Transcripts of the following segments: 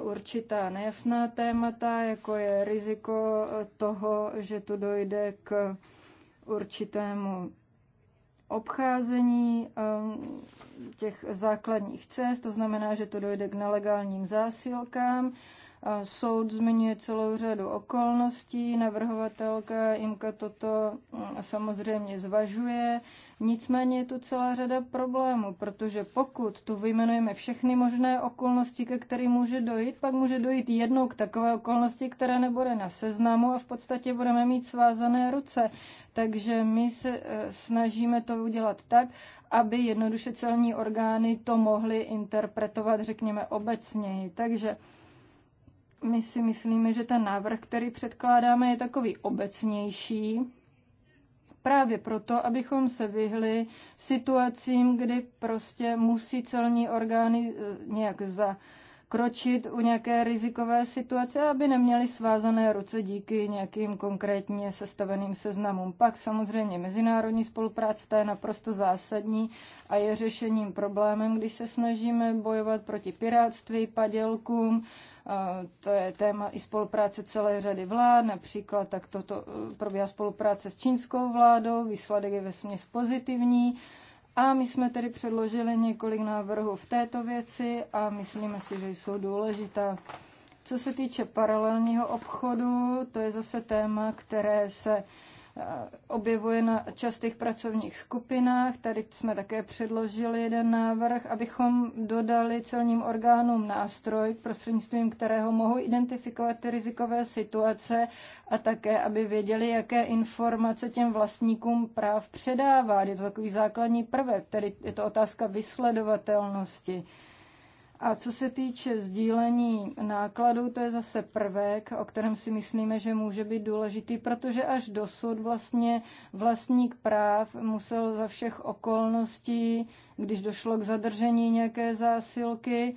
určitá nejasná témata, jako je riziko toho, že tu dojde k určitému obcházení ehm, těch základních cest, to znamená, že to dojde k nelegálním zásilkám Soud zmiňuje celou řadu okolností, navrhovatelka Imka toto mm, samozřejmě zvažuje. Nicméně je tu celá řada problémů, protože pokud tu vyjmenujeme všechny možné okolnosti, ke kterým může dojít, pak může dojít jednou k takové okolnosti, která nebude na seznamu a v podstatě budeme mít svázané ruce. Takže my se e, snažíme to udělat tak, aby jednoduše celní orgány to mohly interpretovat, řekněme, obecněji. Takže my si myslíme, že ten návrh, který předkládáme, je takový obecnější, právě proto, abychom se vyhli situacím, kdy prostě musí celní orgány eh, nějak za kročit u nějaké rizikové situace, aby neměli svázané ruce díky nějakým konkrétně sestaveným seznamům. Pak samozřejmě mezinárodní spolupráce, ta je naprosto zásadní a je řešením problémem, když se snažíme bojovat proti pirátství, padělkům, to je téma i spolupráce celé řady vlád, například tak toto e, probíhá spolupráce s čínskou vládou, výsledek je ve směs pozitivní. A my jsme tedy předložili několik návrhů v této věci a myslíme si, že jsou důležitá. Co se týče paralelního obchodu, to je zase téma, které se objevuje na častých pracovních skupinách. Tady jsme také předložili jeden návrh, abychom dodali celním orgánům nástroj, prostřednictvím kterého mohou identifikovat ty rizikové situace a také, aby věděli, jaké informace těm vlastníkům práv předává. Je to takový základní prvek, tedy je to otázka vysledovatelnosti. A co se týče sdílení nákladů, to je zase prvek, o kterém si myslíme, že může být důležitý, protože až dosud vlastně vlastník práv musel za všech okolností, když došlo k zadržení nějaké zásilky,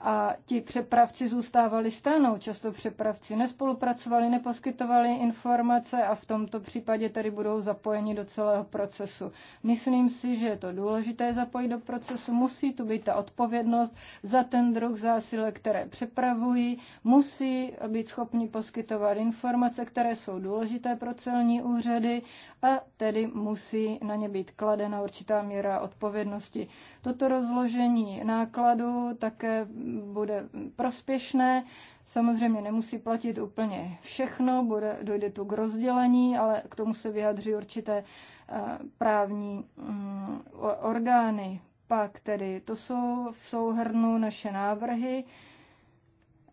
a ti přepravci zůstávali stranou. Často přepravci nespolupracovali, neposkytovali informace a v tomto případě tedy budou zapojeni do celého procesu. Myslím si, že je to důležité zapojit do procesu. Musí tu být ta odpovědnost za ten druh zásilek, které přepravují. Musí být schopni poskytovat informace, které jsou důležité pro celní úřady a tedy musí na ně být kladena určitá míra odpovědnosti. Toto rozložení nákladu také bude prospěšné. Samozřejmě nemusí platit úplně všechno, bude, dojde tu k rozdělení, ale k tomu se vyjadří určité eh, právní mm, orgány. Pak tedy to jsou v souhrnu naše návrhy.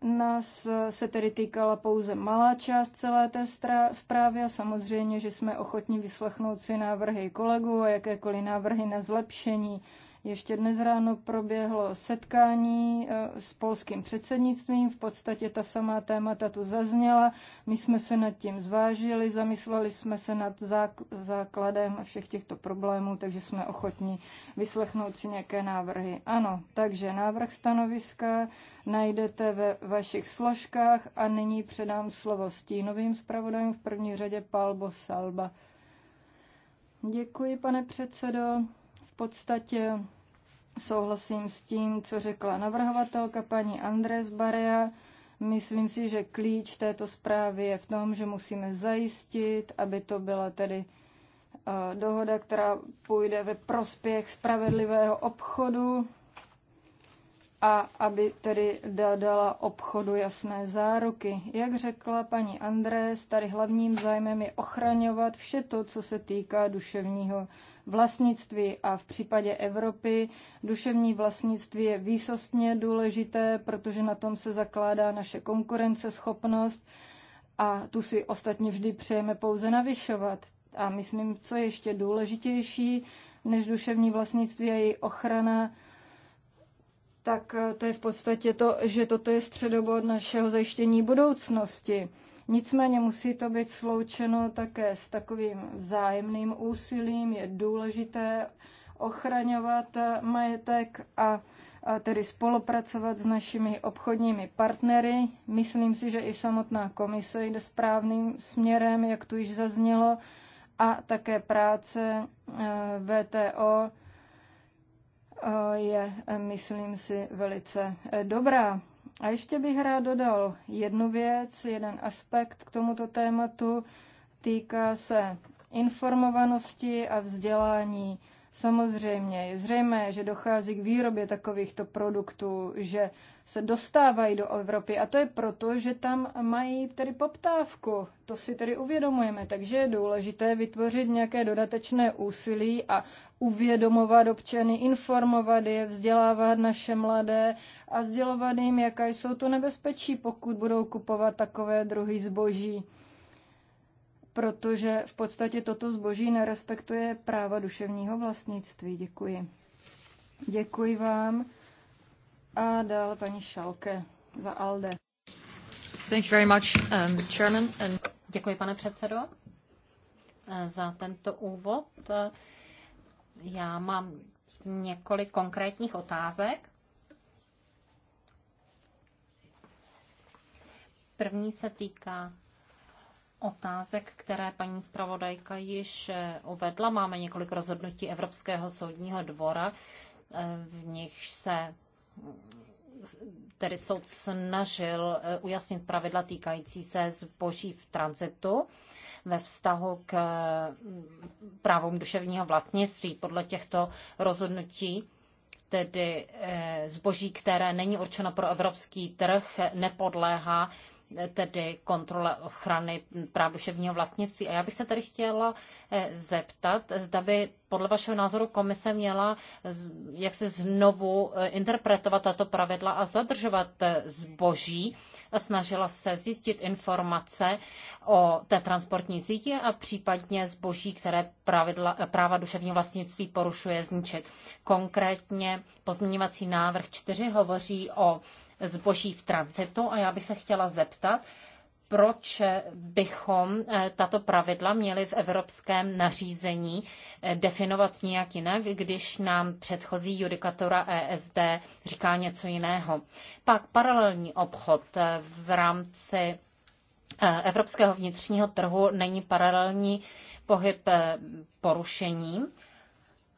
Nás eh, se tedy týkala pouze malá část celé té zprávy a samozřejmě, že jsme ochotní vyslechnout si návrhy kolegů a jakékoliv návrhy na zlepšení ještě dnes ráno proběhlo setkání eh, s polským předsednictvím, v podstatě ta samá témata tu zazněla. My jsme se nad tím zvážili, zamysleli jsme se nad základem všech těchto problémů, takže jsme ochotni vyslechnout si nějaké návrhy. Ano, takže návrh stanoviska najdete ve vašich složkách a nyní předám slovo stínovým zpravodajům v první řadě Palbo Salba. Děkuji, pane předsedo podstatě souhlasím s tím, co řekla navrhovatelka paní Andrés Barea. Myslím si, že klíč této zprávy je v tom, že musíme zajistit, aby to byla tedy eh, dohoda, která půjde ve prospěch spravedlivého obchodu a aby tedy dala obchodu jasné záruky. Jak řekla paní Andrés, tady hlavním zájmem je ochraňovat vše to, co se týká duševního vlastnictví. A v případě Evropy duševní vlastnictví je výsostně důležité, protože na tom se zakládá naše konkurenceschopnost a tu si ostatně vždy přejeme pouze navyšovat. A myslím, co je ještě důležitější než duševní vlastnictví a její ochrana, tak to je v podstatě to, že toto je středobod našeho zajištění budoucnosti. Nicméně musí to být sloučeno také s takovým vzájemným úsilím. Je důležité ochraňovat majetek a a tedy spolupracovat s našimi obchodními partnery. Myslím si, že i samotná komise jde správným směrem, jak tu již zaznělo, a také práce e, VTO e, je, e, myslím si, velice dobrá. A ještě bych rád dodal jednu věc, jeden aspekt k tomuto tématu. Týká se informovanosti a vzdělání. Samozřejmě je zřejmé, že dochází k výrobě takovýchto produktů, že se dostávají do Evropy a to je proto, že tam mají tedy poptávku. To si tedy uvědomujeme, takže je důležité vytvořit nějaké dodatečné úsilí a uvědomovat občany, informovat je, vzdělávat naše mladé a sdělovat jim, jaká jsou to nebezpečí, pokud budou kupovat takové druhy zboží protože v podstatě toto zboží nerespektuje práva duševního vlastnictví. Děkuji. Děkuji vám. A dále paní Šalke za ALDE. Thank you very much, um, chairman, and... Děkuji, pane předsedo, eh, za tento úvod. Eh, já mám několik konkrétních otázek. První se týká otázek, které paní zpravodajka již eh, uvedla. Máme několik rozhodnutí Evropského soudního dvora, eh, v nich se tedy soud snažil eh, ujasnit pravidla týkající se zboží v tranzitu ve vztahu k mm, právům duševního vlastnictví. Podle těchto rozhodnutí tedy zboží, které není určeno pro evropský trh, nepodléhá tedy kontrole ochrany práv duševního vlastnictví. A já bych se tady chtěla eh, zeptat, zda by podle vašeho názoru komise měla jak se znovu eh, interpretovat tato pravidla a zadržovat eh, zboží a snažila se zjistit informace o té transportní síti a případně zboží, které pravidla, práva duševního vlastnictví porušuje zničit. Konkrétně pozměňovací návrh 4 hovoří o zboží v tranzitu a já bych se chtěla zeptat, proč bychom eh, tato pravidla měli v evropském nařízení eh, definovat nějak jinak, když nám předchozí judikatura ESD říká něco jiného. Pak paralelní obchod eh, v rámci evropského vnitřního trhu není paralelní pohyb porušením.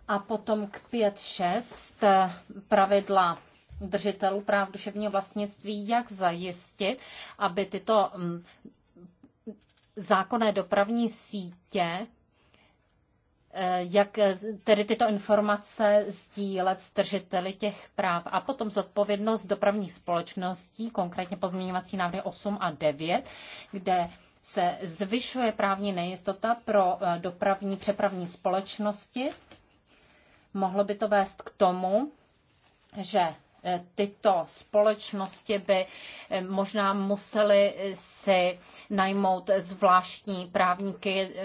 A potom k 5.6 pravidla držitelů práv duševního vlastnictví, jak zajistit, aby tyto mm, zákonné dopravní sítě eh, jak eh, tedy tyto informace sdílet s držiteli těch práv a potom zodpovědnost dopravních společností, konkrétně pozměňovací návrhy 8 a 9, kde se zvyšuje právní nejistota pro eh, dopravní přepravní společnosti. Mohlo by to vést k tomu, že tyto společnosti by eh, možná museli si najmout zvláštní právníky, eh,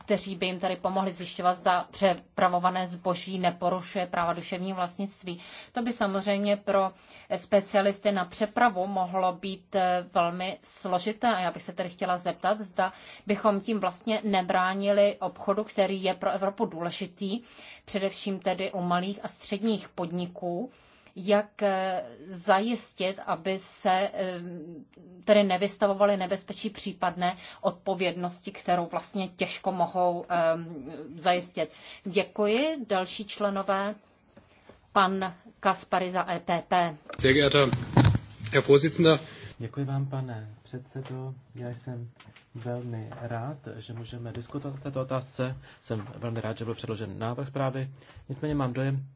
kteří by jim tady pomohli zjišťovat, zda přepravované zboží neporušuje práva duševní vlastnictví. To by samozřejmě pro specialisty na přepravu mohlo být eh, velmi složité a já bych se tedy chtěla zeptat, zda bychom tím vlastně nebránili obchodu, který je pro Evropu důležitý, především tedy u malých a středních podniků, jak eh, zajistit, aby se eh, tedy nevystavovali nebezpečí případné odpovědnosti, kterou vlastně těžko mohou eh, zajistit. Děkuji. Další členové, pan Kaspary za EPP. Děkuji vám, pane předsedo. Já jsem velmi rád, že můžeme diskutovat o této otázce. Jsem velmi rád, že byl předložen návrh zprávy. Nicméně mám dojem,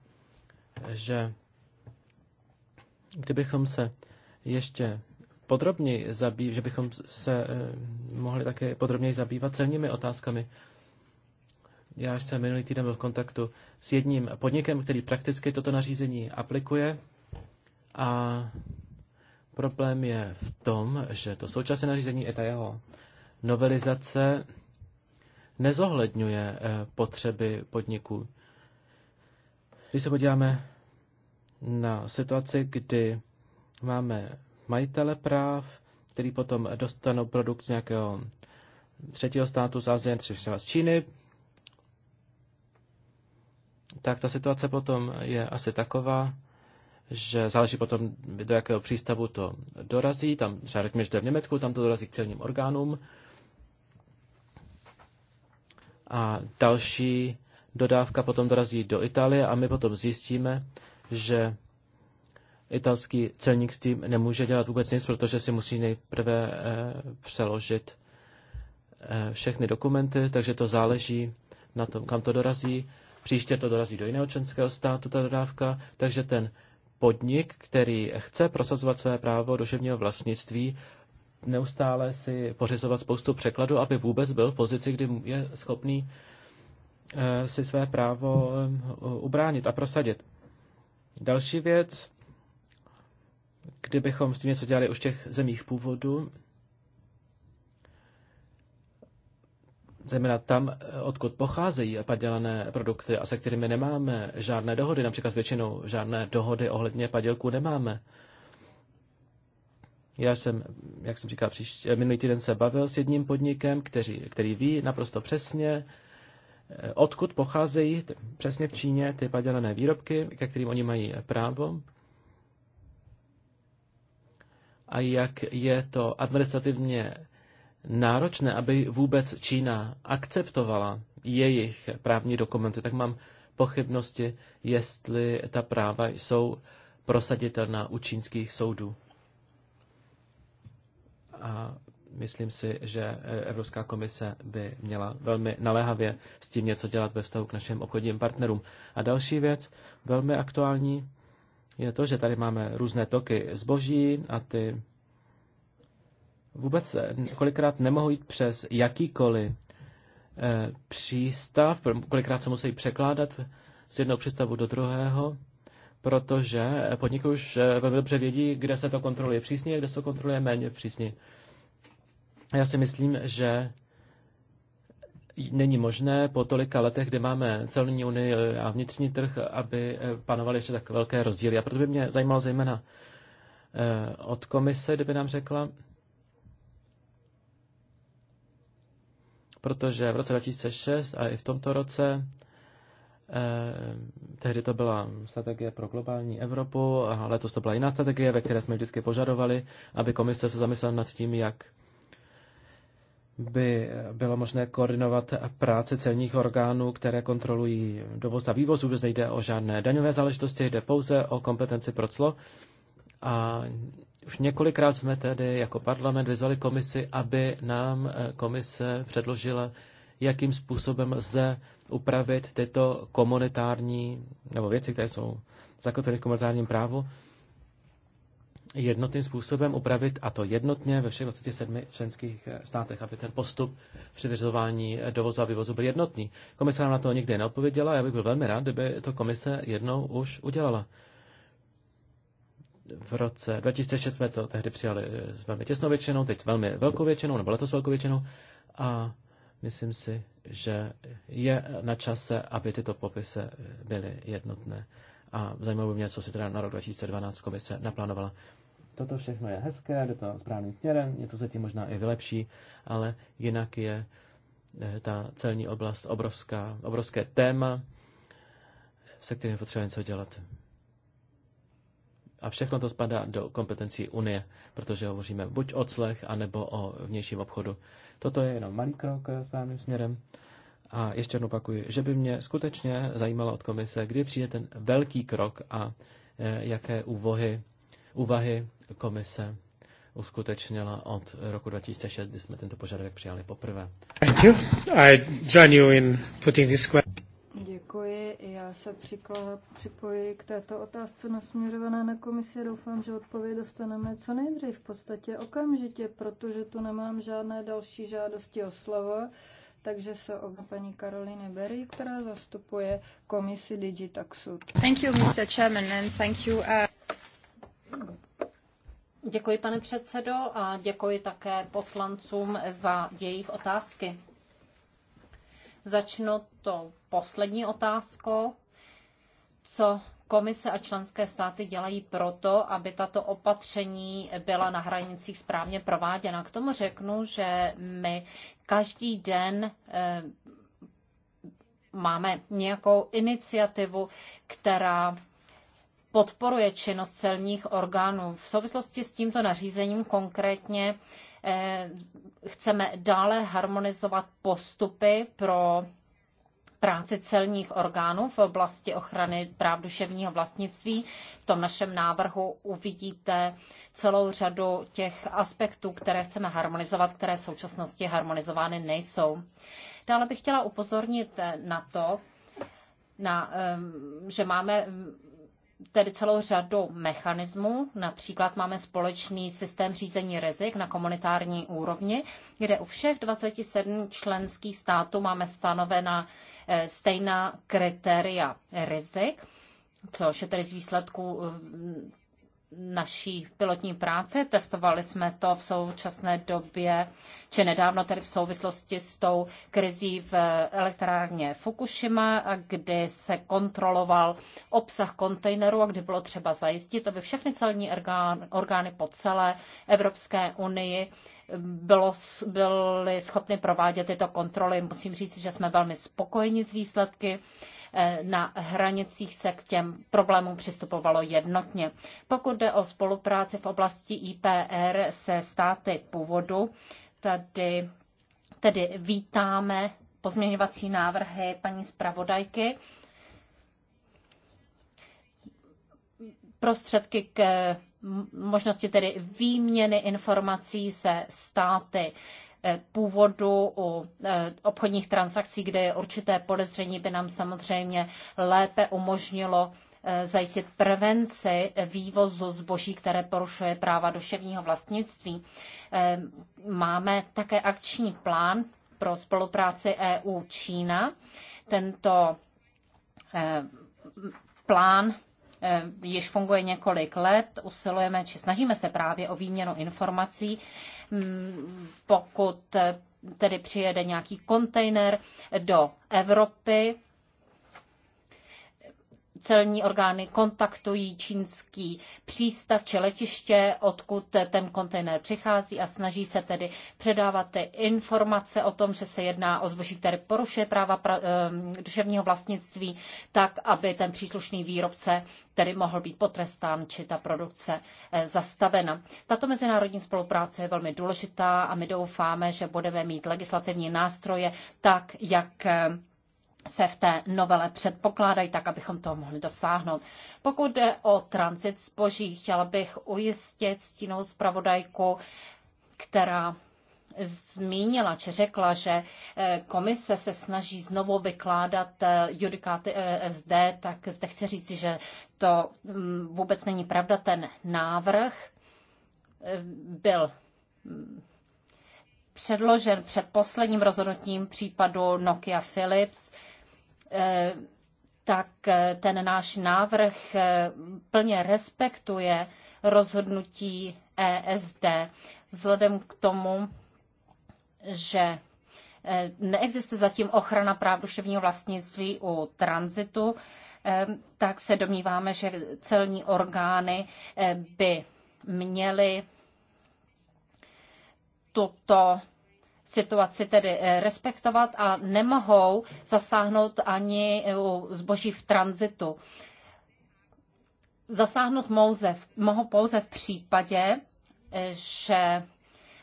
že kdybychom se ještě podrobněji zabývali, že bychom se eh, mohli také podrobněji zabývat celními otázkami. Já jsem minulý týden byl v kontaktu s jedním podnikem, který prakticky toto nařízení aplikuje a problém je v tom, že to současné nařízení i ta jeho novelizace nezohledňuje eh, potřeby podniků. Když se podíváme na situaci, kdy máme majitele práv, který potom dostanou produkt z nějakého třetího státu z Azie, třeba z Číny, tak ta situace potom je asi taková, že záleží potom, do jakého přístavu to dorazí. Tam třeba řekněme, že to je v Německu, tam to dorazí k celním orgánům. A další dodávka potom dorazí do Itálie a my potom zjistíme, že italský celník s tím nemůže dělat vůbec nic, protože si musí nejprve eh, přeložit eh, všechny dokumenty, takže to záleží na tom, kam to dorazí. Příště to dorazí do jiného členského státu, ta dodávka, takže ten podnik, který chce prosazovat své právo duševního vlastnictví, neustále si pořizovat spoustu překladů, aby vůbec byl v pozici, kdy je schopný eh, si své právo ubránit a prosadit. Další věc, kdybychom s tím něco dělali už v těch zemích původu, zejména tam, eh, odkud pocházejí padělané produkty a se kterými nemáme žádné dohody, například s většinou žádné dohody ohledně padělků nemáme. Já jsem, jak jsem říkal, příště, eh, minulý týden se bavil s jedním podnikem, který, který ví naprosto přesně, Eh, odkud pocházejí přesně v Číně ty padělané výrobky, ke kterým oni mají právo a jak je to administrativně náročné, aby vůbec Čína akceptovala jejich právní dokumenty, tak mám pochybnosti, jestli ta práva jsou prosaditelná u čínských soudů. A Myslím si, že e, Evropská komise by měla velmi naléhavě s tím něco dělat ve vztahu k našim obchodním partnerům. A další věc, velmi aktuální, je to, že tady máme různé toky zboží a ty vůbec kolikrát nemohou jít přes jakýkoliv e, přístav, kolikrát se musí překládat z jednoho přístavu do druhého, protože podniky už e, velmi dobře vědí, kde se to kontroluje přísně, kde se to kontroluje méně přísně. Já si myslím, že není možné po tolika letech, kdy máme celní unii a vnitřní trh, aby eh, panovaly ještě tak velké rozdíly. A proto by mě zajímalo zejména eh, od komise, kdyby nám řekla, protože v roce 2006 a i v tomto roce eh, tehdy to byla strategie pro globální Evropu a letos to byla jiná strategie, ve které jsme vždycky požadovali, aby komise se zamyslela nad tím, jak by bylo možné koordinovat práce celních orgánů, které kontrolují dovoz a vývoz. Vůbec nejde o žádné daňové záležitosti, jde pouze o kompetenci pro clo. A už několikrát jsme tedy jako parlament vyzvali komisi, aby nám komise předložila, jakým způsobem lze upravit tyto komunitární, nebo věci, které jsou zakotveny v komunitárním právu, jednotným způsobem upravit, a to jednotně ve všech 27 členských eh, státech, aby ten postup při vyřizování eh, dovozu a vývozu byl jednotný. Komise nám na to nikdy neodpověděla, já bych byl velmi rád, kdyby to komise jednou už udělala. V roce 2006 jsme to tehdy přijali eh, s velmi těsnou většinou, teď s velmi velkou většinou, nebo letos velkou většinou, a myslím si, že je na čase, aby tyto popisy byly jednotné. A zajímalo by mě, co si teda na rok 2012 komise naplánovala. Toto všechno je hezké, jde to správným směrem, něco se tím možná i vylepší, ale jinak je eh, ta celní oblast obrovská, obrovské téma, se kterým potřebujeme něco dělat. A všechno to spadá do kompetencí Unie, protože hovoříme buď o clech, anebo o vnějším obchodu. Toto je jenom malý krok eh, správným směrem. A ještě jednou opakuju, že by mě skutečně zajímalo od komise, kdy přijde ten velký krok a eh, jaké úvohy, úvahy komise uskutečnila od roku 2006, kdy jsme tento požadavek přijali poprvé. Thank you. I join you in putting this question. Děkuji. Já se připoji k této otázce nasměřované na komisi. Doufám, že odpověď dostaneme co nejdřív, v podstatě okamžitě, protože tu nemám žádné další žádosti o slovo. Takže se o paní Karoliny Berry, která zastupuje komisi Digitaxu. Thank you, Mr. Chairman, and thank you. Uh... Děkuji, pane předsedo, a děkuji také poslancům za jejich otázky. Začnu to poslední otázkou, co komise a členské státy dělají proto, aby tato opatření byla na hranicích správně prováděna. K tomu řeknu, že my každý den eh, máme nějakou iniciativu, která podporuje činnost celních orgánů. V souvislosti s tímto nařízením konkrétně eh, chceme dále harmonizovat postupy pro práci celních orgánů v oblasti ochrany práv duševního vlastnictví. V tom našem návrhu uvidíte celou řadu těch aspektů, které chceme harmonizovat, které v současnosti harmonizovány nejsou. Dále bych chtěla upozornit eh, na to, na, ehm, že máme tedy celou řadu mechanismů. Například máme společný systém řízení rizik na komunitární úrovni, kde u všech 27 členských států máme stanovena eh, stejná kritéria rizik, což je tedy z výsledků eh, naší pilotní práce. Testovali jsme to v současné době, či nedávno tedy v souvislosti s tou krizí v elektrárně Fukushima, kdy se kontroloval obsah kontejnerů a kdy bylo třeba zajistit, aby všechny celní orgány po celé Evropské unii bylo, byly schopny provádět tyto kontroly. Musím říct, že jsme velmi spokojeni s výsledky. Eh, na hranicích se k těm problémům přistupovalo jednotně. Pokud jde o spolupráci v oblasti IPR se státy původu, tady tedy vítáme pozměňovací návrhy paní zpravodajky. Prostředky k možnosti tedy výměny informací se státy Eh, původu, u eh, obchodních transakcí, kde je určité podezření, by nám samozřejmě lépe umožnilo eh, zajistit prevenci vývozu zboží, které porušuje práva duševního vlastnictví. Máme také akční plán pro spolupráci EU-Čína. Tento plán Eh, již funguje několik let, usilujeme či snažíme se právě o výměnu informací. Mm, pokud eh, tedy přijede nějaký kontejner do Evropy, celní orgány kontaktují čínský přístav či letiště, odkud ten kontejner přichází a snaží se tedy předávat ty informace o tom, že se jedná o zboží, které porušuje práva pra, eh, duševního vlastnictví, tak, aby ten příslušný výrobce tedy mohl být potrestán či ta produkce eh, zastavena. Tato mezinárodní spolupráce je velmi důležitá a my doufáme, že budeme mít legislativní nástroje tak, jak eh, se v té novele předpokládají, tak abychom toho mohli dosáhnout. Pokud jde o transit zboží, chtěla bych ujistit stínou zpravodajku, která zmínila či řekla, že eh, komise se snaží znovu vykládat eh, judikáty ESD, eh, tak zde chci říci, že to mm, vůbec není pravda. Ten návrh byl mm, předložen před posledním rozhodnutím případu Nokia Philips Eh, tak eh, ten náš návrh eh, plně respektuje rozhodnutí ESD. Vzhledem k tomu, že neexistuje zatím ochrana práv duševního vlastnictví u tranzitu, tak se domníváme, že celní orgány by měly tuto situaci tedy eh, respektovat a nemohou zasáhnout ani zboží v tranzitu. Zasáhnout mouze, mohou pouze v případě, eh, že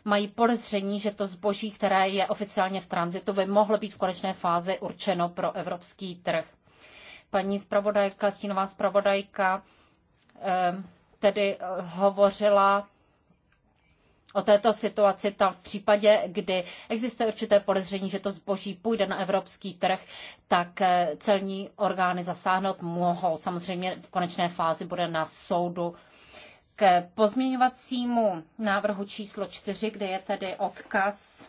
mají podezření, že to zboží, které je oficiálně v tranzitu, by mohlo být v konečné fázi určeno pro evropský trh. Paní zpravodajka, stínová zpravodajka, eh, tedy hovořila o této situaci tam v případě, kdy existuje určité podezření, že to zboží půjde na evropský trh, tak eh, celní orgány zasáhnout mohou. Samozřejmě v konečné fázi bude na soudu k pozměňovacímu návrhu číslo 4, kde je tedy odkaz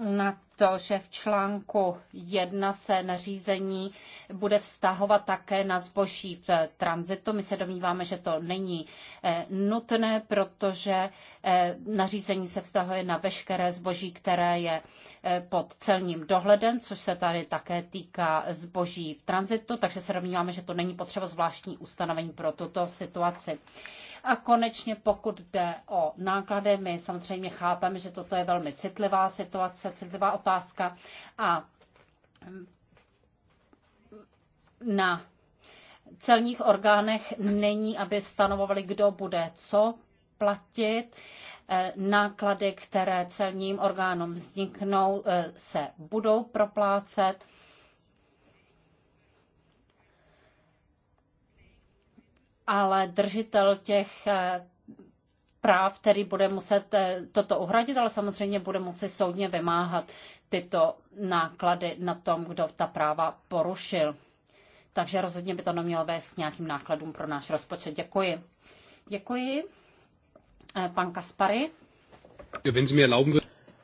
na to, že v článku 1 se nařízení bude vztahovat také na zboží v tranzitu. My se domníváme, že to není eh, nutné, protože eh, nařízení se vztahuje na veškeré zboží, které je eh, pod celním dohledem, což se tady také týká zboží v tranzitu, takže se domníváme, že to není potřeba zvláštní ustanovení pro tuto situaci. A konečně, pokud jde o náklady, my samozřejmě chápeme, že toto je velmi citlivá situace, citlivá otázka otázka. A na celních orgánech není, aby stanovovali, kdo bude co platit. Náklady, které celním orgánům vzniknou, eh, se budou proplácet. Ale držitel těch eh, práv, který bude muset eh, toto uhradit, ale samozřejmě bude moci soudně vymáhat tyto náklady na tom, kdo ta práva porušil. Takže rozhodně by to nemělo vést nějakým nákladům pro náš rozpočet. Děkuji. Děkuji. Eh, pan Kaspary.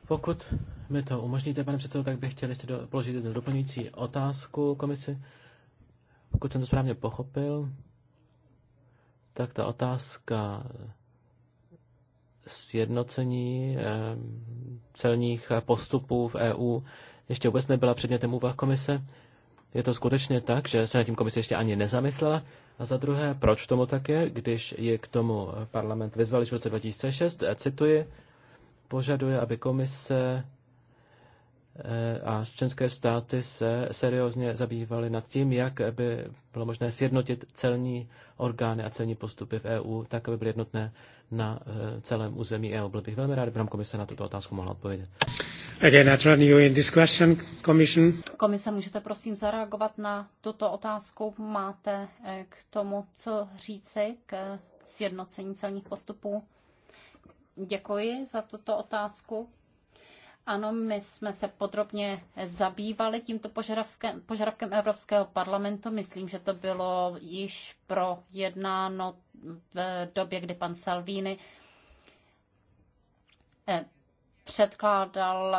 Pokud mi to umožníte, pane předsedo, tak bych chtěl ještě do, položit jednu doplňující otázku komisi. Pokud jsem to správně pochopil, tak ta otázka sjednocení eh, celních postupů v EU ještě vůbec nebyla předmětem úvah komise. Je to skutečně tak, že se na tím komise ještě ani nezamyslela? A za druhé, proč tomu tak je, když je k tomu parlament vyzval již v roce 2006, eh, cituji, požaduje, aby komise eh, a členské státy se seriózně zabývaly nad tím, jak by bylo možné sjednotit celní orgány a celní postupy v EU, tak, aby byly jednotné na eh, celém území EU. Byl bych velmi rád, kdyby nám komise na tuto otázku mohla odpovědět. Again, I turn you in this question, commission. Komise, můžete prosím zareagovat na tuto otázku? Máte eh, k tomu, co říci k eh, sjednocení celních postupů? Děkuji za tuto otázku. Ano, my jsme se podrobně zabývali tímto požadavkem, Evropského parlamentu. Myslím, že to bylo již projednáno v době, kdy pan Salvini eh, předkládal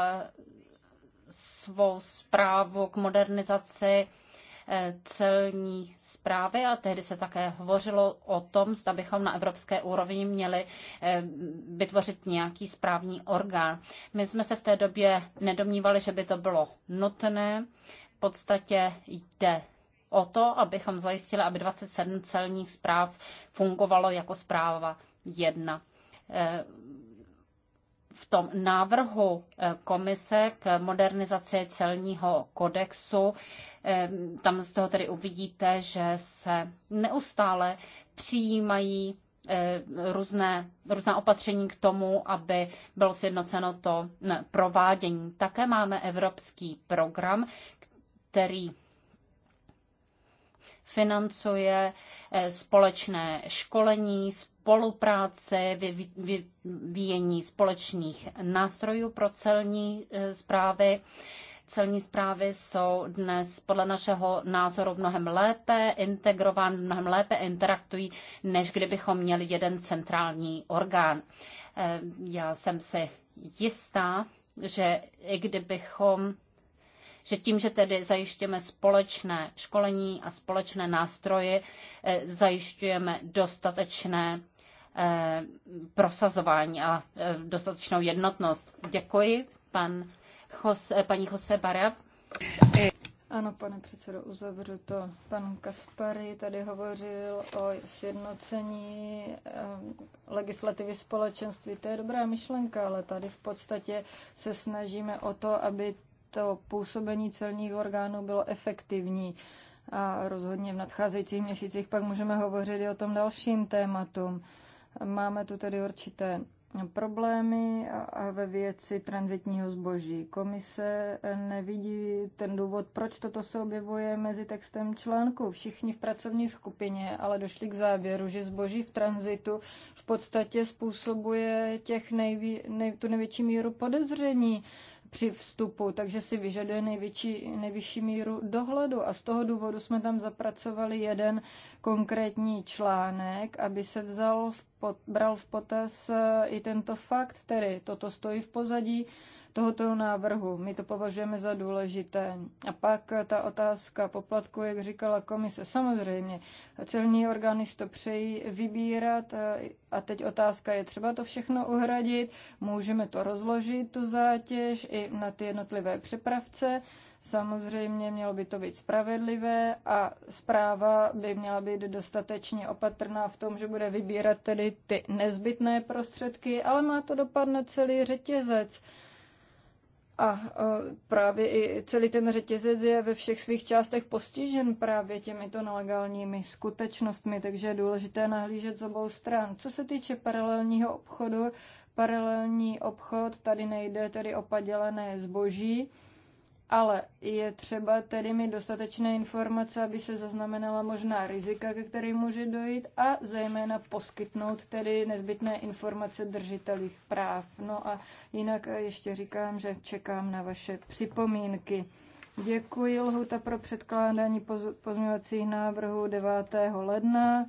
svou zprávu k modernizaci Eh, celní zprávy a tehdy se také hovořilo o tom, zda bychom na evropské úrovni měli eh, vytvořit nějaký správní orgán. My jsme se v té době nedomnívali, že by to bylo nutné. V podstatě jde o to, abychom zajistili, aby 27 celních zpráv fungovalo jako zpráva jedna. Eh, v tom návrhu eh, komise k modernizaci celního kodexu, eh, tam z toho tedy uvidíte, že se neustále přijímají eh, různé, různá opatření k tomu, aby bylo sjednoceno to provádění. Také máme evropský program, který financuje společné školení, spolupráce, vyvíjení společných nástrojů pro celní e, zprávy. Celní zprávy jsou dnes podle našeho názoru mnohem lépe integrovány, mnohem lépe interaktují, než kdybychom měli jeden centrální orgán. E, já jsem se jistá, že i kdybychom že tím, že tedy zajišťujeme společné školení a společné nástroje, e, zajišťujeme dostatečné Eh, prosazování a eh, dostatečnou jednotnost. Děkuji, pan Jose, paní Jose Bara. Ano, pane předsedo, uzavřu to. Pan Kaspary tady hovořil o sjednocení eh, legislativy společenství. To je dobrá myšlenka, ale tady v podstatě se snažíme o to, aby to působení celních orgánů bylo efektivní. A rozhodně v nadcházejících měsících pak můžeme hovořit i o tom dalším tématům. Máme tu tedy určité problémy a ve věci transitního zboží. Komise nevidí ten důvod, proč toto se objevuje mezi textem článku. Všichni v pracovní skupině ale došli k závěru, že zboží v tranzitu v podstatě způsobuje těch nejví, nej, tu největší míru podezření při vstupu, takže si vyžaduje největší, nejvyšší míru dohledu. A z toho důvodu jsme tam zapracovali jeden konkrétní článek, aby se vzal v pot, bral v potaz eh, i tento fakt, který toto stojí v pozadí tohoto návrhu. My to považujeme za důležité. A pak ta otázka poplatku, jak říkala komise, samozřejmě celní orgány si to přejí vybírat a teď otázka je třeba to všechno uhradit, můžeme to rozložit, tu zátěž i na ty jednotlivé přepravce. Samozřejmě mělo by to být spravedlivé a zpráva by měla být dostatečně opatrná v tom, že bude vybírat tedy ty nezbytné prostředky, ale má to dopad na celý řetězec. A e, právě i celý ten řetězec je ve všech svých částech postižen právě těmito nelegálními skutečnostmi, takže je důležité nahlížet z obou stran. Co se týče paralelního obchodu, paralelní obchod, tady nejde tedy o padělené zboží, ale je třeba tedy mít dostatečné informace, aby se zaznamenala možná rizika, ke kterým může dojít a zejména poskytnout tedy nezbytné informace držitelích práv. No a jinak ještě říkám, že čekám na vaše připomínky. Děkuji. Lhuta pro předkládání poz, pozměvacích návrhů 9. ledna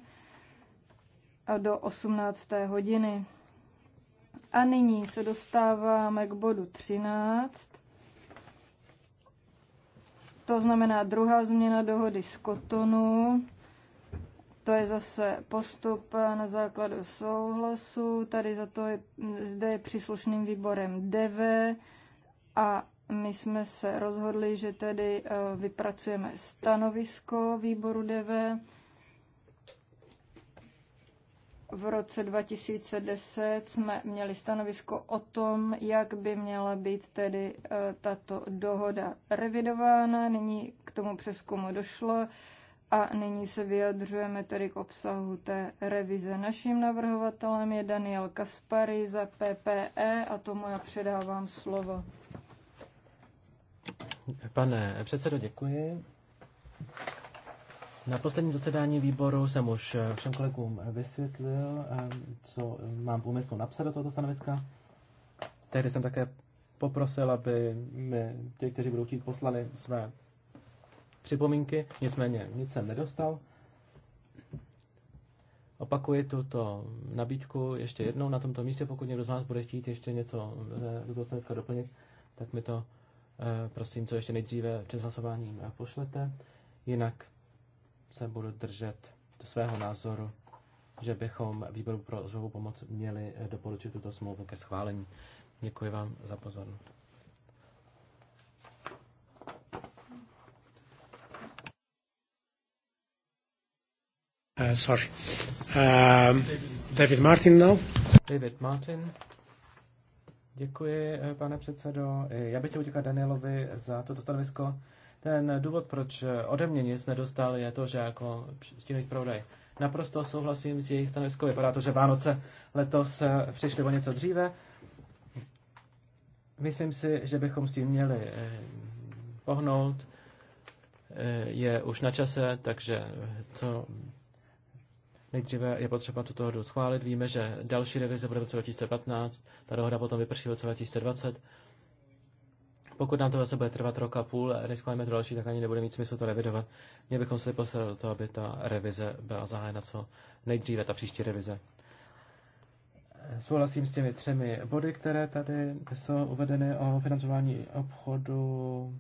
a do 18. hodiny. A nyní se dostáváme k bodu 13 to znamená druhá změna dohody z Kotonu. To je zase postup na základu souhlasu. Tady za to je, zde je příslušným výborem DV a my jsme se rozhodli, že tedy eh, vypracujeme stanovisko výboru DV v roce 2010 jsme měli stanovisko o tom, jak by měla být tedy eh, tato dohoda revidována. Nyní k tomu přeskumu došlo a nyní se vyjadřujeme tedy k obsahu té revize. Naším navrhovatelem je Daniel Kaspary za PPE a tomu já předávám slovo. Pane předsedo, děkuji. Na posledním zasedání výboru jsem už eh, všem kolegům eh, vysvětlil, eh, co mám v úmyslu napsat do tohoto stanoviska. Tehdy jsem také poprosil, aby mi ti, kteří budou chtít, poslali své připomínky. Nicméně nic jsem nedostal. Opakuji tuto nabídku ještě jednou na tomto místě. Pokud někdo z vás bude chtít ještě něco do toho stanoviska doplnit, tak mi to prosím, co ještě nejdříve před hlasováním pošlete. Jinak se budu držet do svého názoru, že bychom výboru pro rozvojovou pomoc měli doporučit tuto smlouvu ke schválení. Děkuji vám za pozornost. Uh, sorry. Um, David Martin now. David Martin. Děkuji, eh, pane předsedo. Eh, já bych chtěl děkat Danielovi za toto stanovisko. Ten důvod, proč ode mě nic nedostal, je to, že jako stínový zpravodaj naprosto souhlasím s jejich stanoviskou. Vypadá to, že Vánoce letos přišly o něco dříve. Myslím si, že bychom s tím měli eh, pohnout. Eh, je už na čase, takže co nejdříve je potřeba tuto dohodu schválit. Víme, že další revize bude v roce 2015, ta dohoda potom vyprší v roce 2020 pokud nám to zase bude trvat rok a půl, než schválíme to další, tak ani nebude mít smysl to revidovat. Měli bychom se postarat o to, aby ta revize byla zahájena co nejdříve, ta příští revize. Souhlasím s těmi třemi body, které tady jsou uvedeny o financování obchodu,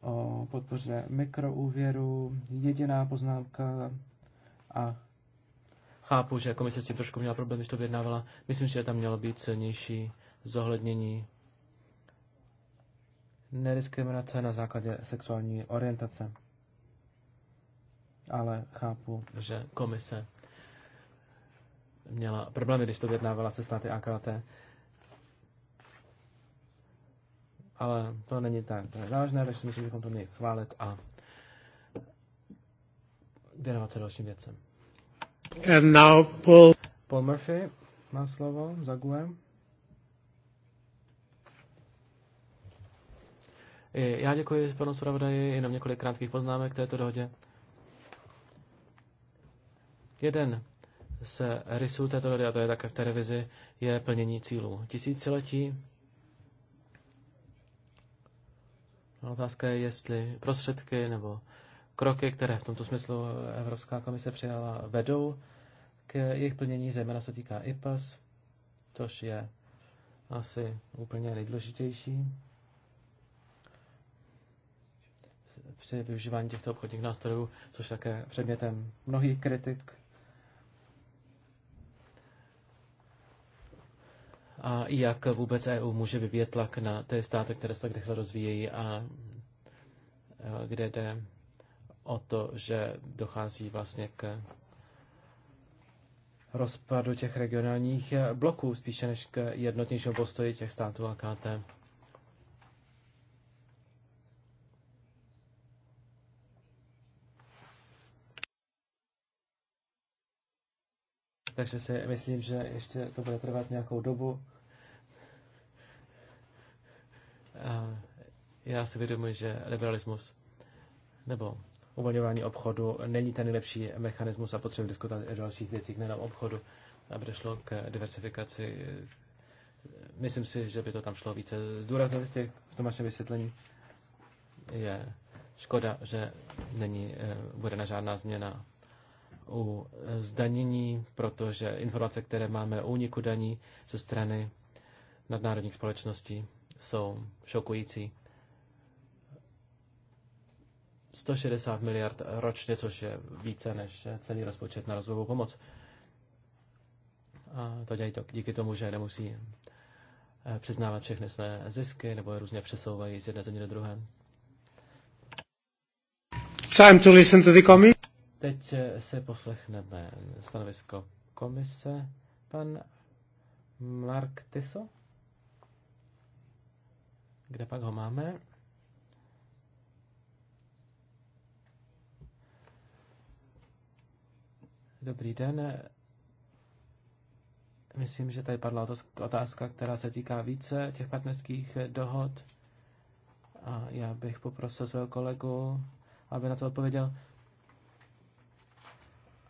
o podpoře mikroúvěru. Jediná poznámka a chápu, že komise s tím trošku měla problém, když to vyjednávala. Myslím, že tam mělo být silnější zohlednění nediskriminace na základě sexuální orientace. Ale chápu, že komise měla problémy, když to vyjednávala se státy AKT. Ale to není tak závažné, takže si myslím, že bychom to měli schválit a věnovat se dalším věcem. And now Paul. Paul Murphy má slovo za GUEM. I já děkuji panu zpravodaji, jenom několik krátkých poznámek k této dohodě. Jeden z rysů této dohody, a to je také v televizi, je plnění cílů tisíciletí. Otázka je, jestli prostředky nebo kroky, které v tomto smyslu Evropská komise přijala, vedou k jejich plnění, zejména se týká IPAS, což je asi úplně nejdůležitější. při využívání těchto obchodních nástrojů, což také předmětem mnohých kritik. A jak vůbec EU může vyvíjet tlak na ty státy, které se tak rychle rozvíjejí a kde jde o to, že dochází vlastně k rozpadu těch regionálních bloků, spíše než k jednotnějšímu postoji těch států AKT. Takže si myslím, že ještě to bude trvat nějakou dobu. A já si vědomuji, že liberalismus nebo uvolňování obchodu není ten nejlepší mechanismus a potřebuje diskutovat o dalších věcích, nejenom obchodu, aby došlo k diversifikaci. Myslím si, že by to tam šlo více zdůraznit těch, v tom vašem vysvětlení. Je škoda, že není, eh, bude na žádná změna u zdanění, protože informace, které máme o úniku daní ze strany nadnárodních společností, jsou šokující. 160 miliard ročně, což je více než celý rozpočet na rozvojovou pomoc. A to dělají to díky tomu, že nemusí eh, přiznávat všechny své zisky nebo je různě přesouvají z jedné země do druhé. Time to listen to the Teď eh, se poslechneme eh, stanovisko komise. Pan Mark Tiso? Kde pak ho máme? Dobrý den. Myslím, že tady padla otázka, která se týká více těch partnerských eh, dohod. A já bych poprosil svého kolegu, aby na to odpověděl.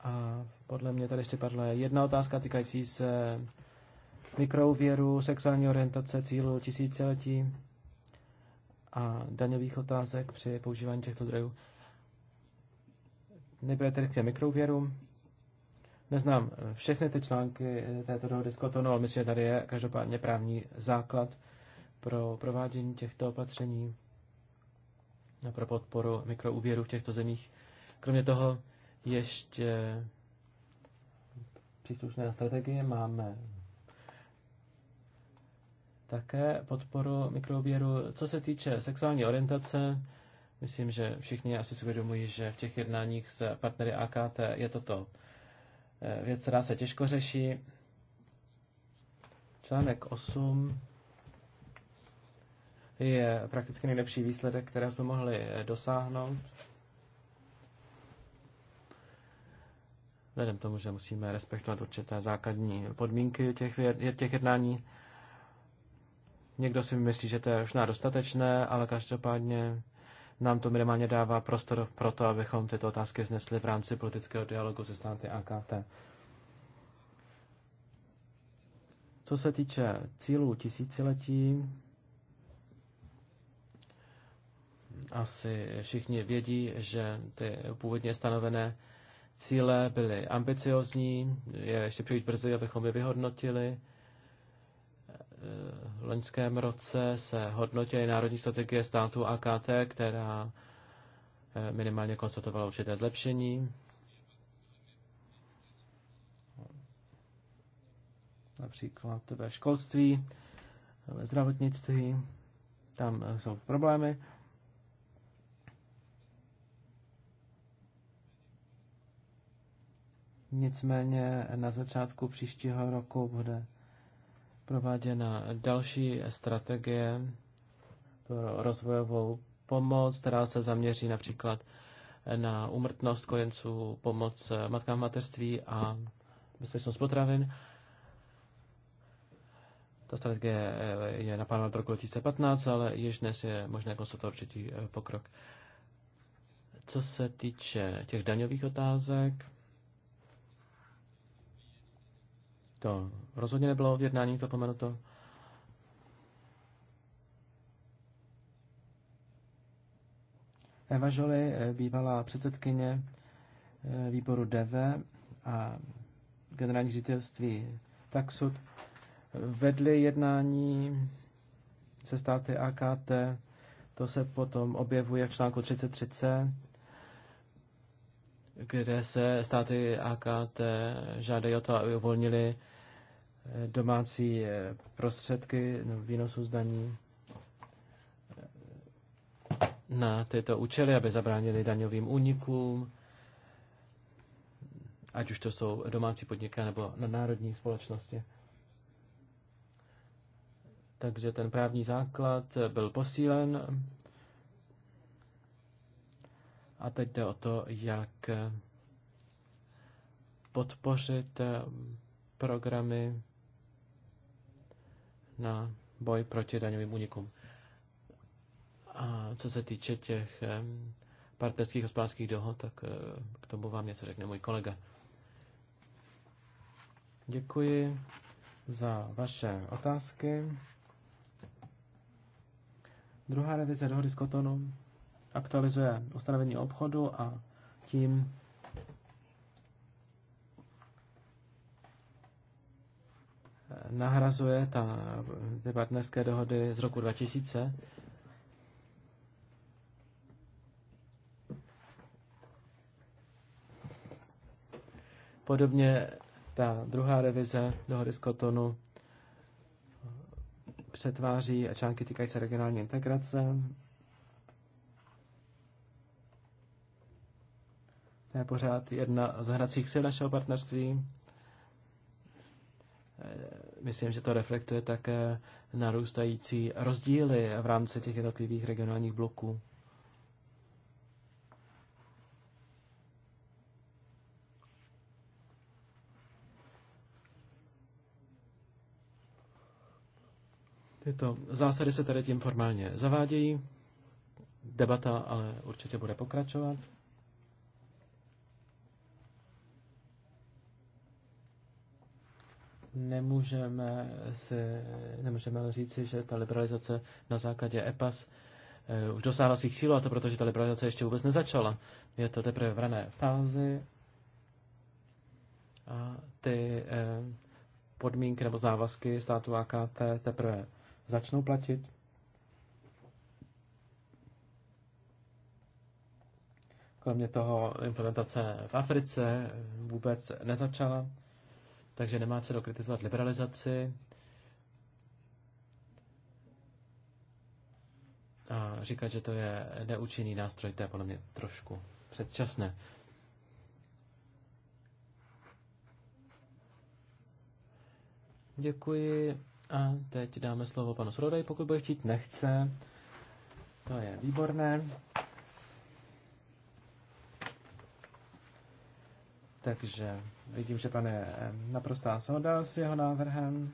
A podle mě tady ještě padla jedna otázka týkající se mikrouvěru, sexuální orientace, cílu tisíciletí a daňových otázek při používání těchto zdrojů. Nejprve tedy k těm mikrouvěrům. Neznám všechny ty články této dohody z Kotonu, ale myslím, že tady je každopádně právní základ pro provádění těchto opatření a pro podporu mikrouvěru v těchto zemích. Kromě toho ještě příslušné strategie máme také podporu mikrověru. Co se týče sexuální orientace, myslím, že všichni asi si uvědomují, že v těch jednáních s partnery AKT je toto eh, věc, která se těžko řeší. Článek 8 je prakticky nejlepší výsledek, které jsme mohli eh, dosáhnout. Vzhledem tomu, že musíme respektovat určité základní podmínky těch, těch jednání, někdo si myslí, že to je už dostatečné, ale každopádně nám to minimálně dává prostor pro to, abychom tyto otázky vznesli v rámci politického dialogu se státy AKT. Co se týče cílů tisíciletí, asi všichni vědí, že ty původně stanovené Cíle byly ambiciozní, je ještě příliš brzy, abychom je vyhodnotili. V loňském roce se hodnotily národní strategie státu AKT, která eh, minimálně konstatovala určité zlepšení. Například ve školství, ve zdravotnictví, tam jsou problémy. Nicméně na začátku příštího roku bude prováděna další strategie pro rozvojovou pomoc, která se zaměří například na umrtnost kojenců, pomoc matkám materství a bezpečnost potravin. Ta strategie eh, je naplánována od roku 2015, ale již dnes je možné konstatovat určitý eh, pokrok. Co se týče těch daňových otázek, To rozhodně nebylo v jednání zapomenuto. Eva Žoli, eh, bývalá předsedkyně eh, výboru DV a generální ředitelství Taxud, eh, vedli jednání se státy AKT. To se potom objevuje v článku 33c, kde se státy AKT žádají o to, aby uvolnili domácí eh, prostředky výnosů z daní eh, na tyto účely, aby zabránili daňovým únikům, ať už to jsou domácí podniky nebo na národní společnosti. Takže ten právní základ byl posílen a teď jde o to, jak eh, podpořit programy na boj proti daňovým unikům. A co se týče těch partnerských hospodářských dohod, tak eh, k tomu vám něco řekne můj kolega. Děkuji za vaše otázky. Druhá revize dohody s Kotonu aktualizuje ustanovení obchodu a tím nahrazuje ta, ty partnerské dohody z roku 2000. Podobně ta druhá revize dohody z Kotonu přetváří články týkající regionální integrace. To je pořád jedna z hracích sil našeho partnerství. Eh, myslím, že to reflektuje také narůstající rozdíly v rámci těch jednotlivých regionálních bloků. Tyto zásady se tady tím formálně zavádějí. Debata ale určitě bude pokračovat. nemůžeme, si, nemůžeme říci, že ta liberalizace na základě EPAS eh, už dosáhla svých cílů, a to protože ta liberalizace ještě vůbec nezačala. Je to teprve v rané fázi a ty eh, podmínky nebo závazky státu AKT teprve začnou platit. Kromě toho implementace v Africe vůbec nezačala takže nemá cenu kritizovat liberalizaci. A říkat, že to je neúčinný nástroj, to je podle mě trošku předčasné. Děkuji. A teď dáme slovo panu Srodaj, pokud bude chtít. Nechce. To je výborné. Takže vidím, že pan je eh, naprostá shoda s jeho návrhem.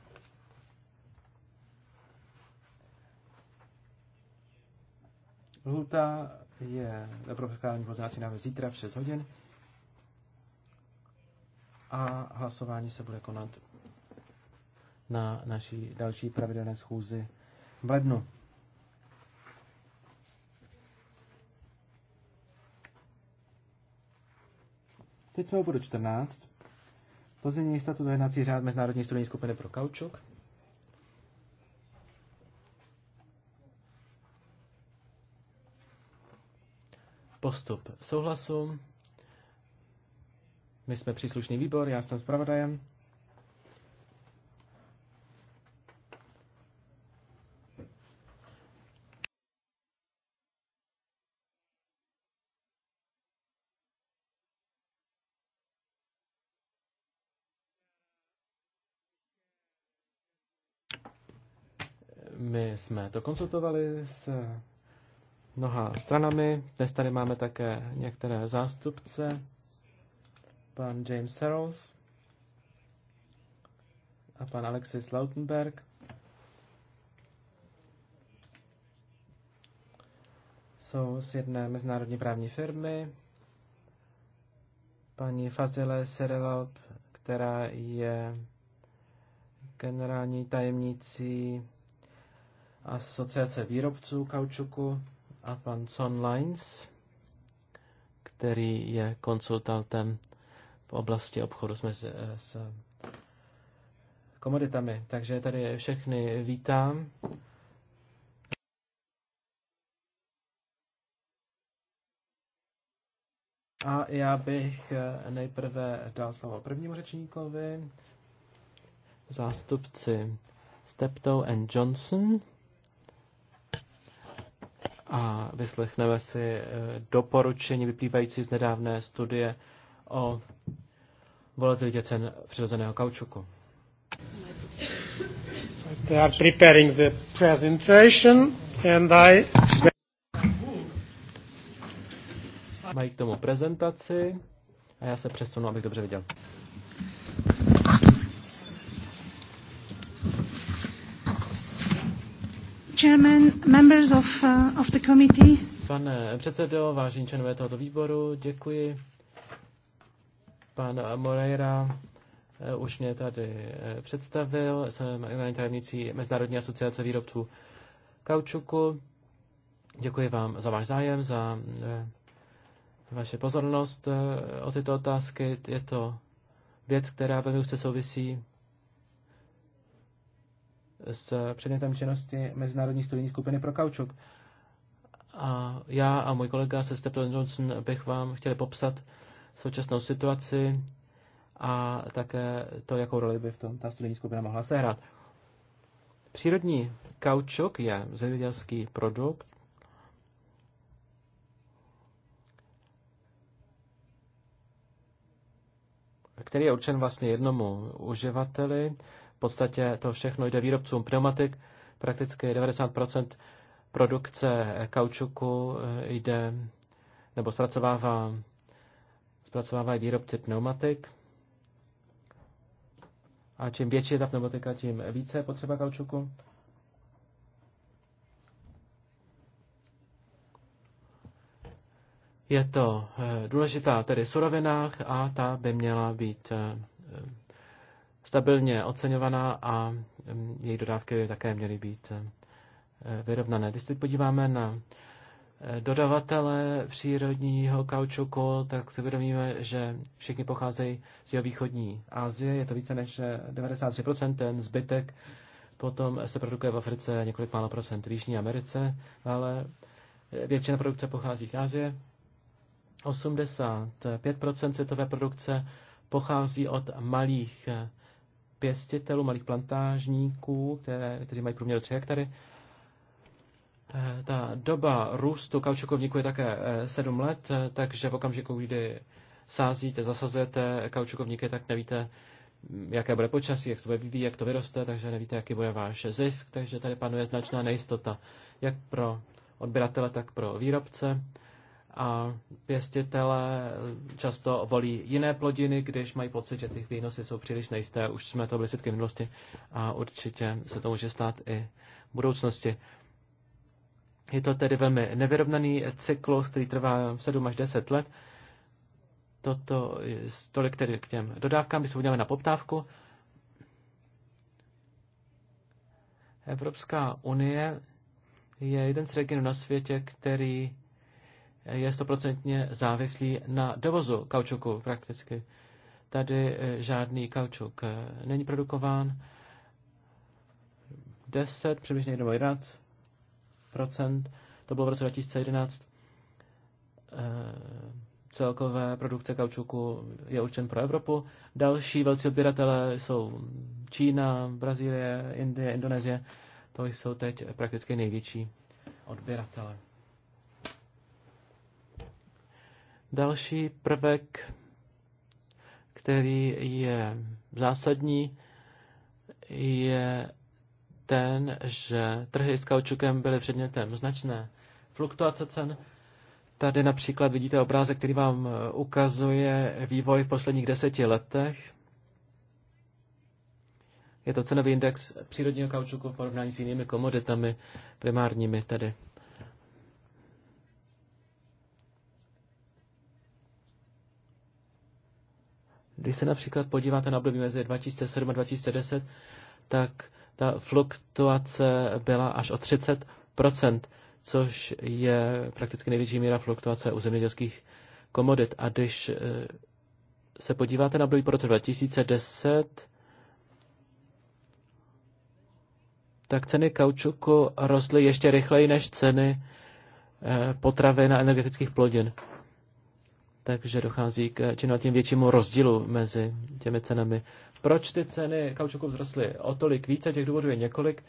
Lhuta je pro předkládání pozměňovací návrh zítra v 6 hodin a hlasování se bude konat na naší další pravidelné schůzi v lednu. Teď jsme u bodu 14. Pozdění statutu jednací řád Mezinárodní studijní skupiny pro kaučuk. Postup souhlasu. My jsme příslušný výbor, já jsem zpravodajem. My jsme to konzultovali s mnoha stranami. Dnes tady máme také některé zástupce. Pan James Searles a pan Alexis Lautenberg. Jsou z jedné mezinárodní právní firmy. Paní Fazile Serelop, která je generální tajemnicí asociace výrobců kaučuku a pan Son Lines, který je konsultantem v oblasti obchodu s, mezi, s komoditami. Takže tady všechny vítám. A já bych eh, nejprve dal slovo prvnímu řečníkovi, zástupci Steptoe and Johnson a vyslechneme si eh, doporučení vyplývající z nedávné studie o volatilitě cen přirozeného kaučuku. They are preparing the presentation and I Mají k tomu prezentaci a já se přesunu, abych dobře viděl. Chairman, members of, uh, of the committee. Pane předsedo, vážení členové tohoto výboru, děkuji. Pan Moreira eh, už mě tady eh, představil, jsem generální tajemnicí Mezinárodní asociace výrobců kaučuku. Děkuji vám za váš zájem, za eh, vaše pozornost o tyto otázky. Je to věc, která velmi úzce souvisí s předmětem činnosti Mezinárodní studijní skupiny pro kaučuk. A já a můj kolega se Stephen Johnson bych vám chtěli popsat současnou situaci a také to, jakou roli by v tom ta studijní skupina mohla sehrát. Přírodní kaučuk je zemědělský produkt, který je určen vlastně jednomu uživateli. V podstatě to všechno jde výrobcům pneumatik. Prakticky 90 produkce kaučuku eh, jde nebo zpracovává, zpracovávají výrobci pneumatik. A čím větší je ta pneumatika, tím více je potřeba kaučuku. Je to eh, důležitá tedy surovina a ta by měla být eh, stabilně oceňovaná a její dodávky také měly být vyrovnané. Když se podíváme na e, dodavatele přírodního kaučuku, tak si vědomíme, že všichni pocházejí z jeho východní Asie, je to více než 93%, e, ten zbytek potom se produkuje v Africe několik málo procent v Jižní Americe, ale e, většina produkce pochází z Asie. 85% světové produkce pochází od malých pěstitelů, malých plantážníků, které, kteří mají průměr 3 hektary. Eh, ta doba růstu kaučukovníku je také 7 eh, let, eh, takže v okamžiku, kdy sázíte, zasazujete kaučukovníky, tak nevíte, mm, jaké bude počasí, jak to bude vyvíjet, jak to vyroste, takže nevíte, jaký bude váš zisk, takže tady panuje značná nejistota, jak pro odběratele, tak pro výrobce a pěstitele často volí jiné plodiny, když mají pocit, že ty výnosy jsou příliš nejisté. Už jsme to byli svědky minulosti a určitě se to může stát i v budoucnosti. Je to tedy velmi nevyrovnaný cyklus, který trvá 7 až 10 let. Toto, tolik tedy k těm dodávkám, když se uděláme na poptávku. Evropská unie je jeden z regionů na světě, který je stoprocentně závislý na dovozu kaučuku prakticky. Tady eh, žádný kaučuk eh, není produkován. 10, přibližně nebo 11 to bylo v roce 2011. Eh, celkové produkce kaučuku je určen pro Evropu. Další velcí odběratele jsou Čína, Brazílie, Indie, Indonésie. To jsou teď prakticky největší odběratele. Další prvek, který je zásadní, je ten, že trhy s kaučukem byly předmětem značné fluktuace cen. Tady například vidíte obrázek, který vám eh, ukazuje vývoj v posledních deseti letech. Je to cenový index přírodního kaučuku v porovnání s jinými komoditami primárními tedy. Když se například podíváte na období mezi 2007 a 2010, tak ta fluktuace byla až o 30 což je prakticky největší míra fluktuace u zemědělských komodit. A když e, se podíváte na období po roce 2010, tak ceny kaučuku rostly ještě rychleji než ceny e, potravy na energetických plodin takže dochází k čím tím většímu rozdílu mezi těmi cenami. Proč ty ceny kaučuku vzrostly o tolik více? Těch důvodů je několik.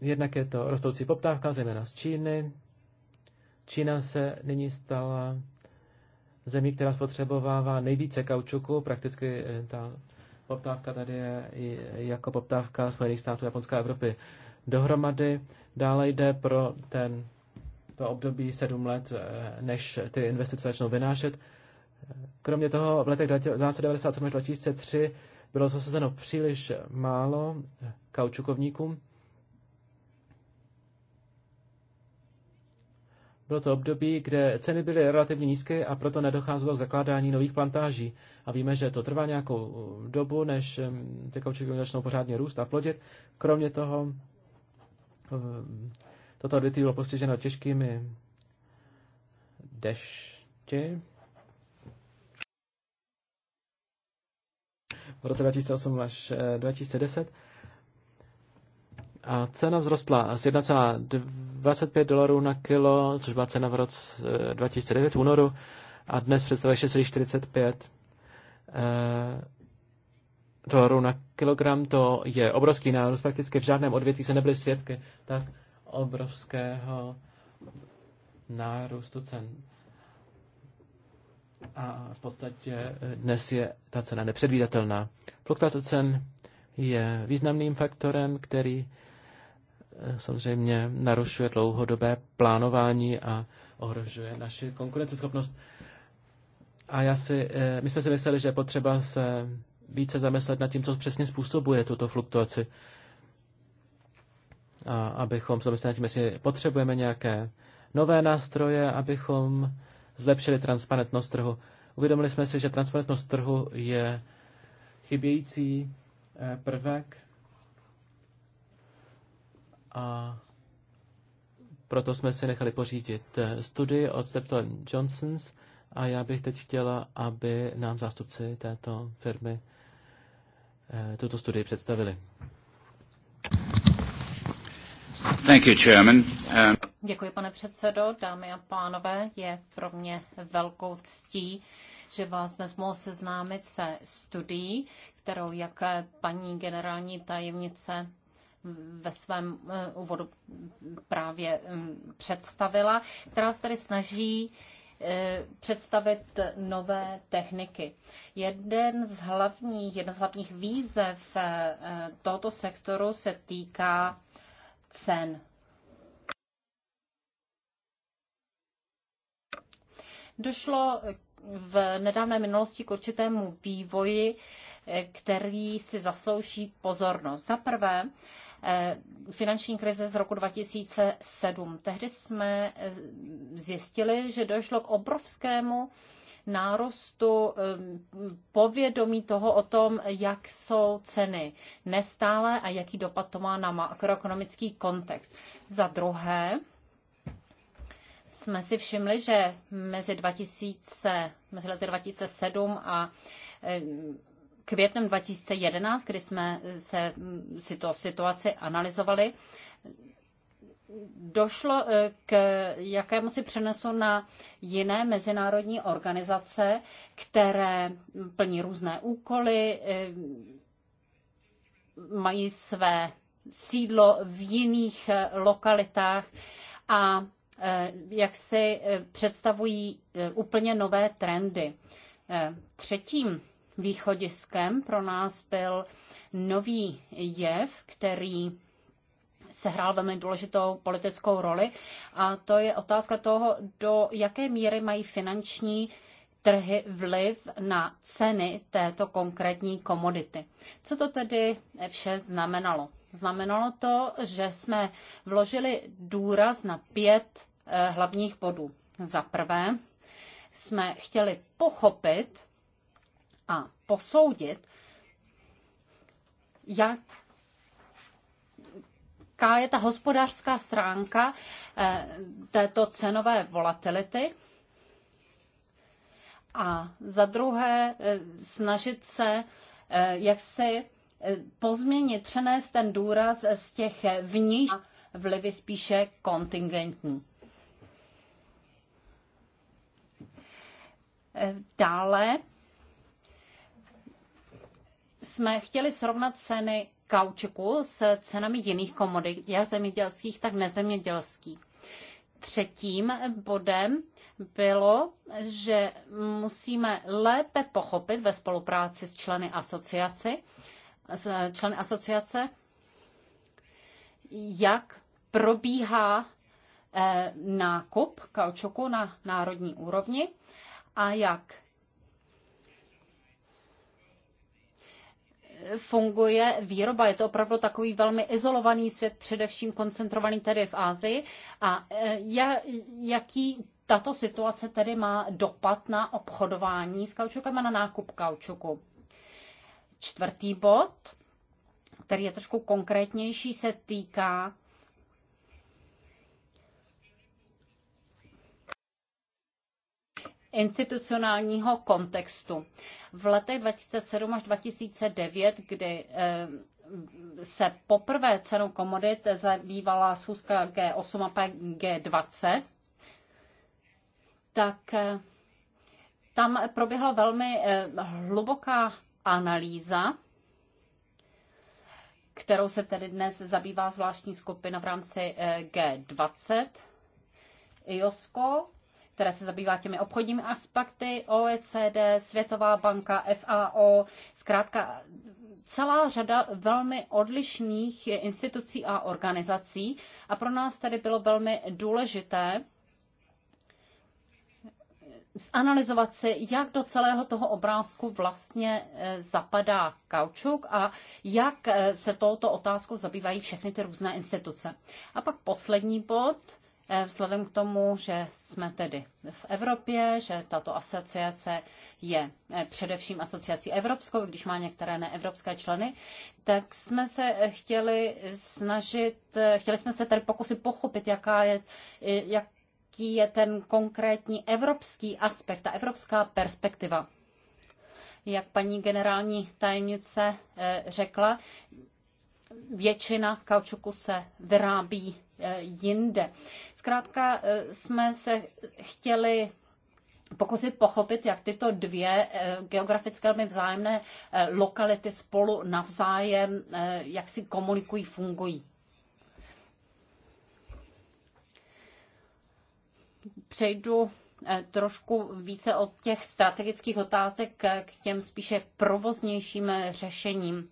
Jednak je to rostoucí poptávka, zejména z Číny. Čína se nyní stala zemí, která spotřebovává nejvíce kaučuku. Prakticky eh, ta poptávka tady je jako poptávka Spojených států, Japonské a Evropy dohromady. Dále jde pro ten to období sedm let, eh, než ty investice začnou vynášet. Kromě toho v letech 1997 až 2003 bylo zasazeno příliš málo eh, kaučukovníků. Bylo to období, kde ceny byly relativně nízké a proto nedocházelo k zakládání nových plantáží. A víme, že to trvá nějakou eh, dobu, než ty kaučukovníky začnou pořádně růst a plodit. Kromě toho Toto odvětví bylo postiženo těžkými dešti. V roce 2008 až 2010 eh, a cena vzrostla z 1,25 dolarů na kilo, což byla cena v roce 2009 eh, únoru, a dnes představuje 6,45 eh, dolarů na kilogram. To je obrovský nárůst, prakticky v žádném odvětví se nebyly svědky tak obrovského nárůstu cen. A v podstatě eh, dnes je ta cena nepředvídatelná. Fluktuace cen je významným faktorem, který eh, samozřejmě narušuje dlouhodobé plánování a ohrožuje naši konkurenceschopnost. A já si, eh, my jsme si mysleli, že je potřeba se více zamyslet nad tím, co přesně způsobuje tuto fluktuaci a abychom se tím, jestli potřebujeme nějaké nové nástroje, abychom zlepšili transparentnost trhu. Uvědomili jsme si, že transparentnost trhu je chybějící eh, prvek a proto jsme si nechali pořídit eh, studii od Stepton Johnsons a já bych teď chtěla, aby nám zástupci této firmy eh, tuto studii představili. Um, Děkuji, pane předsedo. Dámy a pánové, je pro mě velkou ctí, že vás dnes mohu seznámit se studií, kterou jak paní generální tajemnice ve svém eh, úvodu právě mm, představila, která se tedy snaží eh, představit nové techniky. Jeden z hlavních, jedna z hlavních výzev eh, tohoto sektoru se týká cen. Došlo v nedávné minulosti k určitému vývoji, který si zaslouží pozornost. Za prvé, eh, finanční krize z roku 2007. Tehdy jsme eh, zjistili, že došlo k obrovskému nárostu eh, povědomí toho o tom, jak jsou ceny nestále a jaký dopad to má na makroekonomický kontext. Za druhé, jsme si všimli, že mezi, 2000, mezi lety 2007 a eh, květnem 2011, kdy jsme se mm, si to situaci analyzovali, došlo eh, k jakému si přenesu na jiné mezinárodní organizace, které plní různé úkoly, eh, mají své sídlo v jiných eh, lokalitách a jak si představují úplně nové trendy. Třetím východiskem pro nás byl nový jev, který sehrál velmi důležitou politickou roli. A to je otázka toho, do jaké míry mají finanční trhy vliv na ceny této konkrétní komodity. Co to tedy vše znamenalo? Znamenalo to, že jsme vložili důraz na pět eh, hlavních bodů. Za prvé jsme chtěli pochopit a posoudit, jak jaká je ta hospodářská stránka eh, této cenové volatility. A za druhé eh, snažit se, eh, jak si pozměnit, přenést ten důraz z těch vnějších vlivy spíše kontingentní. Dále jsme chtěli srovnat ceny kaučuku s cenami jiných komodit, jak zemědělských, tak nezemědělských. Třetím bodem bylo, že musíme lépe pochopit ve spolupráci s členy asociace, s členy asociace, jak probíhá eh, nákup kaučuku na národní úrovni a jak funguje výroba. Je to opravdu takový velmi izolovaný svět, především koncentrovaný tedy v Ázii. A e, jaký tato situace tedy má dopad na obchodování s kaučukem a na nákup kaučuku? Čtvrtý bod, který je trošku konkrétnější, se týká institucionálního kontextu. V letech 2007 až 2009, kdy eh, se poprvé cenou komodit zabývala schůzka G8 a G20, tak eh, tam proběhla velmi eh, hluboká analýza, kterou se tedy dnes zabývá zvláštní skupina v rámci G20, IOSCO které se zabývá těmi obchodními aspekty, OECD, Světová banka, FAO, zkrátka celá řada velmi odlišných institucí a organizací. A pro nás tedy bylo velmi důležité zanalizovat si, jak do celého toho obrázku vlastně e, zapadá kaučuk a jak e, se touto otázkou zabývají všechny ty různé instituce. A pak poslední bod – Eh, vzhledem k tomu, že jsme tedy v Evropě, že tato asociace je eh, především asociací evropskou, když má některé neevropské členy, tak jsme se eh, chtěli snažit, chtěli jsme se tedy pokusit pochopit, jaká je, jak, jaký je ten konkrétní evropský aspekt, ta evropská perspektiva. Jak paní generální tajemnice řekla, většina kaučuku se vyrábí Eh, jinde. Zkrátka eh, jsme se chtěli pokusit pochopit, jak tyto dvě eh, geografické velmi vzájemné lokality spolu navzájem, jak si komunikují, fungují. Přejdu trošku více od těch strategických otázek k těm spíše provoznějším řešením.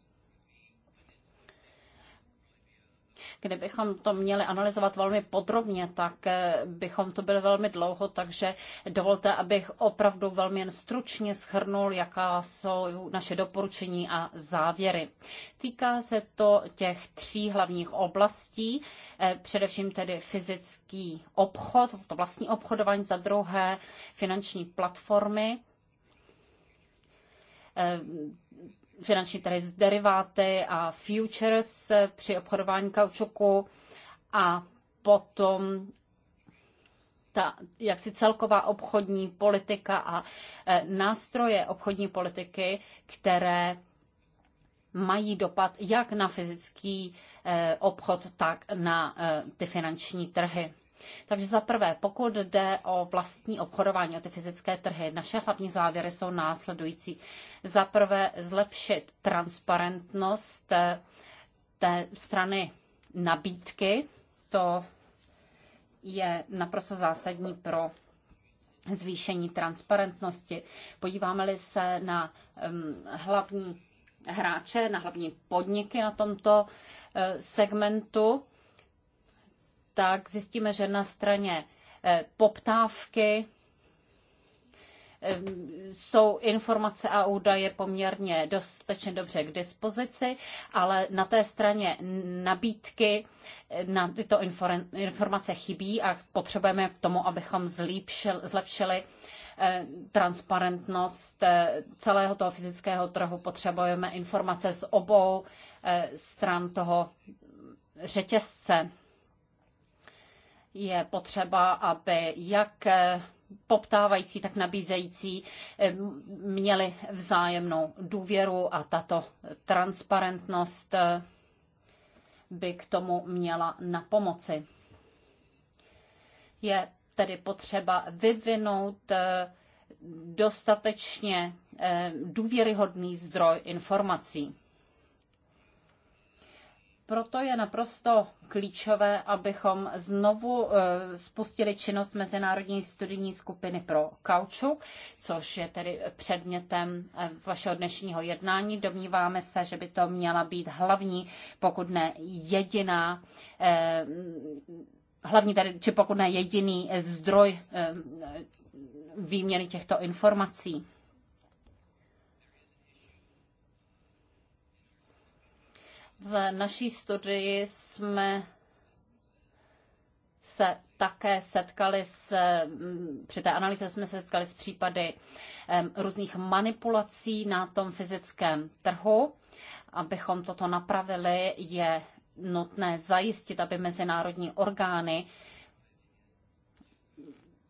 Kdybychom to měli analyzovat velmi podrobně, tak eh, bychom to byli velmi dlouho, takže dovolte, abych opravdu velmi jen stručně schrnul, jaká jsou naše doporučení a závěry. Týká se to těch tří hlavních oblastí, eh, především tedy fyzický obchod, to vlastní obchodování, za druhé finanční platformy, eh, finanční trhy s deriváty a futures při obchodování kaučuku a potom ta jaksi celková obchodní politika a e, nástroje obchodní politiky, které mají dopad jak na fyzický e, obchod, tak na e, ty finanční trhy. Takže za prvé, pokud jde o vlastní obchodování, o ty fyzické trhy, naše hlavní závěry jsou následující. Za prvé, zlepšit transparentnost té, eh, té strany nabídky. To je naprosto zásadní pro zvýšení transparentnosti. Podíváme-li se na um, hlavní hráče, na hlavní podniky na tomto eh, segmentu, tak zjistíme, že na straně eh, poptávky eh, jsou informace a údaje poměrně dostatečně dobře k dispozici, ale na té straně nabídky eh, na tyto informace chybí a potřebujeme k tomu, abychom zlepšili, zlepšili transparentnost celého toho fyzického trhu. Potřebujeme informace z obou stran toho řetězce je potřeba, aby jak eh, poptávající, tak nabízející eh, měli vzájemnou důvěru a tato transparentnost eh, by k tomu měla na pomoci. Je tedy potřeba vyvinout dostatečně důvěryhodný zdroj informací. Proto je naprosto klíčové, abychom znovu eh, spustili činnost Mezinárodní studijní skupiny pro kaučuk, což je tedy předmětem eh, vašeho dnešního jednání. Domníváme se, že by to měla být hlavní, pokud ne jediná eh, hlavní tady, či pokud ne jediný zdroj výměny těchto informací. V naší studii jsme se také setkali s, mm, při té analýze jsme se setkali s případy různých manipulací na tom fyzickém trhu. Abychom toto napravili, je nutné zajistit, aby mezinárodní orgány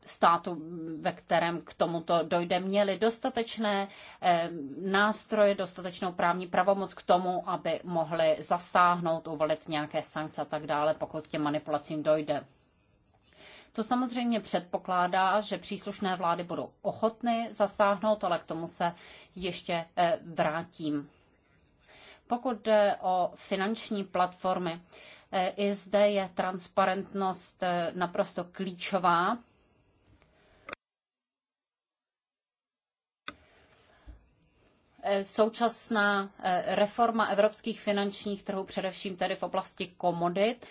státu, ve kterém k tomuto dojde, měli dostatečné eh, nástroje, dostatečnou právní pravomoc k tomu, aby mohli zasáhnout, uvolit nějaké sankce a tak dále, pokud k těm manipulacím dojde. To samozřejmě předpokládá, že příslušné vlády budou ochotny zasáhnout, ale k tomu se ještě eh, vrátím. Pokud jde o finanční platformy, eh, i zde je transparentnost naprosto klíčová. Eh, současná eh, reforma evropských finančních trhů, především tedy v oblasti komodit,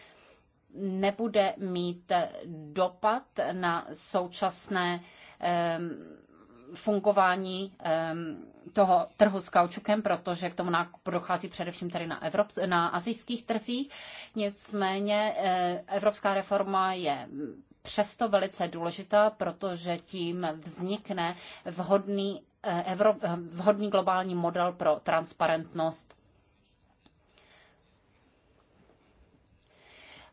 nebude mít eh, dopad na současné ehm, fungování ehm, toho trhu s kaučukem, protože k tomu nákupu dochází především tady na, Evrop- na azijských trzích. Nicméně evropská reforma je přesto velice důležitá, protože tím vznikne vhodný, eh, Evro, eh, vhodný globální model pro transparentnost.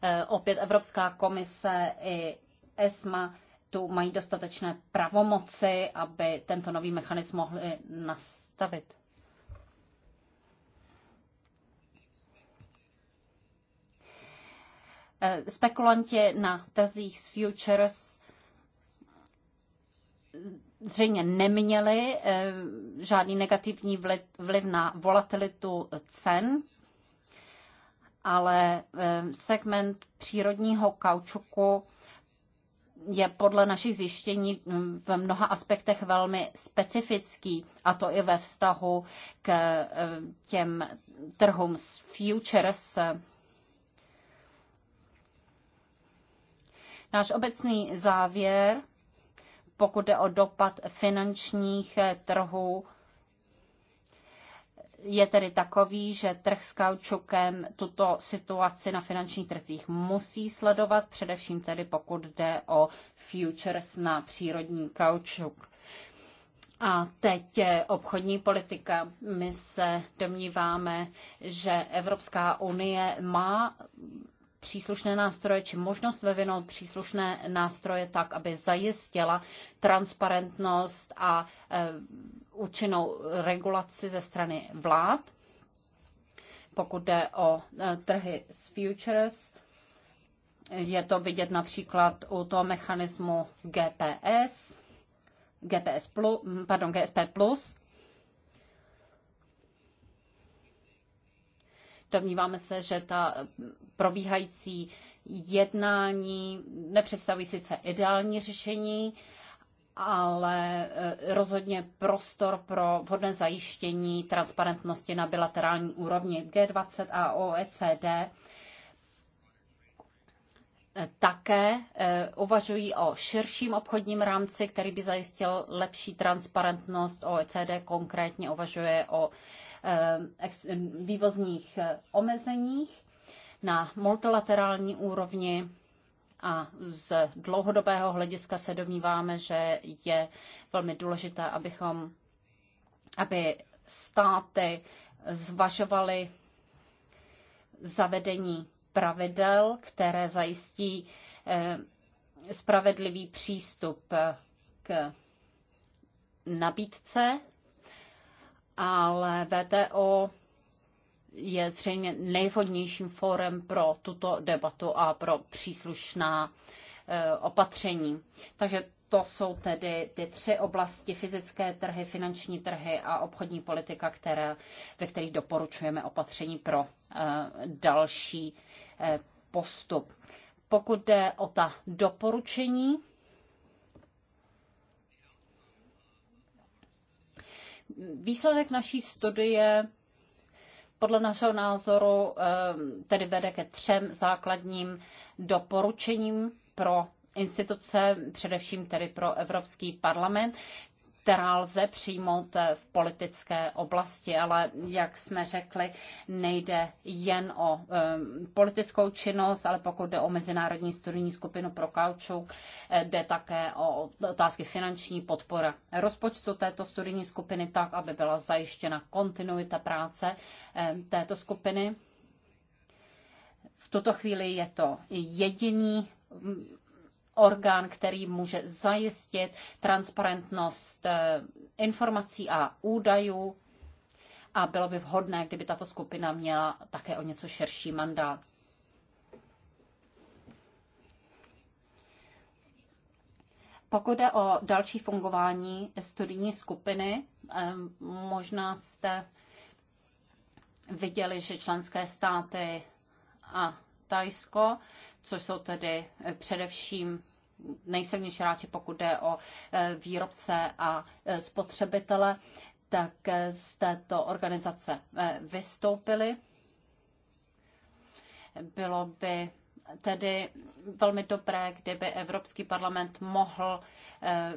Eh, opět Evropská komise i ESMA tu mají dostatečné pravomoci, aby tento nový mechanismus mohli nastavit. Eh, spekulanti na trzích s futures zřejmě neměli eh, žádný negativní vliv na volatilitu cen, ale eh, segment přírodního kaučuku je podle našich zjištění hm, v mnoha aspektech velmi specifický, a to i ve vztahu k těm trhům s futures, Náš obecný závěr, pokud jde o dopad finančních eh, trhů, je tedy takový, že trh s kaučukem tuto situaci na finančních trzích musí sledovat, především tedy pokud jde o futures na přírodní kaučuk. A teď eh, obchodní politika. My se domníváme, že Evropská unie má příslušné nástroje či možnost vyvinout příslušné nástroje tak, aby zajistila transparentnost a e, účinnou regulaci ze strany vlád. Pokud jde o e, trhy s futures, je to vidět například u toho mechanismu GPS, GPS plus, pardon, GSP+, plus, Domníváme se, že ta eh, probíhající jednání nepředstavují sice ideální řešení, ale eh, rozhodně prostor pro vhodné zajištění transparentnosti na bilaterální úrovni G20 a OECD eh, také uvažují o širším obchodním rámci, který by zajistil lepší transparentnost. OECD konkrétně uvažuje o Eh, eh, vývozních eh, omezeních na multilaterální úrovni a z dlouhodobého hlediska se domníváme, že je velmi důležité, abychom, aby státy zvažovaly zavedení pravidel, které zajistí spravedlivý přístup k nabídce ale VTO je zřejmě nejvhodnějším fórem pro tuto debatu a pro příslušná eh, opatření. Takže to jsou tedy ty tři oblasti, fyzické trhy, finanční trhy a obchodní politika, které, ve kterých doporučujeme opatření pro eh, další eh, postup. Pokud jde o ta doporučení, Výsledek naší studie podle našeho názoru ehm, tedy vede ke třem základním doporučením pro instituce, především tedy pro Evropský parlament, která lze přijmout v politické oblasti, ale jak jsme řekli, nejde jen o eh, politickou činnost, ale pokud jde o Mezinárodní studijní skupinu pro kaučuk, eh, jde také o otázky finanční podpora rozpočtu této studijní skupiny tak, aby byla zajištěna kontinuita práce eh, této skupiny. V tuto chvíli je to jediný orgán, který může zajistit transparentnost eh, informací a údajů a bylo by vhodné, kdyby tato skupina měla také o něco širší mandát. Pokud jde o další fungování studijní skupiny, eh, možná jste viděli, že členské státy a Tajsko což jsou tedy eh, především nejsilnější hráči, pokud jde o eh, výrobce a eh, spotřebitele, tak z této organizace vystoupili. Bylo by tedy velmi dobré, kdyby Evropský parlament mohl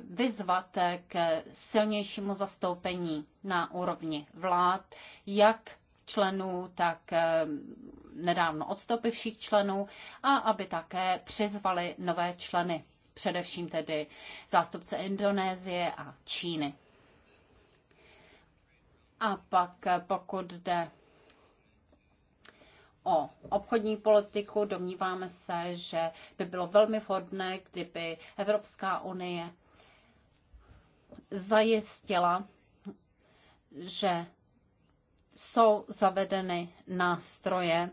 vyzvat k silnějšímu zastoupení na úrovni vlád, jak členů, tak eh, nedávno odstoupy všech členů a aby také přizvali nové členy, především tedy zástupce Indonésie a Číny. A pak eh, pokud jde o obchodní politiku, domníváme se, že by bylo velmi vhodné, kdyby Evropská unie zajistila, že jsou zavedeny nástroje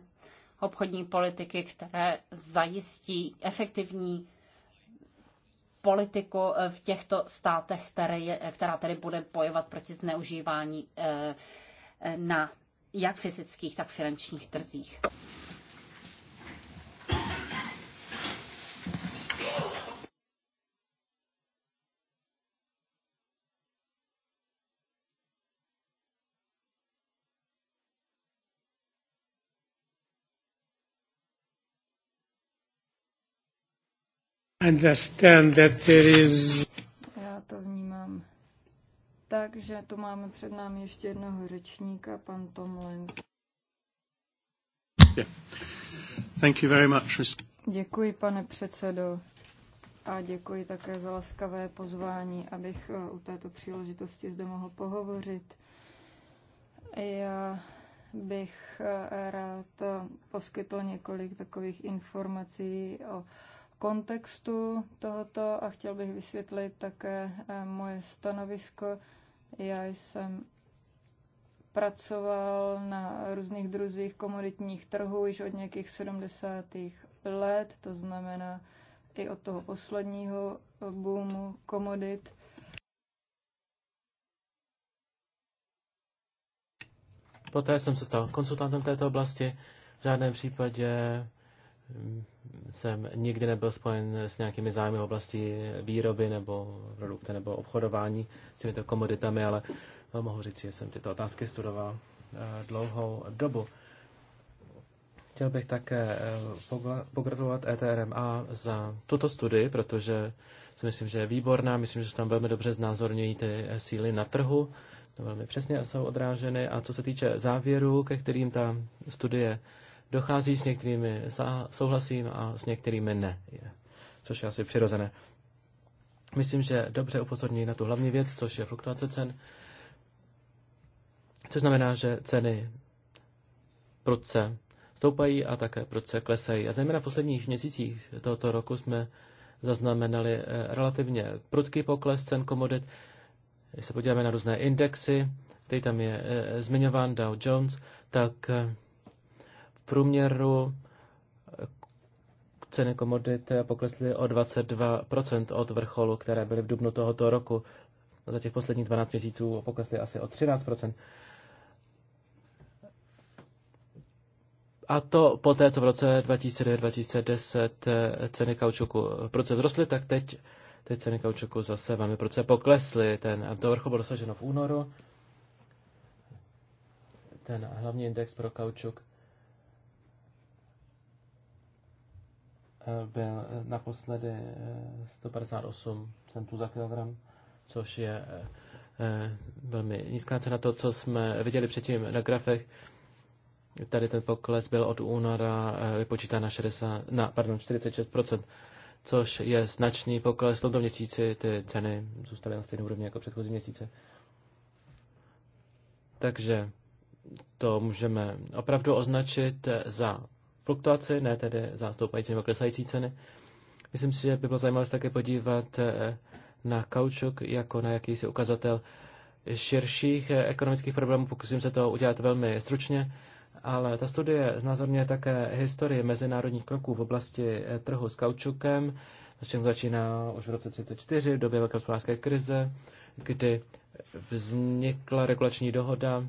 obchodní politiky, které zajistí efektivní politiku eh, v těchto státech, které je, eh, která tedy bude bojovat proti zneužívání eh, na jak fyzických, tak finančních trzích. understand that there is... Já to vnímám. Takže tu máme před námi ještě jednoho řečníka, pan Tom Lenz. Yeah. Thank you very much, Mr. Děkuji, pane předsedo. A děkuji také za laskavé pozvání, abych eh, u této příležitosti zde mohl pohovořit. Já bych eh, rád eh, poskytl několik takových informací o kontextu tohoto a chtěl bych vysvětlit také eh, moje stanovisko. Já jsem pracoval na různých druzích komoditních trhů již od nějakých 70. let, to znamená i od toho posledního boomu komodit. Poté jsem se stal konsultantem této oblasti. V žádném případě jsem nikdy nebyl spojen s nějakými zájmy v oblasti výroby nebo produkty nebo obchodování s těmito komoditami, ale mohu říct, že jsem tyto otázky studoval eh, dlouhou dobu. Chtěl bych také eh, pogratulovat ETRMA za tuto studii, protože si myslím, že je výborná, myslím, že se tam velmi dobře znázorňují ty eh, síly na trhu, to velmi přesně jsou odráženy. A co se týče závěrů, ke kterým ta studie dochází s některými, souhlasím a s některými ne, což je asi přirozené. Myslím, že dobře upozorní na tu hlavní věc, což je fluktuace cen, což znamená, že ceny prudce stoupají a také prudce klesají. A zejména v posledních měsících tohoto roku jsme zaznamenali eh, relativně prudký pokles cen komodit. Když se podíváme na různé indexy, který tam je eh, zmiňován Dow Jones, tak eh, průměru eh, ceny komodit poklesly o 22% od vrcholu, které byly v dubnu tohoto roku. Za těch posledních 12 měsíců poklesly asi o 13%. A to poté, co v roce 2009-2010 eh, ceny kaučuku procent eh, rostly, tak teď ty ceny kaučuku zase velmi proce poklesly. Ten, to vrchol bylo dosaženo v únoru. Ten hlavní index pro kaučuk byl eh, naposledy 158 eh, centů za kilogram, což je eh, velmi nízká cena. To, co jsme viděli předtím na grafech, tady ten pokles byl od února vypočítán na, 60, na pardon, 46%, což je značný pokles. V tomto měsíci ty ceny zůstaly na stejné úrovni jako předchozí měsíce. Takže to můžeme opravdu označit za fluktuaci, ne tedy za stoupající nebo klesající ceny. Myslím si, že by bylo zajímavé se také podívat eh, na kaučuk jako na jakýsi ukazatel širších eh, ekonomických problémů. Pokusím se to udělat velmi stručně, ale ta studie znázorňuje také historii mezinárodních kroků v oblasti eh, trhu s kaučukem, s čím začíná už v roce 1934, v době velké hospodářské krize, kdy vznikla regulační dohoda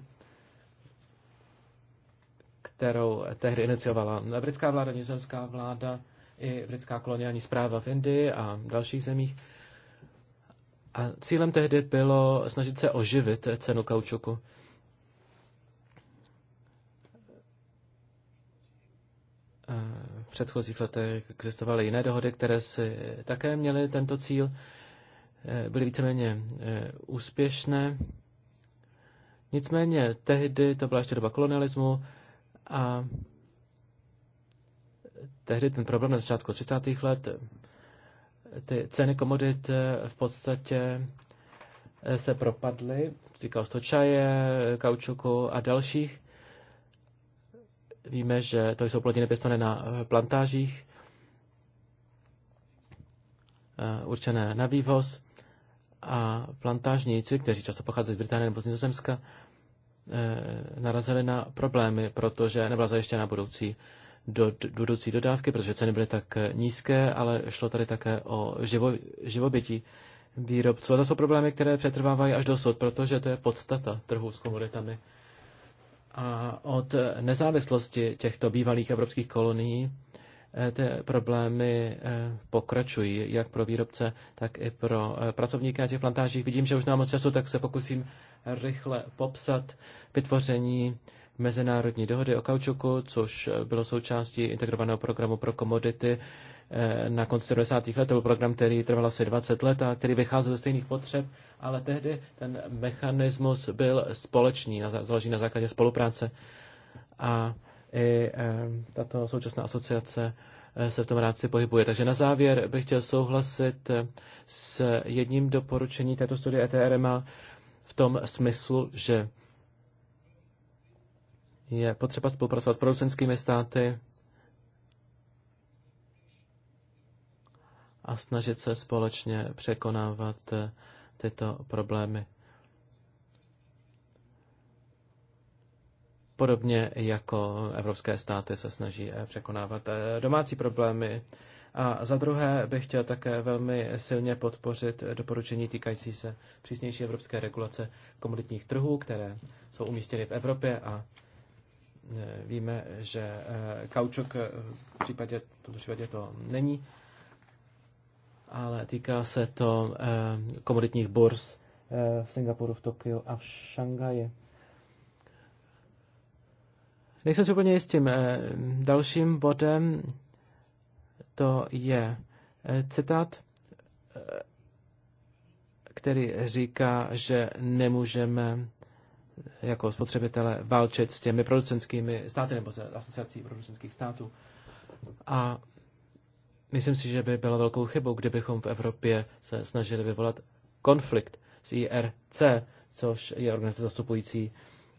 kterou tehdy iniciovala britská vláda, nizozemská vláda i britská koloniální zpráva v Indii a dalších zemích. A cílem tehdy bylo snažit se oživit cenu kaučuku. V předchozích letech existovaly jiné dohody, které si také měly tento cíl. E, byly víceméně e, úspěšné. Nicméně tehdy to byla ještě doba kolonialismu a tehdy ten problém na začátku 30. let, ty ceny komodit eh, v podstatě eh, se propadly, týkalo se to čaje, kaučuku a dalších. Víme, že to jsou plodiny pěstované na eh, plantážích, určené na vývoz a plantážníci, kteří často pocházejí z Británie nebo z Nizozemska, Eh, narazili na problémy, protože nebyla zajištěna budoucí, do, budoucí dodávky, protože ceny byly tak eh, nízké, ale šlo tady také o živo, živobytí výrobců. A to jsou problémy, které přetrvávají až dosud, protože to je podstata trhu s komoditami. A od eh, nezávislosti těchto bývalých evropských kolonií Eh, ty problémy eh, pokračují, jak pro výrobce, tak i pro eh, pracovníky na těch plantážích. Vidím, že už nám moc času, tak se pokusím rychle popsat vytvoření mezinárodní dohody o kaučuku, což bylo součástí integrovaného programu pro komodity na konci 70. let. To byl program, který trval asi 20 let a který vycházel ze stejných potřeb, ale tehdy ten mechanismus byl společný, založený na základě spolupráce. A i eh, tato současná asociace eh, se v tom rámci pohybuje. Takže na závěr bych chtěl souhlasit eh, s jedním doporučení této studie ETRMA v tom smyslu, že je potřeba spolupracovat s producenskými státy a snažit se společně překonávat tyto problémy. podobně jako evropské státy se snaží eh, překonávat eh, domácí problémy. A za druhé bych chtěl také velmi silně podpořit doporučení týkající se přísnější evropské regulace komoditních trhů, které jsou umístěny v Evropě a eh, víme, že kaučuk v případě, v tomto případě to není, ale týká se to komoditních burz v Singapuru, v Tokiu a v Šangaji. Nejsem si úplně jistým. Eh, dalším bodem to je eh, citát, eh, který říká, že nemůžeme jako spotřebitele válčit s těmi producentskými státy nebo s asociací producentských států. A myslím si, že by bylo velkou chybou, kdybychom v Evropě se snažili vyvolat konflikt s IRC, což je organizace zastupující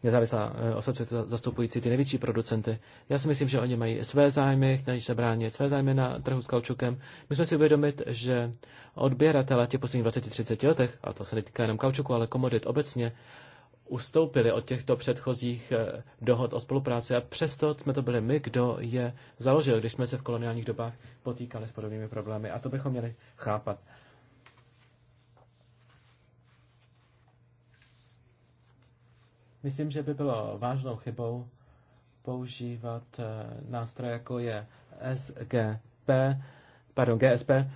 nezávislá eh, asociace zastupující ty největší producenty. Já si myslím, že oni mají své zájmy, chtějí se bránit své zájmy na trhu s kaučukem. Musíme si uvědomit, že odběratele těch posledních 20-30 letech, a to se netýká jenom kaučuku, ale komodit obecně, ustoupili od těchto předchozích eh, dohod o spolupráci a přesto jsme to byli my, kdo je založil, když jsme se v koloniálních dobách potýkali s podobnými problémy a to bychom měli chápat. Myslím, že by bylo vážnou chybou používat eh, nástroje, jako je SGP, pardon, GSP, eh,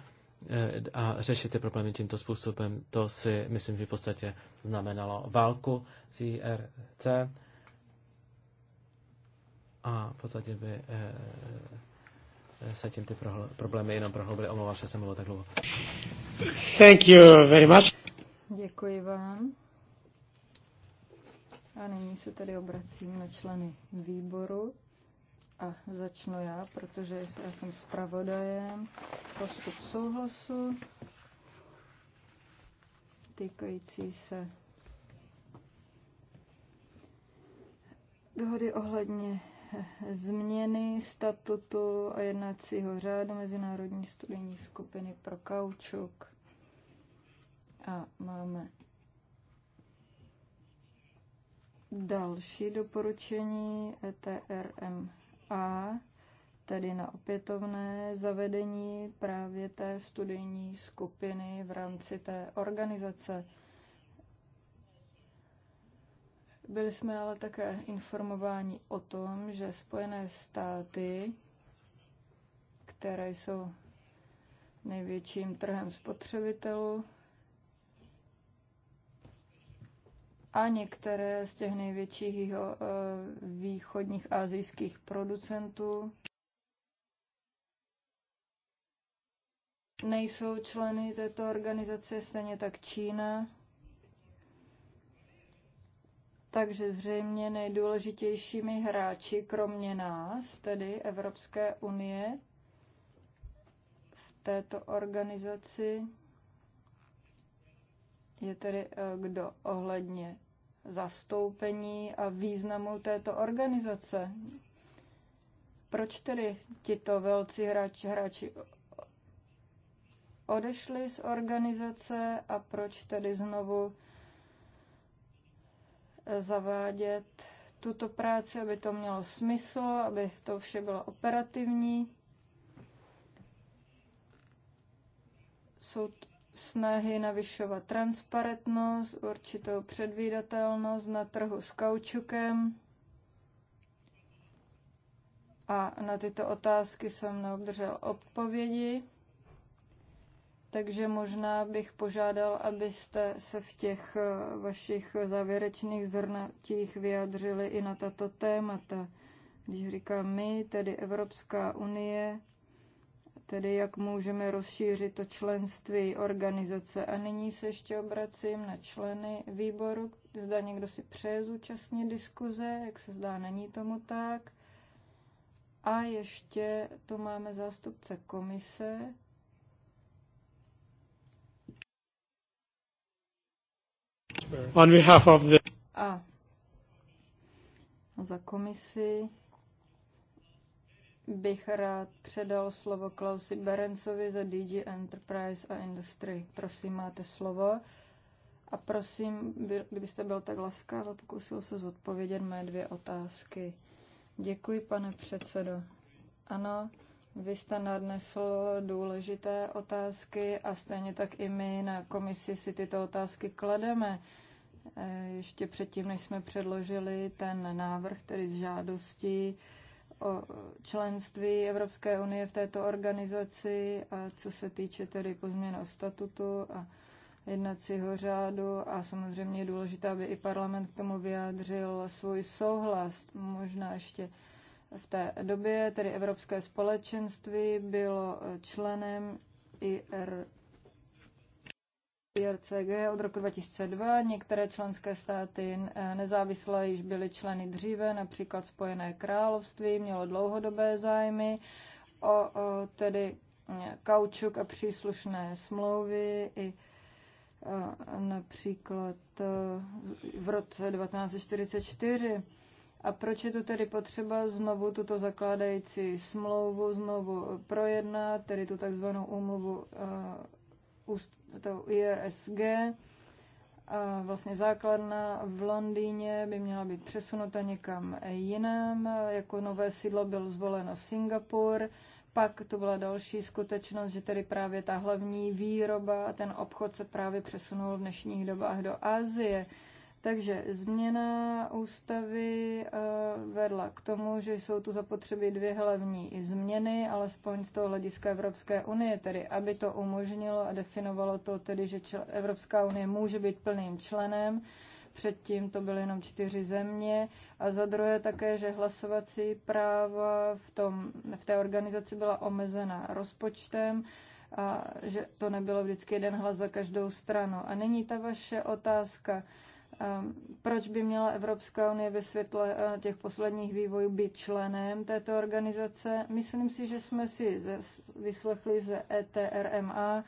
a řešit ty problémy tímto způsobem. To si myslím, že v podstatě znamenalo válku s IRC a v podstatě by eh, se tím ty problémy jenom prohloubily. Omlouvám, že jsem mluvil tak dlouho. Thank you very much. Děkuji vám. A nyní se tedy obracím na členy výboru a začnu já, protože já jsem zpravodajem postup souhlasu týkající se dohody ohledně změny statutu a jednacího řádu Mezinárodní studijní skupiny pro kaučuk. A máme Další doporučení ETRMA, tedy na opětovné zavedení právě té studijní skupiny v rámci té organizace. Byli jsme ale také informováni o tom, že Spojené státy, které jsou největším trhem spotřebitelů, a některé z těch největších eh, východních azijských producentů nejsou členy této organizace, stejně tak Čína. Takže zřejmě nejdůležitějšími hráči, kromě nás, tedy Evropské unie, v této organizaci je tedy eh, kdo ohledně zastoupení a významu této organizace. Proč tedy tito velcí hráči, hráči odešli z organizace a proč tedy znovu eh, zavádět tuto práci, aby to mělo smysl, aby to vše bylo operativní. Jsou snahy navyšovat transparentnost, určitou předvídatelnost na trhu s kaučukem. A na tyto otázky jsem neobdržel odpovědi, takže možná bych požádal, abyste se v těch eh, vašich závěrečných zhrnatích vyjadřili i na tato témata. Když říkám my, tedy Evropská unie, tedy jak můžeme rozšířit to členství organizace. A nyní se ještě obracím na členy výboru. Zda někdo si přeje zúčastnit diskuze, jak se zdá, není tomu tak. A ještě tu máme zástupce komise. On behalf of the... A za komisi bych rád předal slovo Klausi Berencovi za DG Enterprise a Industry. Prosím, máte slovo. A prosím, kdybyste byl tak laskav a pokusil se zodpovědět mé dvě otázky. Děkuji, pane předsedo. Ano, vy jste nadnesl důležité otázky a stejně tak i my na komisi si tyto otázky klademe. E, ještě předtím, než jsme předložili ten návrh, tedy z žádostí, o členství Evropské unie v této organizaci a co se týče tedy pozměna statutu a jednacího řádu a samozřejmě je důležité, aby i parlament k tomu vyjádřil svůj souhlas. Možná ještě v té době, tedy Evropské společenství bylo členem IR, IRCG od roku 2002. Některé členské státy eh, nezávislé již byly členy dříve, například Spojené království, mělo dlouhodobé zájmy o, o tedy eh, kaučuk a příslušné smlouvy i eh, například v roce 1944. A proč je tu tedy potřeba znovu tuto zakládající smlouvu znovu projednat, tedy tu takzvanou úmluvu to IRSG. A vlastně základna v Londýně by měla být přesunuta někam jinam. Jako nové sídlo byl zvoleno Singapur. Pak to byla další skutečnost, že tedy právě ta hlavní výroba a ten obchod se právě přesunul v dnešních dobách do Asie. Takže změna ústavy eh, vedla k tomu, že jsou tu zapotřebí dvě hlavní změny, alespoň z toho hlediska Evropské unie, tedy aby to umožnilo a definovalo to tedy, že Evropská unie může být plným členem, předtím to byly jenom čtyři země, a za druhé také, že hlasovací práva v, tom, v té organizaci byla omezena rozpočtem, a že to nebylo vždycky jeden hlas za každou stranu. A není ta vaše otázka, Ehm, proč by měla Evropská unie ve světle eh, těch posledních vývojů být členem této organizace. Myslím si, že jsme si vyslechli ze ETRMA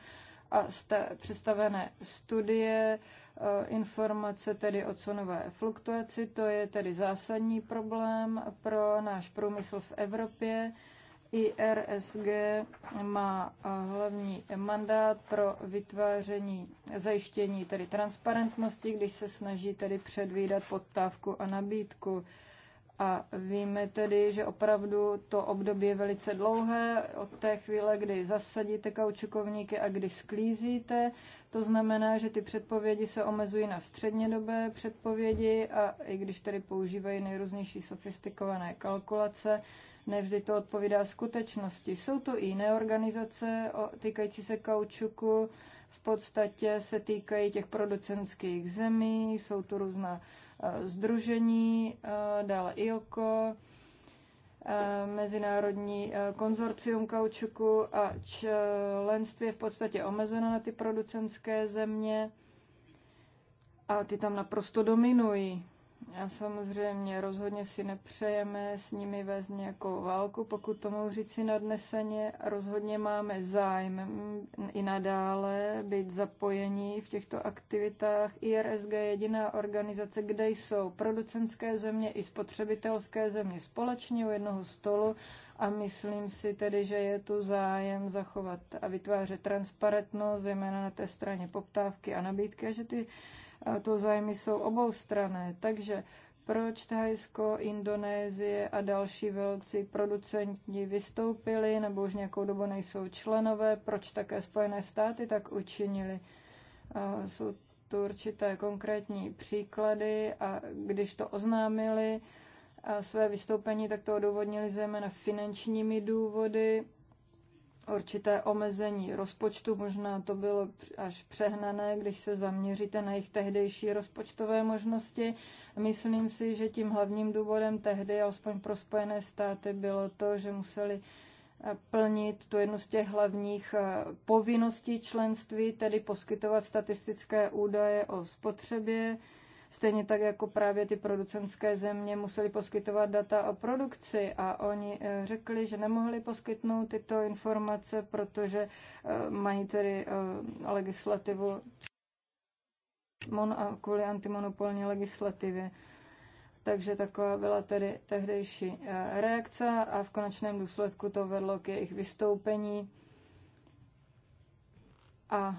a z té představené studie eh, informace tedy o cenové fluktuaci. To je tedy zásadní problém pro náš průmysl v Evropě. IRSG má eh, hlavní mandát pro vytváření, zajištění tedy transparentnosti, když se snaží tedy předvídat podtávku a nabídku. A víme tedy, že opravdu to období je velice dlouhé od té chvíle, kdy zasadíte kaučukovníky a kdy sklízíte. To znamená, že ty předpovědi se omezují na střednědobé předpovědi a i když tedy používají nejrůznější sofistikované kalkulace, nevždy to odpovídá skutečnosti. Jsou to i jiné organizace týkající se kaučuku, v podstatě se týkají těch producenských zemí, jsou tu různá e, združení, e, dále IOKO, e, Mezinárodní konzorcium kaučuku a členství je v podstatě omezeno na ty producenské země a ty tam naprosto dominují. A samozřejmě rozhodně si nepřejeme s nimi vést nějakou válku, pokud to mohu si nadneseně. Rozhodně máme zájem i nadále být zapojení v těchto aktivitách. IRSG je jediná organizace, kde jsou producenské země i spotřebitelské země společně u jednoho stolu a myslím si tedy, že je tu zájem zachovat a vytvářet transparentnost, zejména na té straně poptávky a nabídky, a že ty to zájmy jsou oboustrané. Takže proč Thajsko, Indonésie a další velcí producenti vystoupili nebo už nějakou dobu nejsou členové, proč také Spojené státy tak učinili. Jsou tu určité konkrétní příklady a když to oznámili, a své vystoupení, tak to odůvodnili zejména finančními důvody určité omezení rozpočtu. Možná to bylo až přehnané, když se zaměříte na jejich tehdejší rozpočtové možnosti. Myslím si, že tím hlavním důvodem tehdy, alespoň pro Spojené státy, bylo to, že museli eh, plnit tu jednu z těch hlavních eh, povinností členství, tedy poskytovat statistické údaje o spotřebě Stejně tak jako právě ty producenské země museli poskytovat data o produkci a oni eh, řekli, že nemohli poskytnout tyto informace, protože eh, mají tedy eh, legislativu kvůli antimonopolní legislativě. Takže taková byla tedy tehdejší reakce a v konečném důsledku to vedlo k jejich vystoupení. A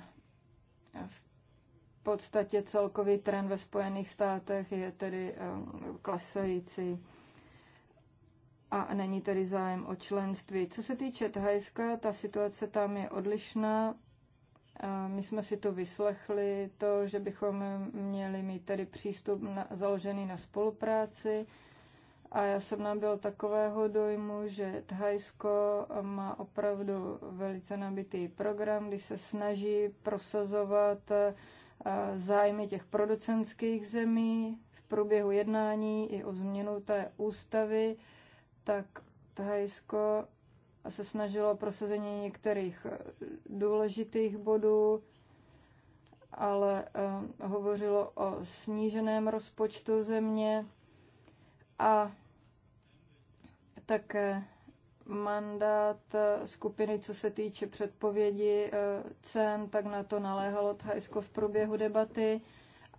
v podstatě celkový trend ve Spojených státech je tedy eh, klesající a není tedy zájem o členství. Co se týče Thajska, ta situace tam je odlišná. Eh, my jsme si to vyslechli, to, že bychom měli mít tedy přístup na, založený na spolupráci. A já jsem nabyl takového dojmu, že Thajsko má opravdu velice nabitý program, kdy se snaží prosazovat eh, Eh, zájmy těch producentských zemí v průběhu jednání i o změnu té ústavy, tak Thajsko se snažilo prosazení některých eh, důležitých bodů, ale eh, hovořilo o sníženém rozpočtu země a také mandát skupiny, co se týče předpovědi eh, cen, tak na to naléhalo Thajsko v průběhu debaty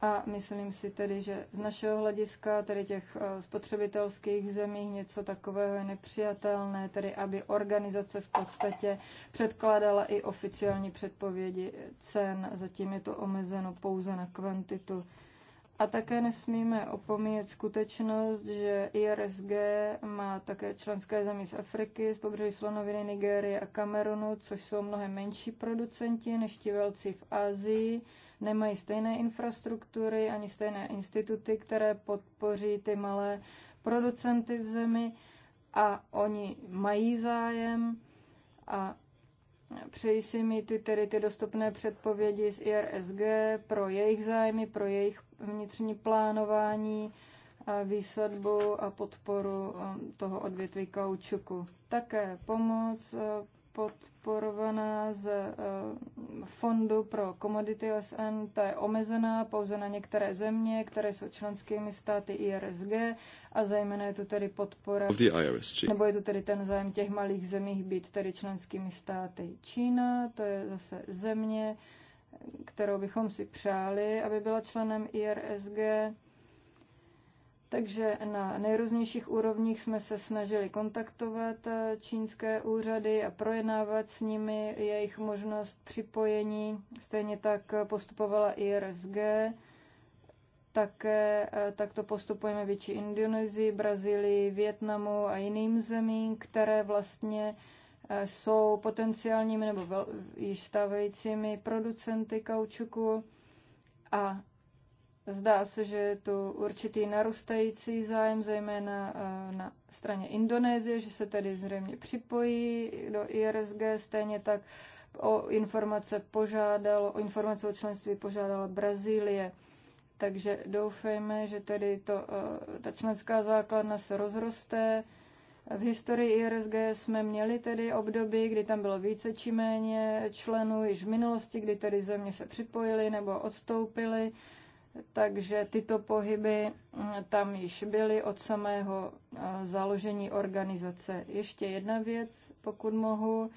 a myslím si tedy, že z našeho hlediska, tedy těch eh, spotřebitelských zemí, něco takového je nepřijatelné, tedy aby organizace v podstatě předkládala i oficiální předpovědi cen, zatím je to omezeno pouze na kvantitu. A také nesmíme opomíjet skutečnost, že IRSG má také členské země z Afriky, z pobřeží slonoviny Nigérie a Kamerunu, což jsou mnohem menší producenti než ti velcí v Asii. Nemají stejné infrastruktury ani stejné instituty, které podpoří ty malé producenty v zemi a oni mají zájem a Přeji si mít ty, tedy ty dostupné předpovědi z IRSG pro jejich zájmy, pro jejich vnitřní plánování, a výsadbu a podporu um, toho odvětví kaučuku. Také pomoc podporovaná z eh, Fondu pro komodity OSN, ta je omezená pouze na některé země, které jsou členskými státy IRSG a zejména je tu tedy podpora, nebo je tu tedy ten zájem těch malých zemích být tedy členskými státy Čína, to je zase země, kterou bychom si přáli, aby byla členem IRSG. Takže na nejrůznějších úrovních jsme se snažili kontaktovat eh, čínské úřady a projednávat s nimi jejich možnost připojení. Stejně tak postupovala i RSG. Také eh, takto postupujeme větší Indonésii, Brazílii, Větnamu a jiným zemím, které vlastně eh, jsou potenciálními nebo již stávajícími producenty kaučuku a Zdá se, že je tu určitý narůstající zájem, zejména eh, na straně Indonésie, že se tedy zřejmě připojí do IRSG, stejně tak o informace požádalo, o informace o členství požádala Brazílie. Takže doufejme, že tedy to, eh, ta členská základna se rozroste. V historii IRSG jsme měli tedy období, kdy tam bylo více či méně členů, již v minulosti, kdy tedy země se připojily nebo odstoupily takže tyto pohyby mm, tam již byly od samého eh, založení organizace. Ještě jedna věc, pokud mohu,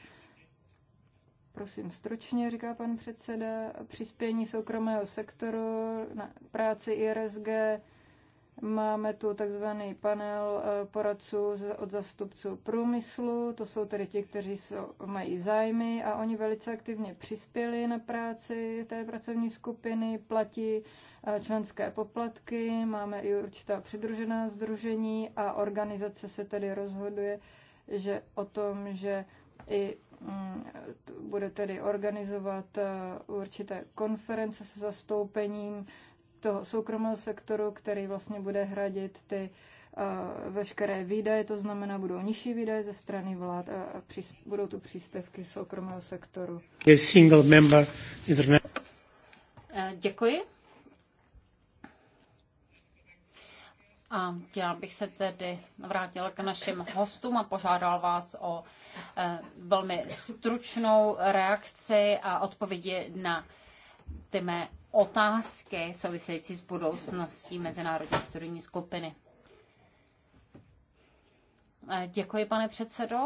prosím stručně, říká pan předseda, přispění soukromého sektoru na práci IRSG. Máme tu takzvaný panel eh, poradců od zastupců průmyslu, to jsou tedy ti, kteří jsou, mají zájmy a oni velice aktivně přispěli na práci té pracovní skupiny, platí členské poplatky, máme i určitá přidružená združení a organizace se tedy rozhoduje, že o tom, že i mm, bude tedy organizovat e, určité konference se zastoupením toho soukromého sektoru, který vlastně bude hradit ty e, veškeré výdaje, to znamená, budou nižší výdaje ze strany vlád a budou tu příspěvky soukromého sektoru. E, děkuji. A já bych se tedy vrátila k našim hostům a požádal vás o eh, velmi stručnou reakci a odpovědi na ty mé otázky související s budoucností Mezinárodní studijní skupiny. Eh, děkuji, pane předsedo.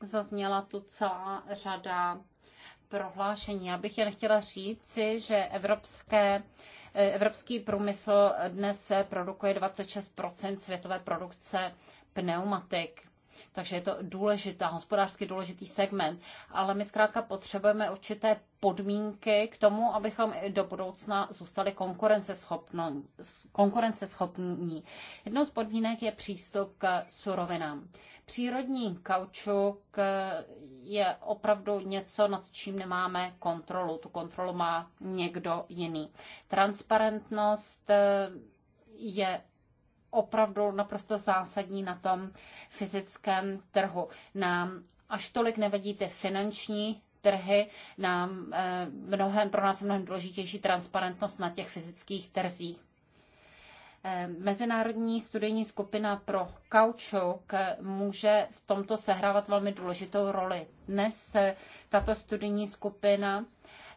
Zazněla tu celá řada prohlášení. Já bych jen chtěla říci, že evropské Evropský průmysl dnes produkuje 26 světové produkce pneumatik takže je to důležitá, hospodářsky důležitý segment. Ale my zkrátka potřebujeme určité podmínky k tomu, abychom do budoucna zůstali konkurenceschopní. konkurenceschopní. Jednou z podmínek je přístup k surovinám. Přírodní kaučuk je opravdu něco, nad čím nemáme kontrolu. Tu kontrolu má někdo jiný. Transparentnost je opravdu naprosto zásadní na tom fyzickém trhu. Nám až tolik nevedí ty finanční trhy, nám eh, mnohem, pro nás je mnohem důležitější transparentnost na těch fyzických trzích. Eh, mezinárodní studijní skupina pro kaučuk může v tomto sehrávat velmi důležitou roli. Dnes tato studijní skupina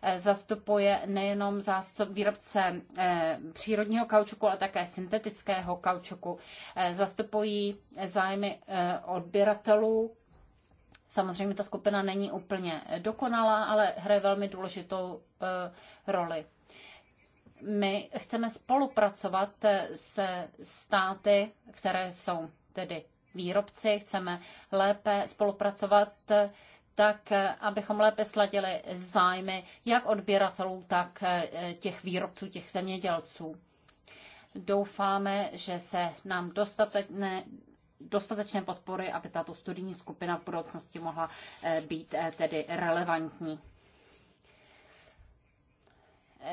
Eh, zastupuje nejenom zástup, výrobce eh, přírodního kaučuku, ale také syntetického kaučuku. Eh, zastupují zájmy odběratelů, Samozřejmě ta skupina není úplně dokonalá, ale hraje velmi důležitou roli. My chceme spolupracovat se státy, které jsou tedy výrobci, chceme lépe spolupracovat tak eh, abychom lépe sladili zájmy jak odběratelů, tak eh, těch výrobců, těch zemědělců. Doufáme, že se nám dostatečné, dostatečné podpory, aby tato studijní skupina v budoucnosti mohla eh, být tedy relevantní.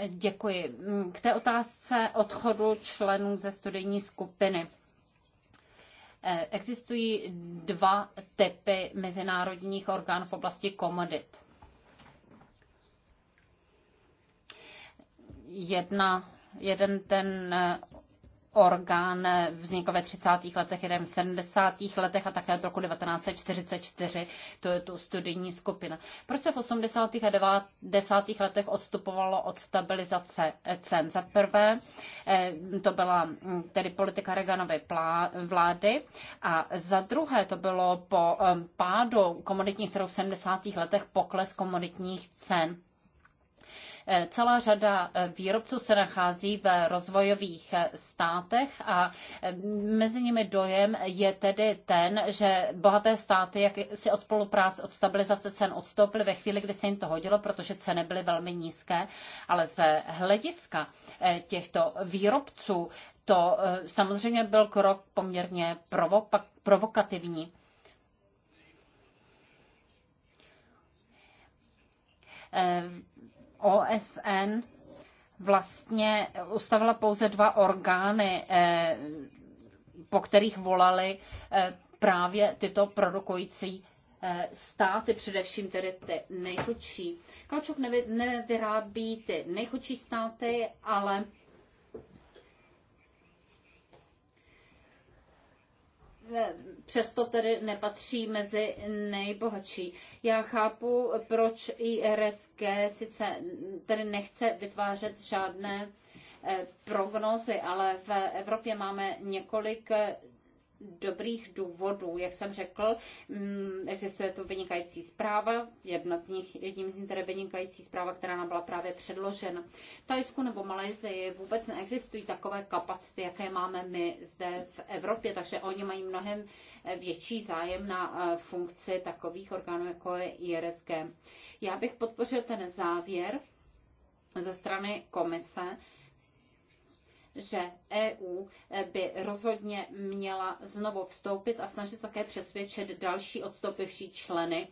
Děkuji. Mm, k té otázce odchodu členů ze studijní skupiny. E, existují dva typy mezinárodních orgánů v oblasti komodit. Jedna, jeden ten orgán vznikl ve 30. letech, jeden v 70. letech a také od roku 1944. To je tu studijní skupina. Proč se v 80. a 90. letech odstupovalo od stabilizace cen? Za prvé, eh, to byla hm, tedy politika Reaganovy vlády a za druhé to bylo po hm, pádu komoditních trhů v 70. letech pokles komoditních cen. Eh, celá řada eh, výrobců se nachází v rozvojových eh, státech a mezi nimi dojem je tedy ten, že bohaté státy jak si od spolupráce, od stabilizace cen odstoupily ve chvíli, kdy se jim to hodilo, protože ceny byly velmi nízké, ale ze hlediska těchto výrobců to samozřejmě byl krok poměrně provo- provokativní. OSN vlastně ustavila pouze dva orgány, eh, po kterých volali eh, právě tyto produkující eh, státy, především tedy ty nejchudší. Kaučuk nevyrábí ty nejchudší státy, ale přesto tedy nepatří mezi nejbohatší. Já chápu, proč IRSG sice tedy nechce vytvářet žádné eh, prognózy, ale v Evropě máme několik eh, dobrých důvodů. Jak jsem řekl, mm, existuje tu vynikající zpráva, jedna z nich, jedním z nich tedy vynikající zpráva, která nám byla právě předložena. V Tajsku nebo Malajzii vůbec neexistují takové kapacity, jaké máme my zde v Evropě, takže oni mají mnohem větší zájem na eh, funkci takových orgánů, jako je IRSG. Já bych podpořil ten závěr ze strany komise, že EU eh, by rozhodně měla znovu vstoupit a snažit také přesvědčit další odstoupivší členy,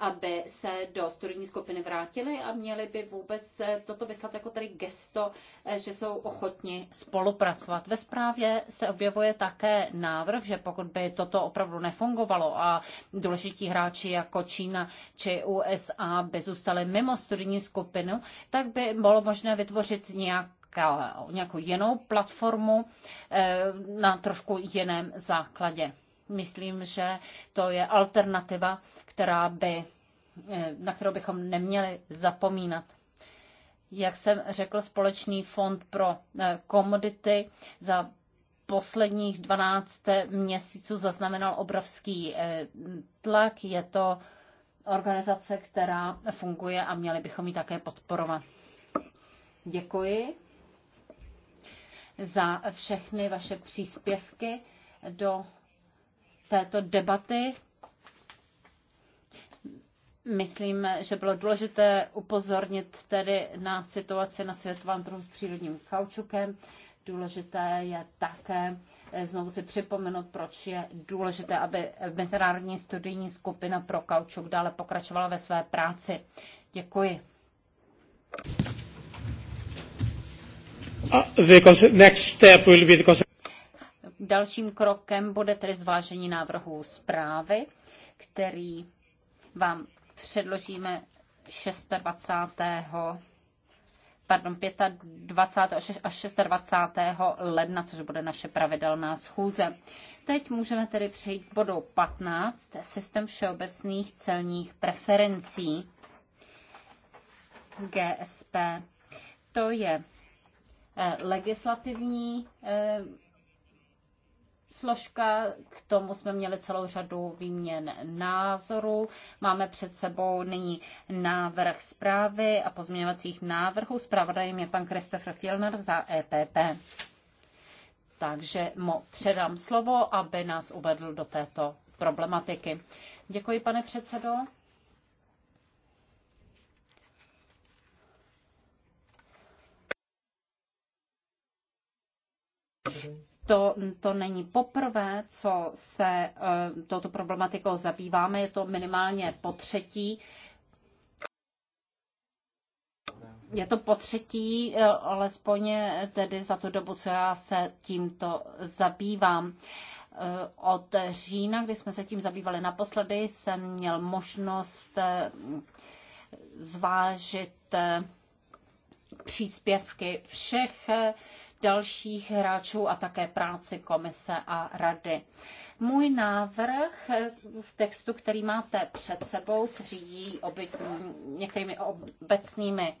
aby se do studijní skupiny vrátili a měli by vůbec eh, toto vyslat jako tady gesto, eh, že jsou ochotni spolupracovat. Ve zprávě se objevuje také návrh, že pokud by toto opravdu nefungovalo a důležití hráči jako Čína či USA by zůstali mimo studijní skupinu, tak by bylo možné vytvořit nějak nějaká, nějakou jinou platformu eh, na trošku jiném základě. Myslím, že to je alternativa, která by, eh, na kterou bychom neměli zapomínat jak jsem řekl, společný fond pro eh, komodity za posledních 12 měsíců zaznamenal obrovský tlak. Je to organizace, která funguje a měli bychom ji také podporovat. Děkuji za všechny vaše příspěvky do této debaty. Myslím, že bylo důležité upozornit tedy na situaci na světovém trhu s přírodním kaučukem. Důležité je také eh, znovu si připomenout, proč je důležité, aby Mezinárodní studijní skupina pro kaučuk dále pokračovala ve své práci. Děkuji. Uh, Dalším krokem bude tedy zvážení návrhu zprávy, který vám předložíme 26. Pardon, 25. až 26. ledna, což bude naše pravidelná schůze. Teď můžeme tedy přejít k bodu 15, systém všeobecných celních preferencí GSP. To je Eh, legislativní eh, složka. K tomu jsme měli celou řadu výměn názorů. Máme před sebou nyní návrh zprávy a pozměňovacích návrhů. Zpravodajem je pan Christopher Fielner za EPP. Takže mu předám slovo, aby nás uvedl do této problematiky. Děkuji, pane předsedo. To, to není poprvé, co se uh, touto problematikou zabýváme, je to minimálně po třetí. Je to po třetí, eh, alespoň tedy za tu dobu, co já se tímto zabývám. Eh, od října, kdy jsme se tím zabývali naposledy, jsem měl možnost zvážit příspěvky všech dalších hráčů a také práci komise a rady. Můj návrh v textu, který máte před sebou, se řídí některými obecnými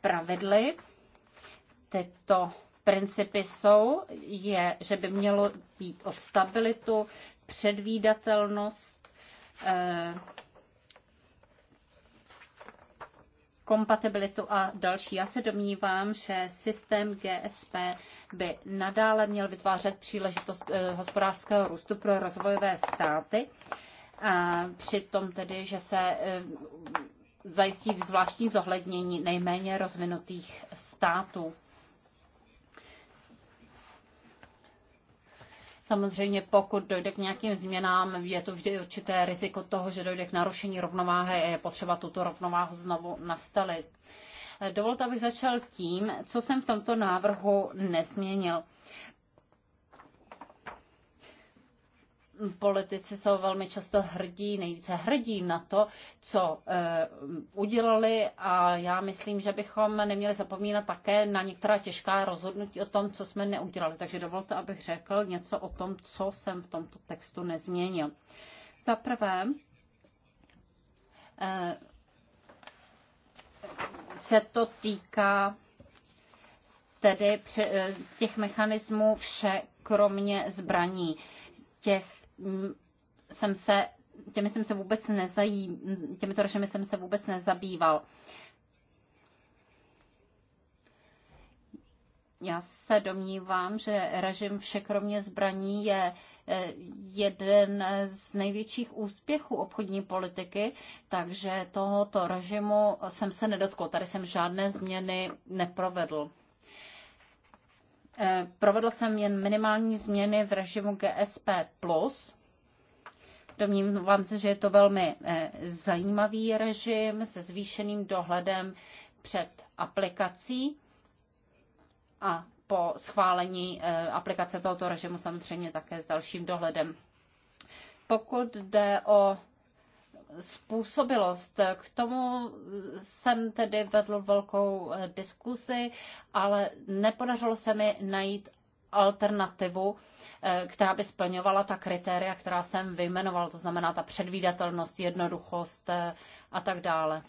pravidly. Tyto principy jsou, je, že by mělo být o stabilitu, předvídatelnost, eh, kompatibilitu a další. Já se domnívám, že systém GSP by nadále měl vytvářet příležitost eh, hospodářského růstu pro rozvojové státy, a přitom tedy, že se eh, zajistí zvláštní zohlednění nejméně rozvinutých států. Samozřejmě pokud dojde k nějakým změnám, je to vždy určité riziko toho, že dojde k narušení rovnováhy a je potřeba tuto rovnováhu znovu nastavit. Dovolte, abych začal tím, co jsem v tomto návrhu nesměnil. politici jsou velmi často hrdí, nejvíce hrdí na to, co eh, udělali a já myslím, že bychom neměli zapomínat také na některá těžká rozhodnutí o tom, co jsme neudělali. Takže dovolte, abych řekl něco o tom, co jsem v tomto textu nezměnil. Za prvé, eh, se to týká tedy eh, těch mechanismů vše kromě zbraní. Těch jsem se, těmi jsem se vůbec nezají, těmito rošemi jsem se vůbec nezabýval. Já se domnívám, že režim vše kromě zbraní je eh, jeden z největších úspěchů obchodní politiky, takže tohoto režimu jsem se nedotkl. Tady jsem žádné změny neprovedl. Eh, provedl jsem jen minimální změny v režimu GSP+. Domnívám se, že je to velmi eh, zajímavý režim se zvýšeným dohledem před aplikací a po schválení eh, aplikace tohoto režimu samozřejmě také s dalším dohledem. Pokud jde o způsobilost. K tomu jsem tedy vedl velkou eh, diskusi, ale nepodařilo se mi najít alternativu, eh, která by splňovala ta kritéria, která jsem vyjmenoval, to znamená ta předvídatelnost, jednoduchost eh, a tak dále.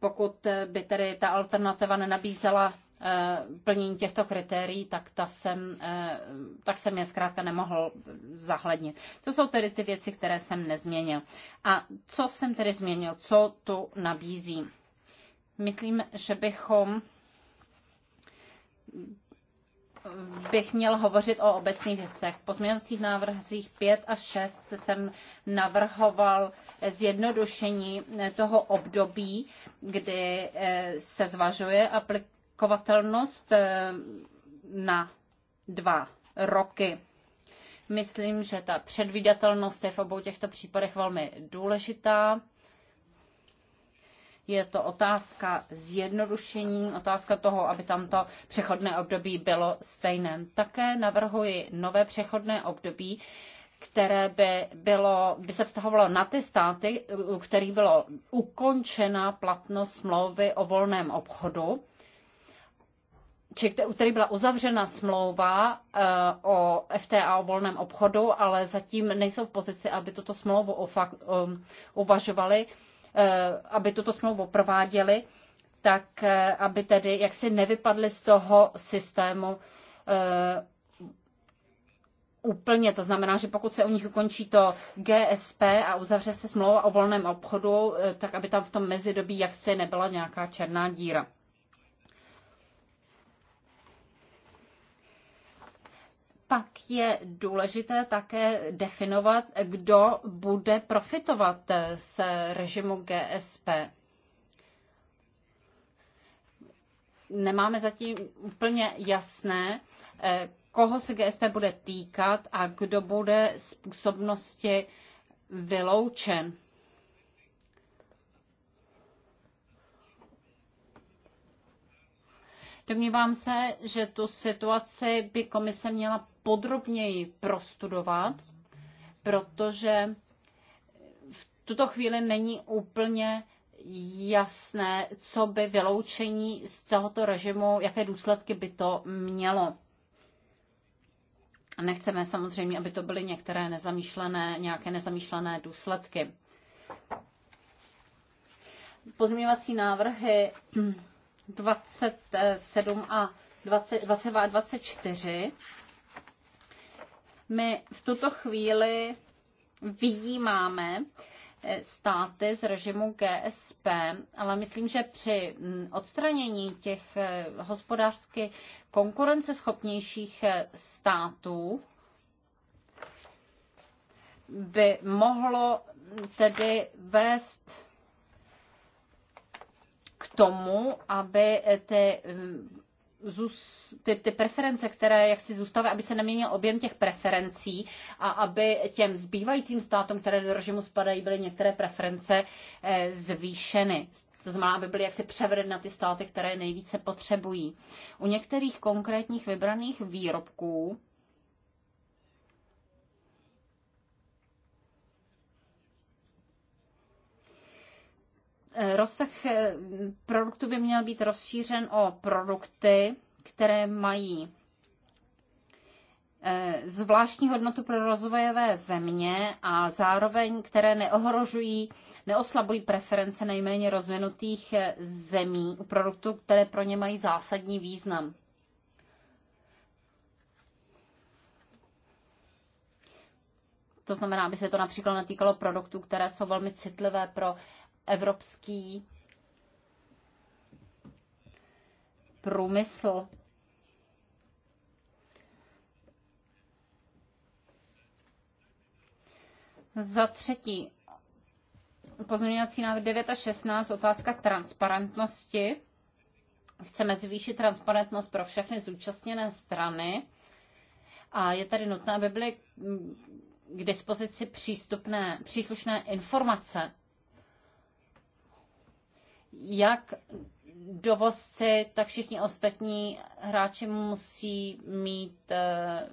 Pokud by tedy ta alternativa nenabízela Eh, plnění těchto kritérií, tak, ta jsem, eh, tak jsem je zkrátka nemohl zahlednit. To jsou tedy ty věci, které jsem nezměnil. A co jsem tedy změnil, co tu nabízím? Myslím, že bychom bych měl hovořit o obecných věcech. V pozměňovacích návrzích 5 a 6 jsem navrhoval zjednodušení toho období, kdy eh, se zvažuje aplikace kovatelnost eh, na dva roky. Myslím, že ta předvídatelnost je v obou těchto případech velmi důležitá. Je to otázka zjednodušení, otázka toho, aby tam to přechodné období bylo stejné. Také navrhuji nové přechodné období, které by, bylo, by se vztahovalo na ty státy, u kterých bylo ukončena platnost smlouvy o volném obchodu či u který byla uzavřena smlouva eh, o FTA o volném obchodu, ale zatím nejsou v pozici, aby tuto smlouvu um, uvažovali, eh, aby tuto smlouvu prováděli, tak eh, aby tedy jaksi nevypadli z toho systému úplně. To znamená, že pokud se u nich ukončí to GSP a uzavře se smlouva o volném obchodu, tak aby tam v tom mezidobí jaksi nebyla nějaká černá díra. pak je důležité také definovat, kdo bude profitovat z režimu GSP. Nemáme zatím úplně jasné, eh, koho se GSP bude týkat a kdo bude z působnosti vyloučen. Domnívám se, že tu situaci by komise měla podrobněji prostudovat, protože v tuto chvíli není úplně jasné, co by vyloučení z tohoto režimu, jaké důsledky by to mělo. A nechceme samozřejmě, aby to byly některé nezamýšlené, nějaké nezamýšlené důsledky. Pozměňovací návrhy 27 a 20, 22 a 24 my v tuto chvíli vyjímáme eh, státy z režimu GSP, ale myslím, že při mm, odstranění těch eh, hospodářsky konkurenceschopnějších eh, států by mohlo mm, tedy vést k tomu, aby ty mm, ty, ty preference, které jak si zůstávají, aby se neměnil objem těch preferencí a aby těm zbývajícím státům, které do režimu spadají, byly některé preference eh, zvýšeny. To znamená, aby byly jaksi převedeny na ty státy, které nejvíce potřebují. U některých konkrétních vybraných výrobků Eh, rozsah eh, produktu by měl být rozšířen o produkty, které mají eh, zvláštní hodnotu pro rozvojové země a zároveň, které neohrožují, neoslabují preference nejméně rozvinutých zemí u produktů, které pro ně mají zásadní význam. To znamená, aby se to například netýkalo produktů, které jsou velmi citlivé pro evropský průmysl. Za třetí, pozměňovací návrh 9 a 16, otázka transparentnosti. Chceme zvýšit transparentnost pro všechny zúčastněné strany a je tady nutné, aby byly k dispozici přístupné, příslušné informace jak dovozci, tak všichni ostatní hráči musí mít eh,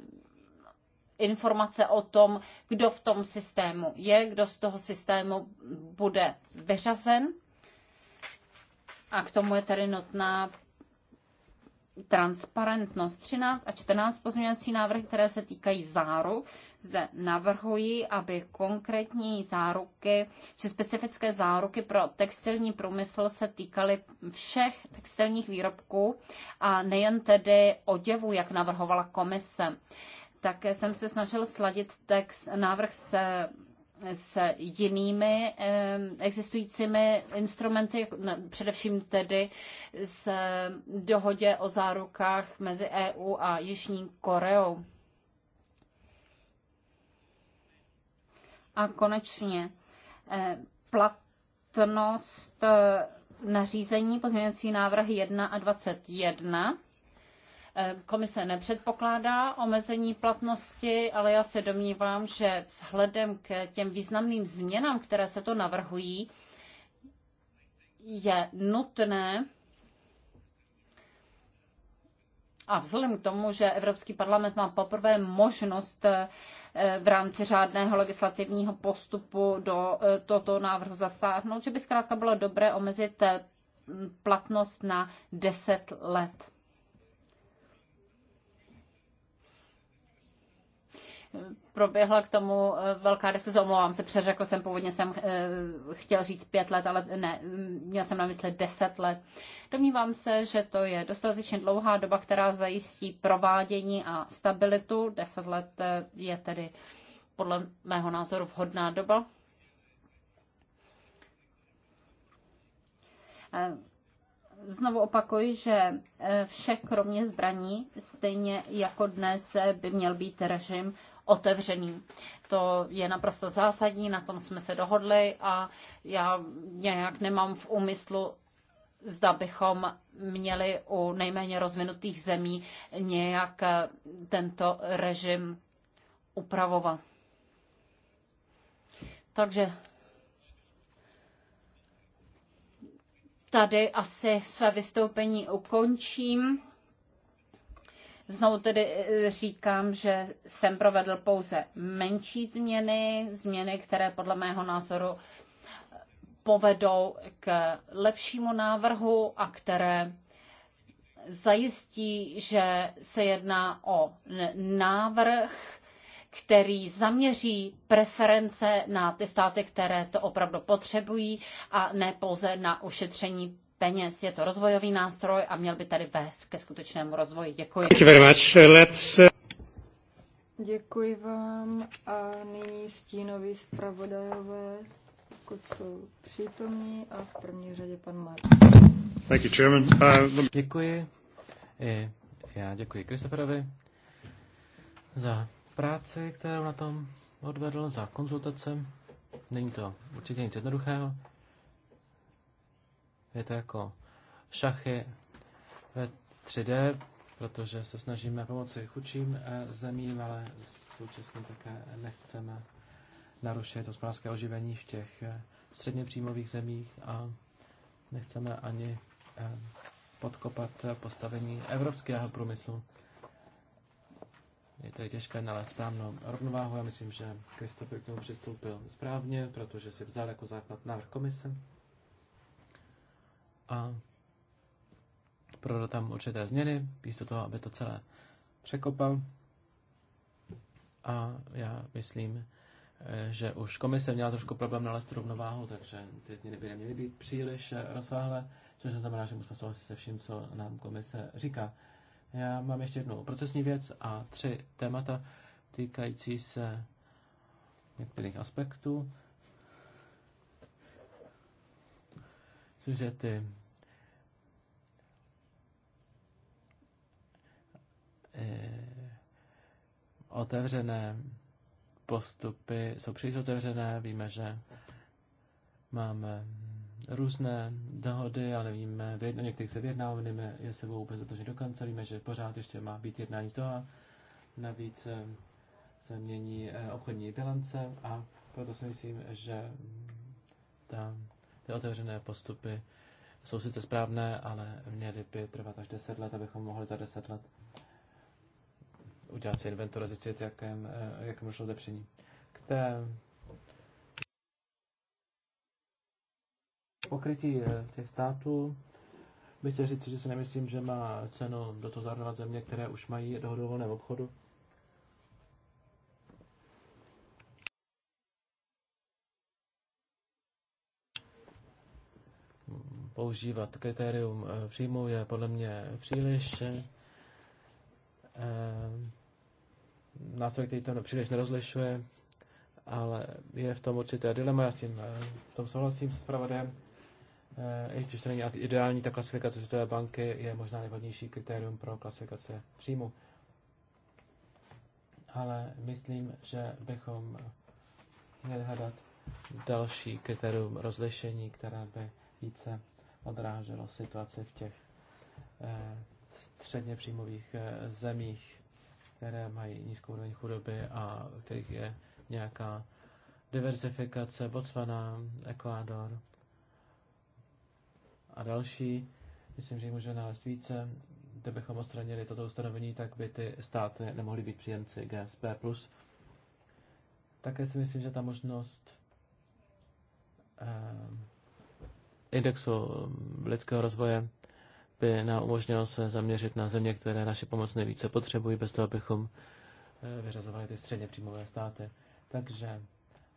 informace o tom, kdo v tom systému je, kdo z toho systému bude vyřazen. A k tomu je tady nutná transparentnost 13 a 14 pozměňovací návrhy, které se týkají záruk. Zde navrhuji, aby konkrétní záruky či specifické záruky pro textilní průmysl se týkaly všech textilních výrobků a nejen tedy oděvu, jak navrhovala komise. Také jsem se snažil sladit text, návrh se s jinými existujícími instrumenty, především tedy s dohodě o zárukách mezi EU a Jižní Koreou. A konečně eh, platnost eh, nařízení pozměňovací návrhy 1 a 21 Eh, komise nepředpokládá omezení platnosti, ale já se domnívám, že vzhledem k těm významným změnám, které se to navrhují, je nutné a vzhledem k tomu, že Evropský parlament má poprvé možnost eh, v rámci řádného legislativního postupu do eh, tohoto návrhu zasáhnout, že by zkrátka bylo dobré omezit platnost na 10 let. proběhla k tomu eh, velká diskuse, omlouvám se, přeřekl jsem, původně jsem eh, chtěl říct pět let, ale ne, měl jsem na mysli deset let. Domnívám se, že to je dostatečně dlouhá doba, která zajistí provádění a stabilitu. Deset let eh, je tedy podle mého názoru vhodná doba. Znovu opakuji, že vše kromě zbraní, stejně jako dnes, by měl být režim otevřený. To je naprosto zásadní, na tom jsme se dohodli a já nějak nemám v úmyslu zda bychom měli u nejméně rozvinutých zemí nějak tento režim upravovat. Takže tady asi své vystoupení ukončím. Znovu tedy eh, říkám, že jsem provedl pouze menší změny, změny, které podle mého názoru eh, povedou k lepšímu návrhu a které zajistí, že se jedná o návrh, který zaměří preference na ty státy, které to opravdu potřebují a ne pouze na ušetření peněz. Je to rozvojový nástroj a měl by tady vést ke skutečnému rozvoji. Děkuji. Thank you very much. Let's... Uh, děkuji vám a nyní stínoví zpravodajové, pokud jsou přítomní a v první řadě pan Mark. Thank you, Chairman. Uh, děkuji. I já děkuji Kristoferovi za práci, kterou na tom odvedl, za konzultace. Není to určitě nic jednoduchého. Je to jako šachy ve 3D, protože se snažíme pomoci chudším eh, zemím, ale současně také nechceme narušit hospodářské oživení v těch eh, středně příjmových zemích a nechceme ani eh, podkopat postavení evropského průmyslu. Je tady těžké nalézt správnou rovnováhu. Já myslím, že Kristofer k tomu přistoupil správně, protože si vzal jako základ návrh komise a prodal tam určité změny, místo toho, aby to celé překopal. A já myslím, že už komise měla trošku problém nalézt rovnováhu, takže ty změny by neměly být příliš rozsáhlé, což znamená, že musíme souhlasit se vším, co nám komise říká. Já mám ještě jednu procesní věc a tři témata týkající se některých aspektů. Myslím, že otevřené postupy jsou příliš otevřené. Víme, že máme různé dohody, ale víme, o některých se vyjednáváme, nevíme, je se budou vůbec dotažit do konce, víme, že pořád ještě má být jednání z Navíc eh, se mění eh, obchodní bilance a proto si myslím, že ta ty otevřené postupy jsou sice správné, ale měly by trvat až 10 let, abychom mohli za 10 let udělat si inventuru a zjistit, jakém, eh, jakém došlo zlepšení. K té pokrytí eh, těch států bych chtěl říct, že si nemyslím, že má cenu do toho zahrnovat země, které už mají dohodu o volném obchodu. používat kritérium eh, příjmu je podle mě příliš eh, nástroj, který to příliš nerozlišuje, ale je v tom určité dilema, já s tím eh, v tom souhlasím s zpravodajem. I když to není ideální, ta klasifikace Světové banky je možná nejvhodnější kritérium pro klasifikace příjmu. Ale myslím, že bychom měli hledat další kritérium rozlišení, které by více odráželo situaci v těch eh, středně příjmových eh, zemích, které mají nízkou úroveň chudoby a kterých je nějaká diversifikace, Botswana, Ekvádor a další. Myslím, že jich můžeme nalézt více. Kdybychom odstranili toto ustanovení, tak by ty státy nemohly být příjemci GSP+. Také si myslím, že ta možnost eh, indexu um, lidského rozvoje by nám umožnilo se zaměřit na země, které naše pomoc nejvíce potřebují, bez toho, abychom uh, vyřazovali ty středně příjmové státy. Takže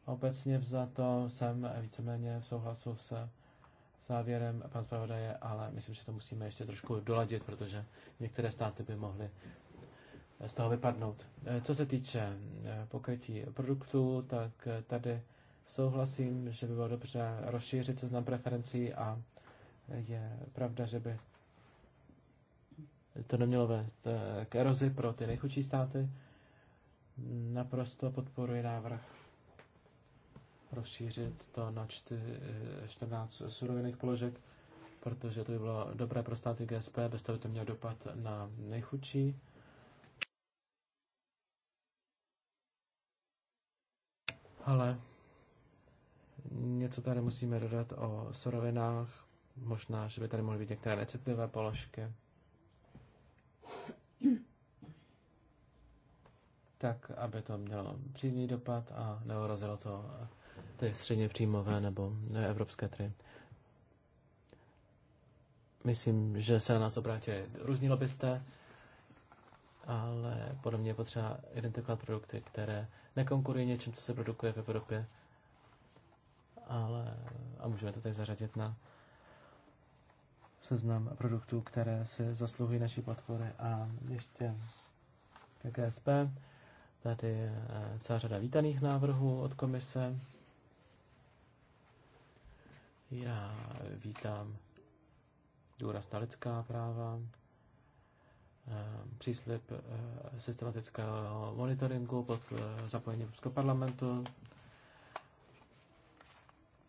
obecně vzato jsem víceméně v souhlasu se závěrem pan zpravodaje, ale myslím, že to musíme ještě trošku doladit, protože některé státy by mohly z toho vypadnout. Eh, co se týče eh, pokrytí produktů, tak eh, tady Souhlasím, že by bylo dobře rozšířit seznam preferencí a je pravda, že by to nemělo vést eh, k erozi pro ty nejchudší státy. Naprosto podporuji návrh rozšířit to na 14 eh, surovinných položek, protože to by bylo dobré pro státy GSP, bez toho by to mělo dopad na nejchudší. Ale Něco tady musíme dodat o surovinách. Možná, že by tady mohly být některé necitlivé položky. Tak, aby to mělo příznivý dopad a neorazilo to ty středně příjmové nebo evropské tři. Myslím, že se na nás obrátili různí lobbysté, ale podobně je potřeba identifikovat produkty, které nekonkurují něčím, co se produkuje v Evropě ale, a můžeme to tady zařadit na seznam produktů, které si zasluhují naší podpory a ještě KGSP. Tady je eh, celá řada vítaných návrhů od komise. Já vítám důraz na lidská práva, eh, příslip eh, systematického monitoringu pod zapojení Evropského parlamentu,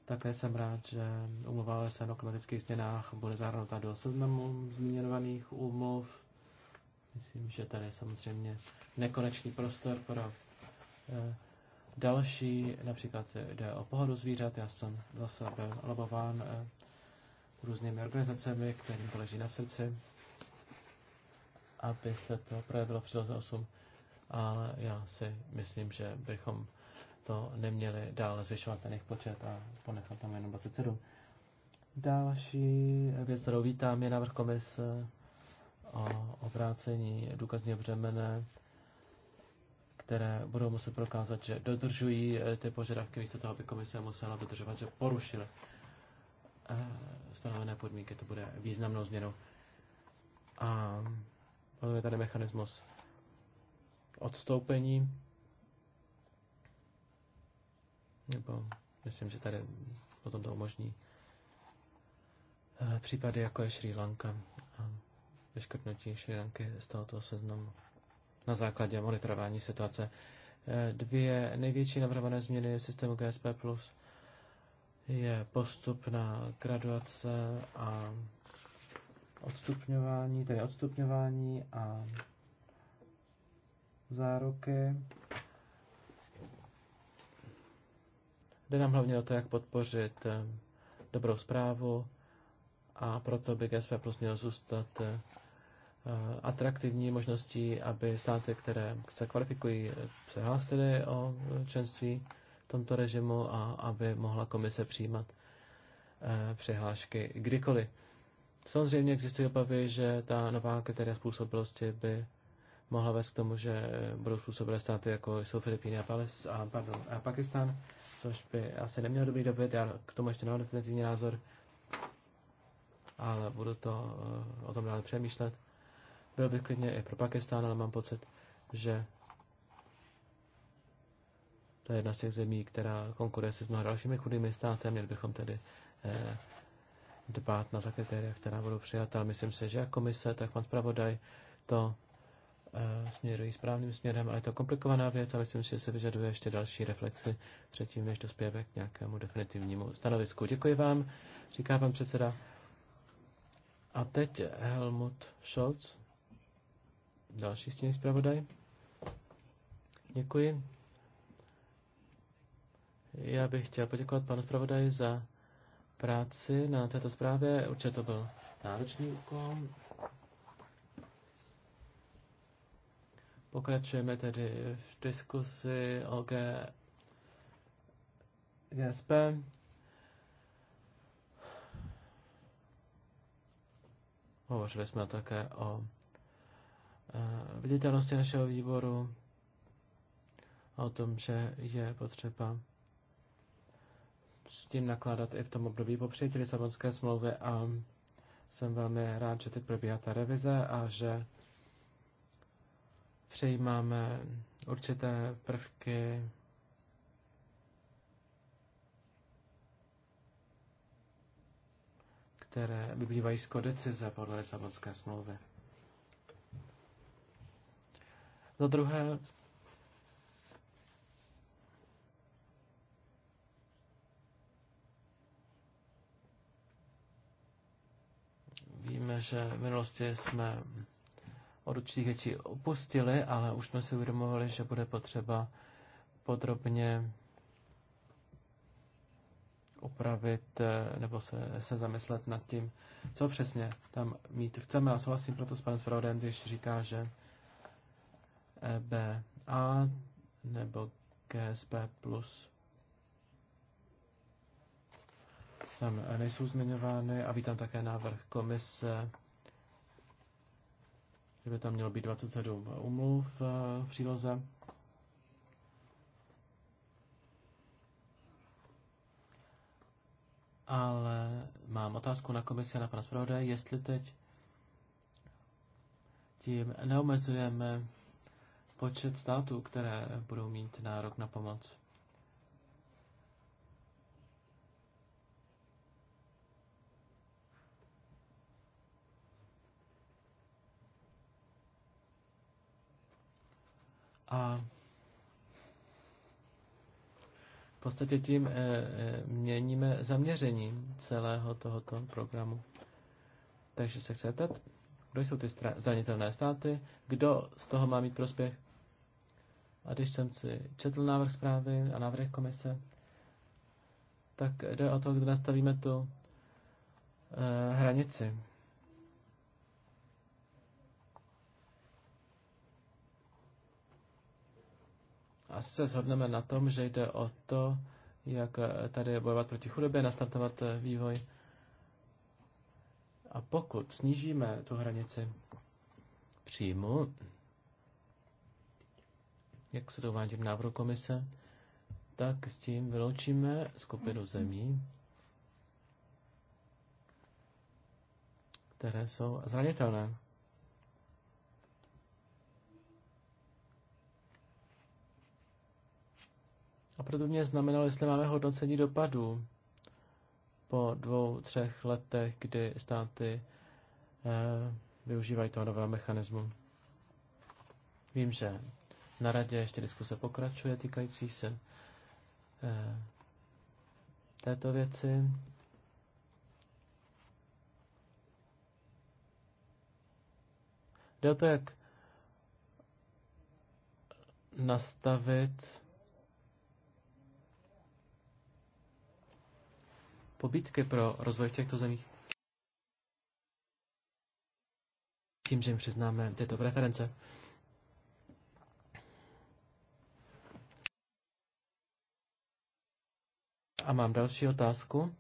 také jsem rád, že umluva OSN o klimatických změnách bude zahrnuta do seznamu zmíněnovaných úmluv. Myslím, že tady je samozřejmě nekonečný prostor pro eh, další, například jde o pohodu zvířat. Já jsem zase byl lobován eh, různými organizacemi, kterým to leží na srdci, aby se to projevilo v 8 ale já si myslím, že bychom to neměli dále zvyšovat ten jejich počet a ponechat tam jenom 27. Další věc, kterou vítám, je návrh komise o obrácení důkazního břemene, které budou muset prokázat, že dodržují eh, ty požadavky, místo toho by komise musela dodržovat, že porušili eh, stanovené podmínky. To bude významnou změnou. A potom je tady mechanismus odstoupení nebo myslím, že tady potom to umožní eh, případy, jako je Šrí Lanka a vyškrtnutí Šrí Lanky z tohoto seznamu na základě monitorování situace. Eh, dvě největší navrhované změny systému GSP Plus je postup na graduace a odstupňování, tedy odstupňování a záruky Jde nám hlavně o to, jak podpořit eh, dobrou zprávu a proto by GSP Plus měl zůstat eh, atraktivní možností, aby státy, které se kvalifikují, přehlásily eh, o členství v tomto režimu a aby mohla komise přijímat přihlášky kdykoliv. Samozřejmě existují obavy, že ta nová kritéria způsobilosti by mohla vést k tomu, že budou způsobené státy, jako jsou Filipíny a, Pales, a, pardon, a Pakistan, což by asi nemělo dobrý dopad. Já k tomu ještě nemám definitivní názor, ale budu to eh, o tom dále přemýšlet. Byl bych klidně i pro Pakistán, ale mám pocit, že to je jedna z těch zemí, která konkuruje se s mnoha dalšími chudými státy a měli bychom tedy eh, dbát na ta kritéria, která budou přijata. Myslím si, že jak komise, tak pan zpravodaj to směrují správným směrem, ale je to komplikovaná věc a myslím, že se vyžaduje ještě další reflexy předtím, než dospějeme k nějakému definitivnímu stanovisku. Děkuji vám, říká pan předseda. A teď Helmut Scholz, další stíný zpravodaj. Děkuji. Já bych chtěl poděkovat panu zpravodaji za práci na této zprávě. Určitě to byl náročný úkol. Pokračujeme tedy v diskusi o G... GSP. Hovořili jsme také o eh, viditelnosti našeho výboru, o tom, že je potřeba s tím nakládat i v tom období po přijetí Lisabonské smlouvy a jsem velmi rád, že teď probíhá ta revize a že přejímáme určité prvky které vyplývají z kodecize podle Lisabonské smlouvy. Za druhé, víme, že v minulosti jsme od určitých věcí opustili, ale už jsme si uvědomovali, že bude potřeba podrobně upravit eh, nebo se, se zamyslet nad tím, co přesně tam mít chceme. A souhlasím proto s panem zpravodajem, když říká, že EBA nebo GSP plus tam nejsou zmiňovány a vítám také návrh komise že tam mělo být 27 umluv eh, v příloze. Ale mám otázku na komisi a na pana zpravodaje, jestli teď tím neomezujeme počet států, které budou mít nárok na pomoc. A v podstatě tím eh, eh, měníme zaměření celého tohoto programu. Takže se chcete, kdo jsou ty zranitelné státy, kdo z toho má mít prospěch. A když jsem si četl návrh zprávy a návrh komise, tak jde o to, kde nastavíme tu e, hranici. a se shodneme na tom, že jde o to, jak eh, tady bojovat proti chudobě, nastartovat eh, vývoj. A pokud snížíme tu hranici příjmu, jak se to uvádí v návrhu komise, tak s tím vyloučíme skupinu zemí, které jsou zranitelné. A proto mě znamenalo, jestli máme hodnocení dopadů po dvou, třech letech, kdy státy eh, využívají toho nového mechanismu. Vím, že na radě ještě diskuse pokračuje týkající se eh, této věci. Jde o to, jak nastavit pobítky pro rozvoj v těchto zemích. Tím, že jim přiznáme tyto preference. A mám další otázku.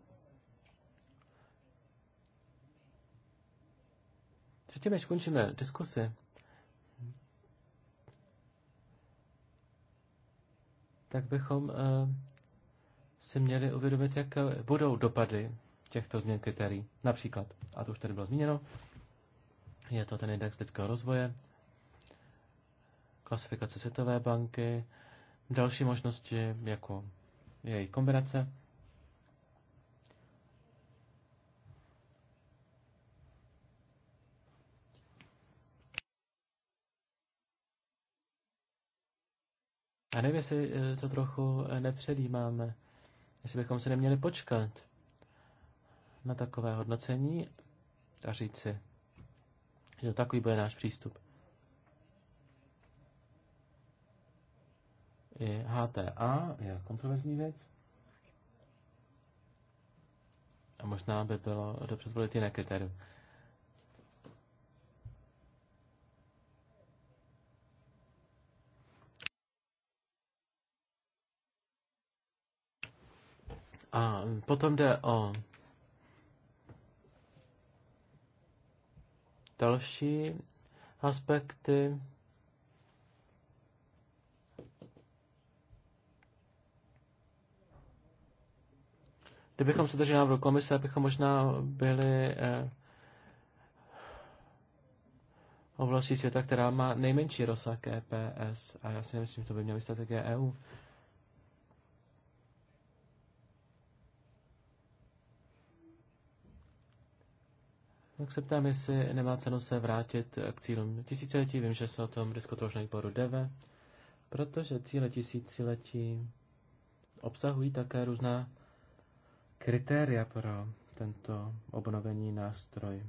Předtím, než končíme diskusy, tak bychom eh, si měli uvědomit, jak budou dopady těchto změn kritérií. Například, a to už tady bylo zmíněno, je to ten index lidského rozvoje, klasifikace Světové banky, další možnosti, jako její kombinace. A nevím, jestli eh, to trochu eh, nepředjímáme jestli bychom si neměli počkat na takové hodnocení a říci, že takový bude náš přístup. I HTA je kontroverzní věc. A možná by bylo dobře zvolit jiné kritérium. A potom jde o další aspekty. Kdybychom se drželi návrhu komise, bychom možná byli eh, oblastí světa, která má nejmenší rozsah EPS. A já si nemyslím, že to by měla být strategie EU. Tak se ptám, jestli nemá cenu se vrátit k cílům tisíciletí. Vím, že se o tom diskutovalo na výboru DEVE, protože cíle tisíciletí obsahují také různá kritéria pro tento obnovení nástroj.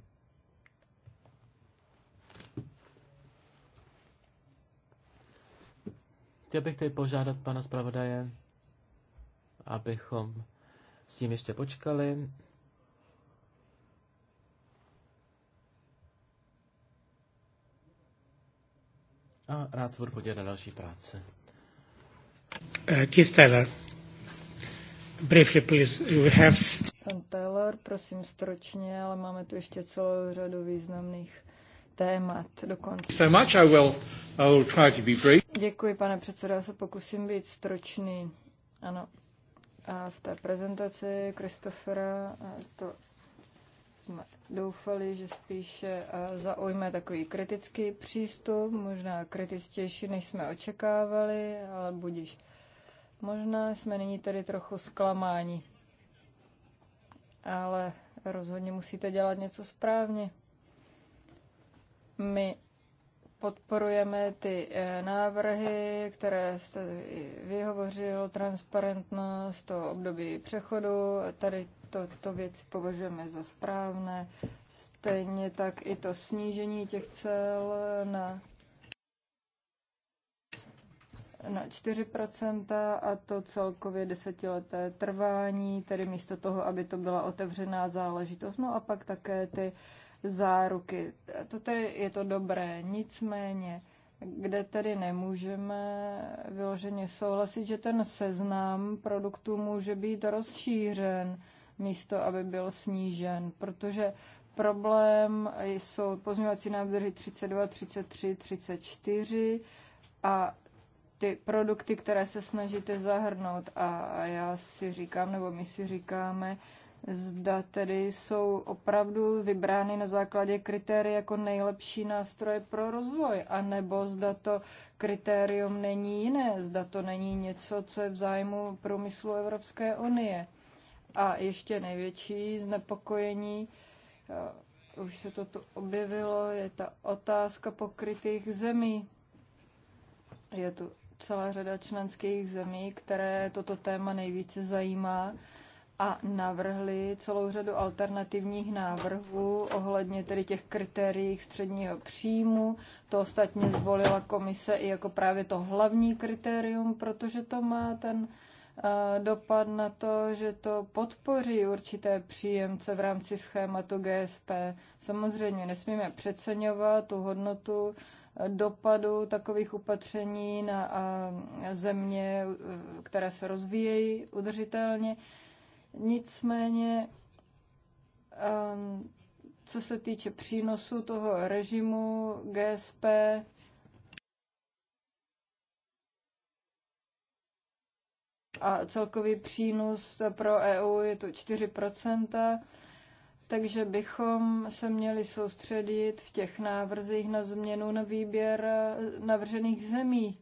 Chtěl bych tady požádat pana zpravodaje, abychom s tím ještě počkali. a rád budu podívat na další práce. Uh, Keith Taylor. Briefly, please. You have... Pan Taylor, prosím stručně, ale máme tu ještě celou řadu významných témat dokonce. So much, I will, I will try to be brief. Děkuji, pane předsedo, já se pokusím být stručný. Ano. A v té prezentaci Kristofera to jsme doufali, že spíše eh, zaujme takový kritický přístup, možná kritičtější, než jsme očekávali, ale budíš. Možná jsme nyní tady trochu zklamáni, ale rozhodně musíte dělat něco správně. My podporujeme ty eh, návrhy, které jste vyhovořil, transparentnost, to období přechodu, tady to to věc považujeme za správné. Stejně tak i to snížení těch cel na na 4% a to celkově desetileté trvání, tedy místo toho, aby to byla otevřená záležitost. No a pak také ty záruky. To tedy je to dobré, nicméně, kde tedy nemůžeme vyloženě souhlasit, že ten seznam produktů může být rozšířen místo aby byl snížen, protože problém jsou pozměňovací návrhy 32, 33, 34 a ty produkty, které se snažíte zahrnout. A já si říkám, nebo my si říkáme, zda tedy jsou opravdu vybrány na základě kritérií jako nejlepší nástroje pro rozvoj, anebo zda to kritérium není jiné, zda to není něco, co je v zájmu průmyslu Evropské unie. A ještě největší znepokojení, eh, už se to tu objevilo, je ta otázka pokrytých zemí. Je tu celá řada členských zemí, které toto téma nejvíce zajímá a navrhli celou řadu alternativních návrhů ohledně tedy těch kritérií středního příjmu. To ostatně zvolila komise i jako právě to hlavní kritérium, protože to má ten Eh, dopad na to, že to podpoří určité příjemce v rámci schématu GSP. Samozřejmě nesmíme přeceňovat tu hodnotu eh, dopadu takových upatření na země, eh, které se rozvíjejí udržitelně. Nicméně, co se týče přínosu toho režimu GSP, a celkový přínos pro EU je to 4%, takže bychom se měli soustředit v těch návrzích na změnu na výběr eh, navržených zemí.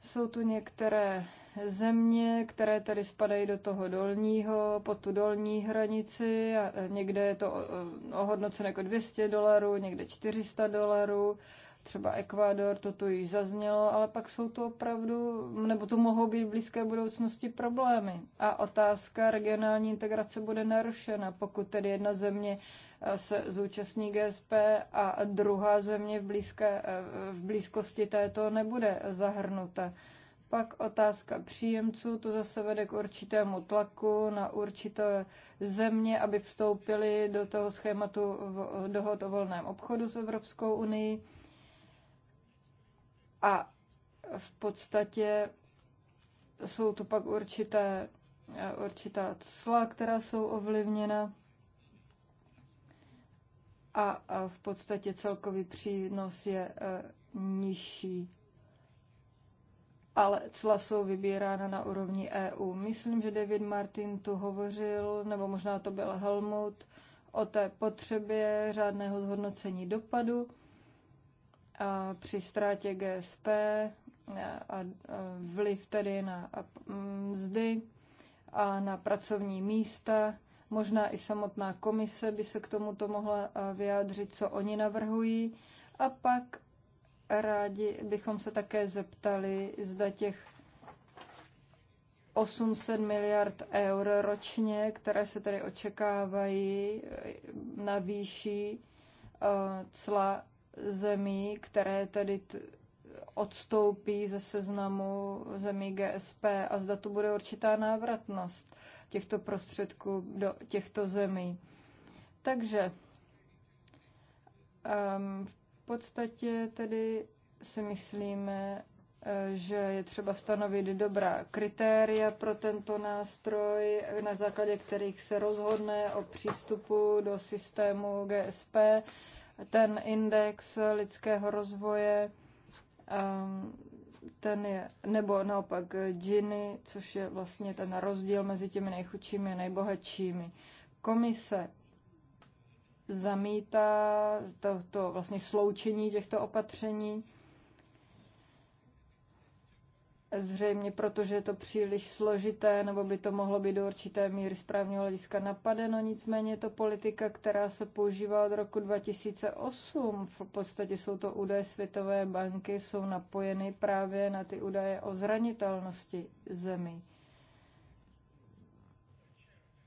Jsou tu některé země, které tady spadají do toho dolního, pod tu dolní hranici. A eh, někde je to eh, ohodnoceno jako 200 dolarů, někde 400 dolarů. Třeba Ekvádor, toto již zaznělo, ale pak jsou to opravdu, nebo to mohou být v blízké budoucnosti problémy. A otázka regionální integrace bude narušena, pokud tedy jedna země eh, se zúčastní GSP a druhá země v, blízké, eh, v blízkosti této nebude zahrnuta. Pak otázka příjemců, to zase vede k určitému tlaku na určité země, aby vstoupili do toho schématu dohod o volném obchodu s Evropskou unii. A v podstatě jsou tu pak určité, určitá cla, která jsou ovlivněna a v podstatě celkový přínos je e, nižší. Ale cla jsou vybírána na úrovni EU. Myslím, že David Martin tu hovořil, nebo možná to byl Helmut, o té potřebě řádného zhodnocení dopadu a při ztrátě GSP a vliv tedy na mm, mzdy a na pracovní místa. Možná i samotná komise by se k tomuto mohla vyjádřit, co oni navrhují. A pak rádi bychom se také zeptali, zda těch 800 miliard eur ročně, které se tedy očekávají e, na výši e, cla zemí, které tedy odstoupí ze seznamu zemí GSP a zda to bude určitá návratnost těchto prostředků do těchto zemí. Takže um, v podstatě tedy si myslíme, eh, že je třeba stanovit dobrá kritéria pro tento nástroj, na základě kterých se rozhodne o přístupu do systému GSP ten index lidského rozvoje, ehm, ten je, nebo naopak Gini, což je vlastně ten rozdíl mezi těmi nejchudšími a nejbohatšími. Komise zamítá to, to vlastně sloučení těchto opatření zřejmě proto, že je to příliš složité, nebo by to mohlo být do určité míry správního hlediska napadeno. Nicméně je to politika, která se používá od roku 2008. V podstatě jsou to údaje Světové banky, jsou napojeny právě na ty údaje o zranitelnosti zemí.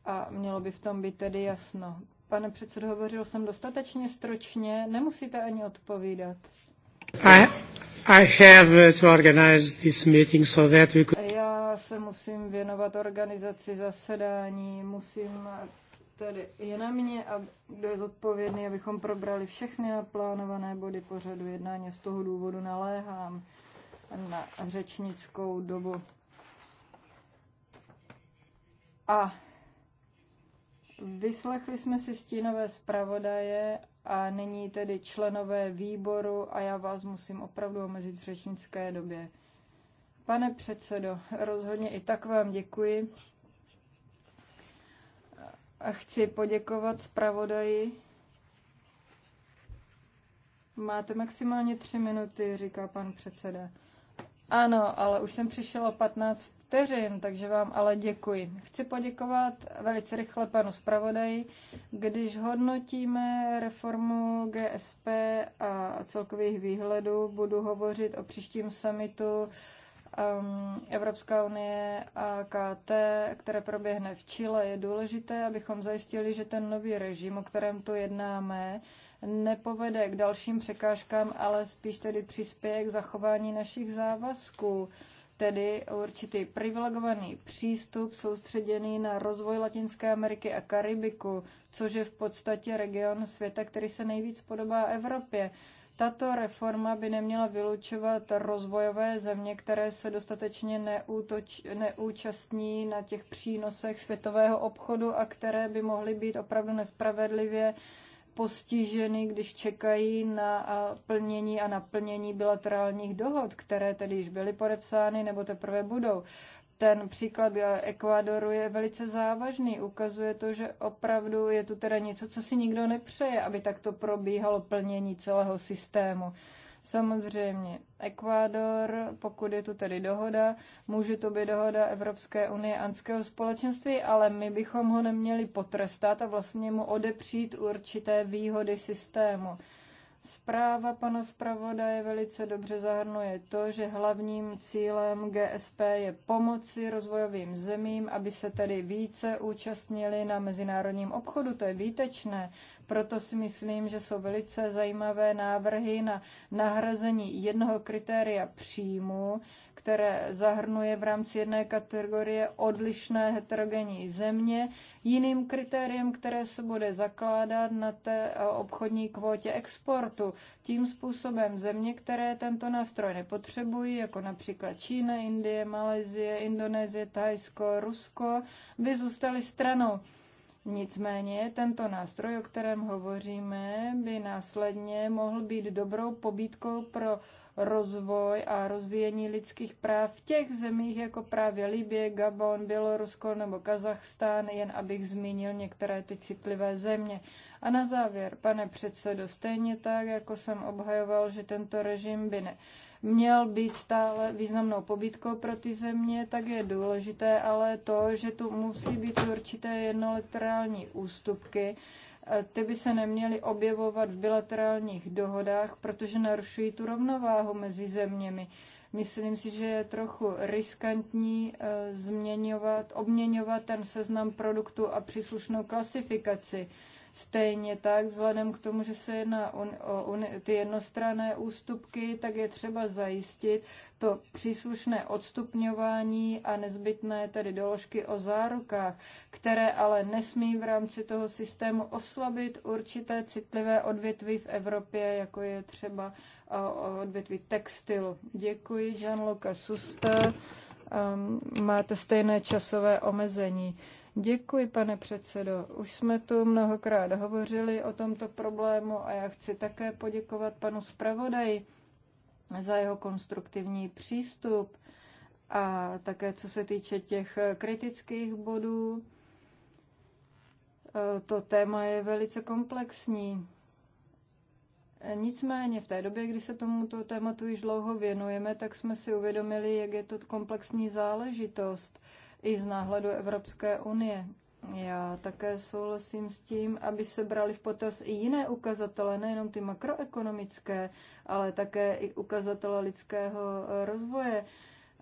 A mělo by v tom být tedy jasno. Pane předsedo, hovořil jsem dostatečně stročně, nemusíte ani odpovídat. I, i have uh, to organize this meeting so that we could... Já se musím věnovat organizaci zasedání, musím tedy je na mě, a kdo je zodpovědný, abychom probrali všechny naplánované body pořadu jednání. Z toho důvodu naléhám na řečnickou dobu. A vyslechli jsme si stínové zpravodaje a nyní tedy členové výboru a já vás musím opravdu omezit v řečnické době. Pane předsedo, rozhodně i tak vám děkuji. A chci poděkovat zpravodaji. Máte maximálně tři minuty, říká pan předseda. Ano, ale už jsem přišel o 15 vteřin, takže vám ale děkuji. Chci poděkovat velice rychle panu zpravodaji. Když hodnotíme reformu GSP a celkových výhledů, budu hovořit o příštím summitu um, Evropská unie a KT, které proběhne v Chile, je důležité, abychom zajistili, že ten nový režim, o kterém tu jednáme, nepovede k dalším překážkám, ale spíš tedy přispěje k zachování našich závazků tedy určitý privilegovaný přístup soustředěný na rozvoj Latinské Ameriky a Karibiku, což je v podstatě region světa, který se nejvíc podobá Evropě. Tato reforma by neměla vylučovat rozvojové země, které se dostatečně neútoč, neúčastní na těch přínosech světového obchodu a které by mohly být opravdu nespravedlivě uh, postiženy, když čekají na plnění a naplnění bilaterálních dohod, které tedy již byly podepsány nebo teprve budou. Ten příklad Ekvádoru je velice závažný. Ukazuje to, že opravdu je tu teda něco, co si nikdo nepřeje, aby takto probíhalo plnění celého systému. Samozřejmě Ekvádor, pokud je tu tedy dohoda, může to být dohoda Evropské unie Anského společenství, ale my bychom ho neměli potrestat a vlastně mu odepřít určité výhody systému. Zpráva pana zpravodaje velice dobře zahrnuje to, že hlavním cílem GSP je pomoci rozvojovým zemím, aby se tedy více účastnili na mezinárodním obchodu. To je výtečné. Proto si myslím, že jsou velice zajímavé návrhy na nahrazení jednoho kritéria příjmu které zahrnuje v rámci jedné kategorie odlišné heterogenní země. Jiným kritériem, které se bude zakládat na té eh, obchodní kvótě exportu, tím způsobem země, které tento nástroj nepotřebují, jako například Čína, Indie, Malezie, Indonésie, Thajsko, Rusko, by zůstaly stranou. Nicméně tento nástroj, o kterém hovoříme, by následně mohl být dobrou pobídkou pro rozvoj a rozvíjení lidských práv v těch zemích, jako právě Libie, Gabon, Bělorusko nebo Kazachstán, jen abych zmínil některé ty citlivé země. A na závěr, pane předsedo, stejně tak, jako jsem obhajoval, že tento režim by ne, měl být stále významnou pobytkou pro ty země, tak je důležité ale to, že tu musí být určité jednolaterální ústupky, ty by se neměly objevovat v bilaterálních dohodách, protože narušují tu rovnováhu mezi zeměmi. Myslím si, že je trochu riskantní eh, změňovat, obměňovat ten seznam produktů a příslušnou klasifikaci. Stejně tak, vzhledem k tomu, že se jedná o, o ty jednostranné ústupky, tak je třeba zajistit to příslušné odstupňování a nezbytné tedy doložky o zárukách, které ale nesmí v rámci toho systému oslabit určité citlivé odvětví v Evropě, jako je třeba odvětví textilu. Děkuji, Jean-Luc Suster. Ehm, máte stejné časové omezení. Děkuji, pane předsedo. Už jsme tu mnohokrát hovořili o tomto problému a já chci také poděkovat panu zpravodaji za jeho konstruktivní přístup a také co se týče těch kritických bodů. To téma je velice komplexní. Nicméně v té době, kdy se tomuto tématu již dlouho věnujeme, tak jsme si uvědomili, jak je to komplexní záležitost i z náhledu Evropské unie. Já také souhlasím s tím, aby se brali v potaz i jiné ukazatele, nejenom ty makroekonomické, ale také i ukazatele lidského rozvoje.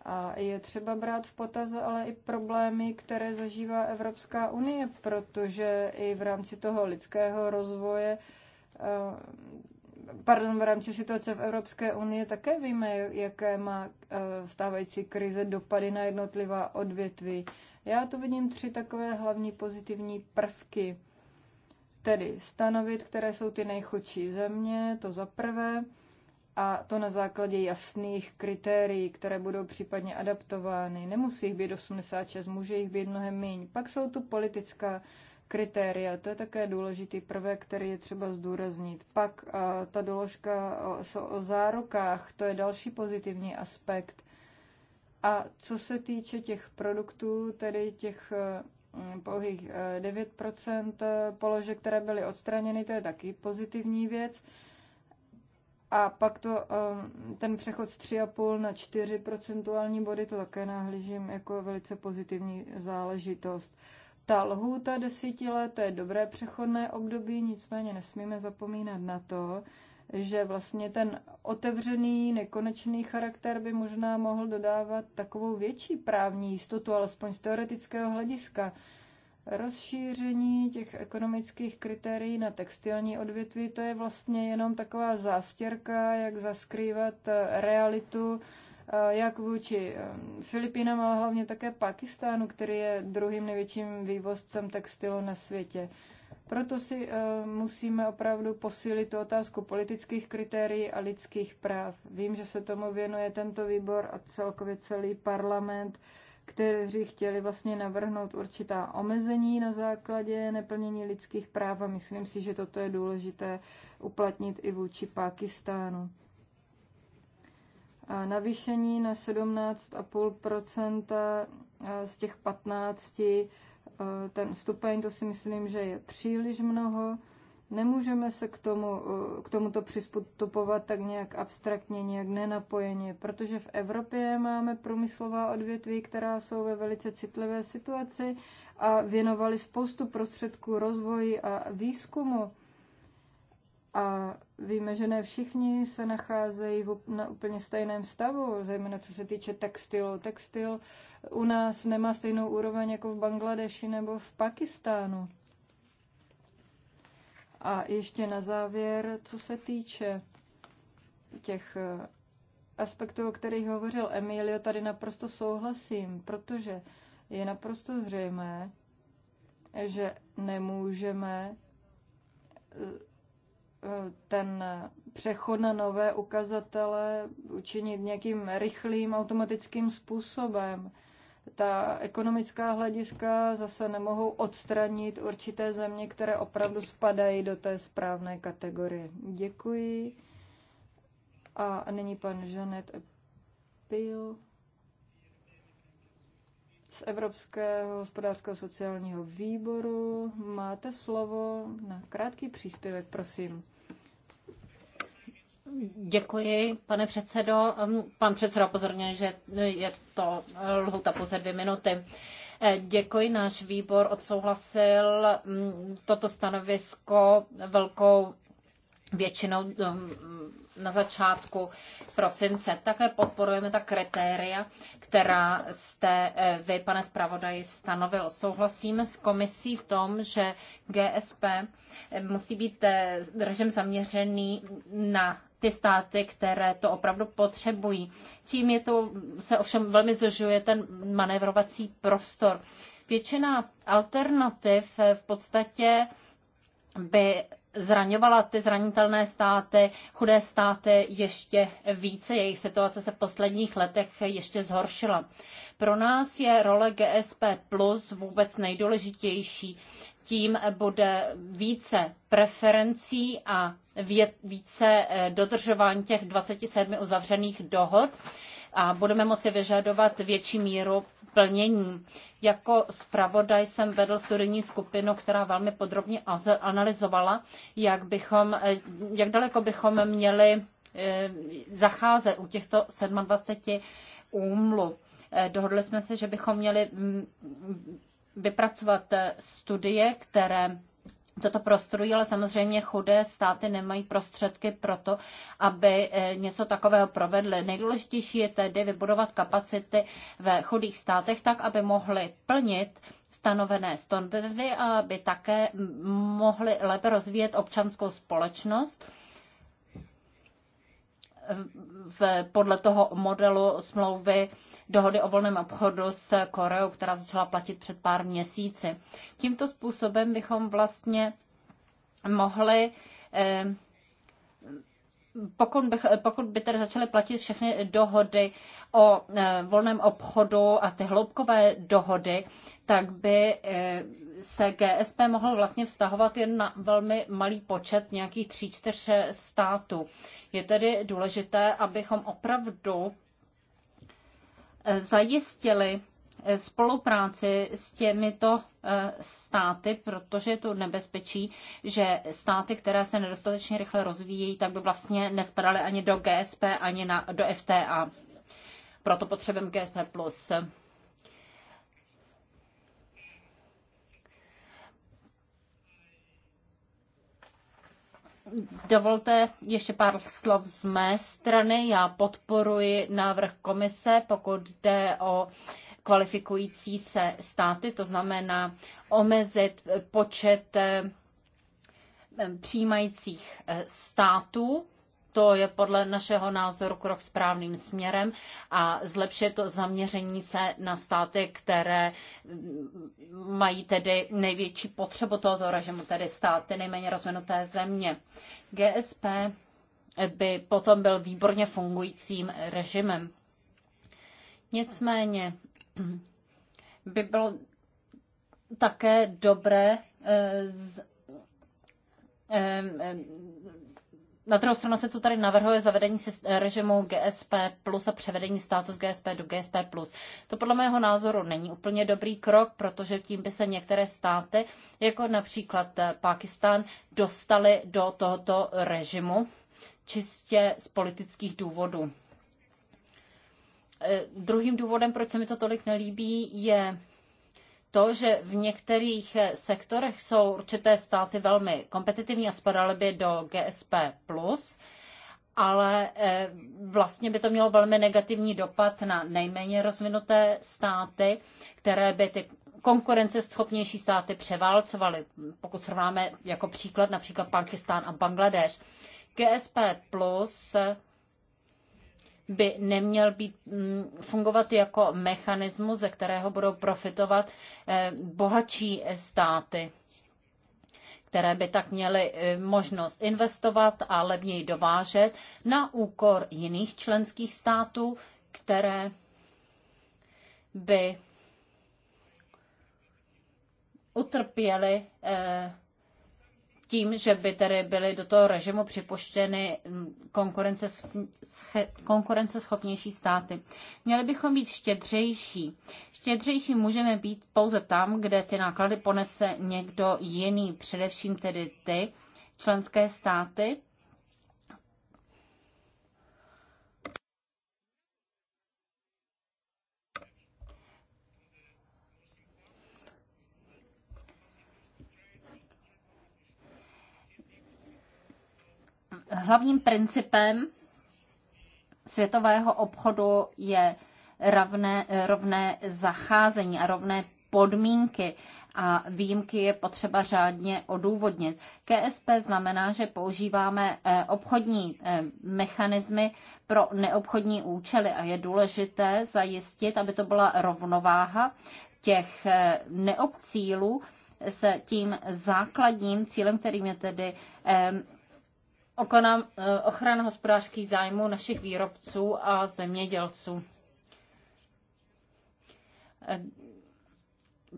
A je třeba brát v potaz ale i problémy, které zažívá Evropská unie, protože i v rámci toho lidského rozvoje pardon, v rámci situace v Evropské unii také víme, jaké má eh, stávající krize dopady na jednotlivá odvětví. Já tu vidím tři takové hlavní pozitivní prvky. Tedy stanovit, které jsou ty nejchudší země, to za prvé, a to na základě jasných kritérií, které budou případně adaptovány. Nemusí jich být 86, může jich být mnohem méně. Pak jsou tu politická kritéria. To je také důležitý prvek, který je třeba zdůraznit. Pak eh, ta doložka o, o zárukách, to je další pozitivní aspekt. A co se týče těch produktů, tedy těch eh, pouhých 9 eh, položek, které byly odstraněny, to je taky pozitivní věc. A pak to, ten přechod z 3,5 na 4 procentuální body, to také nahlížím jako velice pozitivní záležitost. Ta lhůta desíti let, to je dobré přechodné období, nicméně nesmíme zapomínat na to, že vlastně ten otevřený, nekonečný charakter by možná mohl dodávat takovou větší právní jistotu, alespoň z teoretického hlediska. Rozšíření těch ekonomických kritérií na textilní odvětví, to je vlastně jenom taková zástěrka, jak zaskrývat realitu Eh, jak vůči eh, Filipínám, ale hlavně také Pakistánu, který je druhým největším vývozcem textilu na světě. Proto si eh, musíme opravdu posílit tu otázku politických kritérií a lidských práv. Vím, že se tomu věnuje tento výbor a celkově celý parlament, kteří chtěli vlastně navrhnout určitá omezení na základě neplnění lidských práv a myslím si, že toto je důležité uplatnit i vůči Pákistánu navýšení na 17,5 z těch 15, e, ten stupeň, to si myslím, že je příliš mnoho. Nemůžeme se k, tomu, e, k tomuto přistupovat tak nějak abstraktně, nějak nenapojeně, protože v Evropě máme průmyslová odvětví, která jsou ve velice citlivé situaci a věnovali spoustu prostředků rozvoji a výzkumu a víme, že ne všichni se nacházejí v, na úplně stejném stavu, zejména co se týče textilu. Textil u nás nemá stejnou úroveň jako v Bangladeši nebo v Pakistánu. A ještě na závěr, co se týče těch eh, aspektů, o kterých hovořil Emilio, tady naprosto souhlasím, protože je naprosto zřejmé, že nemůžeme ten přechod na nové ukazatele učinit nějakým rychlým automatickým způsobem. Ta ekonomická hlediska zase nemohou odstranit určité země, které opravdu spadají do té správné kategorie. Děkuji. A nyní pan Žanet Pil z Evropského hospodářského sociálního výboru. Máte slovo na krátký příspěvek, prosím. Děkuji, pane předsedo. Um, pan předseda pozorně, že je to lhuta pouze dvě minuty. Eh, děkuji, náš výbor odsouhlasil mm, toto stanovisko velkou většinou mm, na začátku prosince. Také podporujeme ta kritéria, která jste eh, vy, pane zpravodaji, stanovil. Souhlasíme s komisí v tom, že GSP eh, musí být režim zaměřený na ty státy, které to opravdu potřebují. Tím je to, se ovšem velmi zožuje ten manévrovací prostor. Většina alternativ eh, v podstatě by zraňovala ty zranitelné státy, chudé státy ještě více. Jejich situace se v posledních letech ještě zhoršila. Pro nás je role GSP Plus vůbec nejdůležitější tím bude více preferencí a více eh, dodržování těch 27 uzavřených dohod a budeme moci vyžadovat větší míru plnění. Jako zpravodaj jsem vedl studijní skupinu, která velmi podrobně analyzovala, jak, bychom, eh, jak daleko bychom měli eh, zacházet u těchto 27 úmluv. Dohodli jsme se, že bychom měli mm, vypracovat eh, studie, které toto prostorují, ale samozřejmě chudé státy nemají prostředky pro to, aby eh, něco takového provedly. Nejdůležitější je tedy vybudovat kapacity ve chudých státech tak, aby mohly plnit stanovené standardy a aby také mohly lépe rozvíjet občanskou společnost v, podle toho modelu smlouvy dohody o volném obchodu s Koreou, která začala platit před pár měsíci. Tímto způsobem bychom vlastně mohli eh, pokud, bych, pokud by tedy začaly platit všechny dohody o e, volném obchodu a ty hloubkové dohody, tak by e, se GSP mohl vlastně vztahovat jen na velmi malý počet nějakých tří, čtyř států. Je tedy důležité, abychom opravdu Eh, zajistili eh, spolupráci s těmito eh, státy, protože je tu nebezpečí, že státy, které se nedostatečně rychle rozvíjejí, tak by vlastně nespadaly ani do GSP, ani na, do FTA. Proto potřebujeme GSP+. Dovolte ještě pár slov z mé strany. Já podporuji návrh komise, pokud jde o kvalifikující se státy, to znamená omezit počet eh, přijímajících eh, států to je podle našeho názoru krok správným směrem a zlepšuje to zaměření se na státy, které mm, mají tedy největší potřebu tohoto režimu, tedy státy nejméně rozvinuté země. GSP by potom byl výborně fungujícím režimem. Nicméně mm, by bylo také dobré eh, z, eh, eh, na druhou stranu se tu tady navrhuje zavedení eh, režimu GSP plus a převedení státu z GSP do GSP plus. To podle mého názoru není úplně dobrý krok, protože tím by se některé státy, jako například eh, Pakistan, dostaly do tohoto režimu čistě z politických důvodů. Eh, druhým důvodem, proč se mi to tolik nelíbí, je to, že v některých eh, sektorech jsou určité státy velmi kompetitivní a spadaly by do GSP+, ale eh, vlastně by to mělo velmi negativní dopad na nejméně rozvinuté státy, které by ty konkurenceschopnější státy převálcovaly. Pokud srovnáme jako příklad například Pakistán a Bangladeš. GSP Plus eh, by neměl být, mm, fungovat jako mechanismus, ze kterého budou profitovat eh, bohatší státy které by tak měly eh, možnost investovat a levněji dovážet na úkor jiných členských států, které by utrpěly eh, tím, že by tedy byly do toho režimu připuštěny mm, konkurenceschopnější státy. Měli bychom být štědřejší. Štědřejší můžeme být pouze tam, kde ty náklady ponese někdo jiný, především tedy ty členské státy, Hlavním principem světového obchodu je rovné, rovné zacházení a rovné podmínky a výjimky je potřeba řádně odůvodnit. KSP znamená, že používáme eh, obchodní eh, mechanismy pro neobchodní účely a je důležité zajistit, aby to byla rovnováha těch eh, neobcílů, s tím základním cílem, kterým je tedy Eh, ochrana hospodářských zájmů našich výrobců a zemědělců. Eh,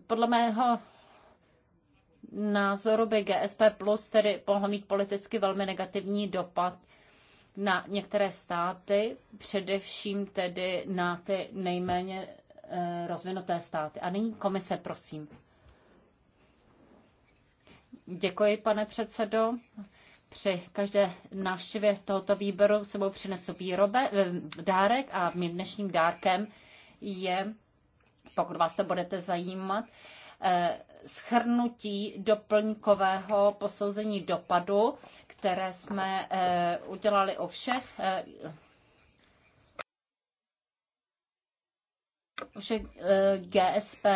podle mého názoru by GSP Plus tedy mohlo mít politicky velmi negativní dopad na některé státy, především tedy na ty nejméně eh, rozvinuté státy. A nyní komise, prosím. Děkuji, pane předsedo při každé návštěvě tohoto výboru sebou přinesu výrobe, eh, dárek a mým dnešním dárkem je, pokud vás to budete zajímat, eh, schrnutí doplňkového posouzení dopadu, které jsme eh, udělali o všech všech GSP.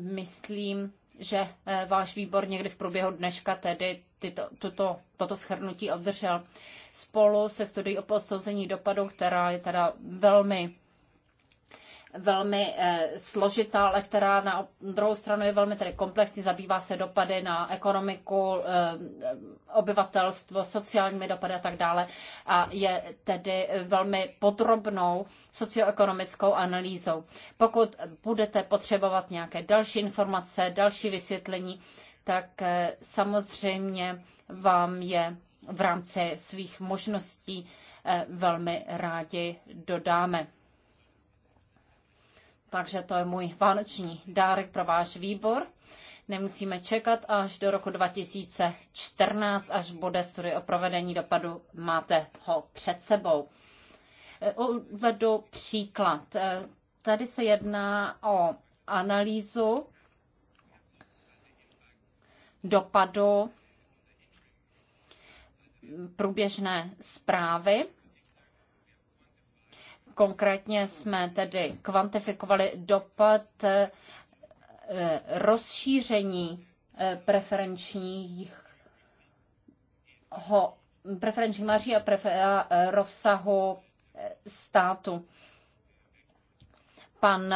Myslím, že eh, váš výbor někdy v průběhu dneška tedy tyto, tuto, toto schrnutí obdržel spolu se studií o posouzení dopadu, která je teda velmi velmi eh, složitá, ale která na druhou stranu je velmi tedy komplexní, zabývá se dopady na ekonomiku, eh, obyvatelstvo, sociálními dopady a tak dále a je tedy velmi podrobnou socioekonomickou analýzou. Pokud budete potřebovat nějaké další informace, další vysvětlení, tak eh, samozřejmě vám je v rámci svých možností velmi rádi dodáme. Takže to je můj vánoční dárek pro váš výbor. Nemusíme čekat až do roku 2014, až bude studie o provedení dopadu. Máte ho před sebou. Eh, uvedu příklad. Eh, tady se jedná o analýzu dopadu průběžné zprávy Konkrétně jsme tedy kvantifikovali dopad eh, rozšíření eh, preferenčních ho, preferenčních maří a, prefer, a eh, rozsahu státu. Pan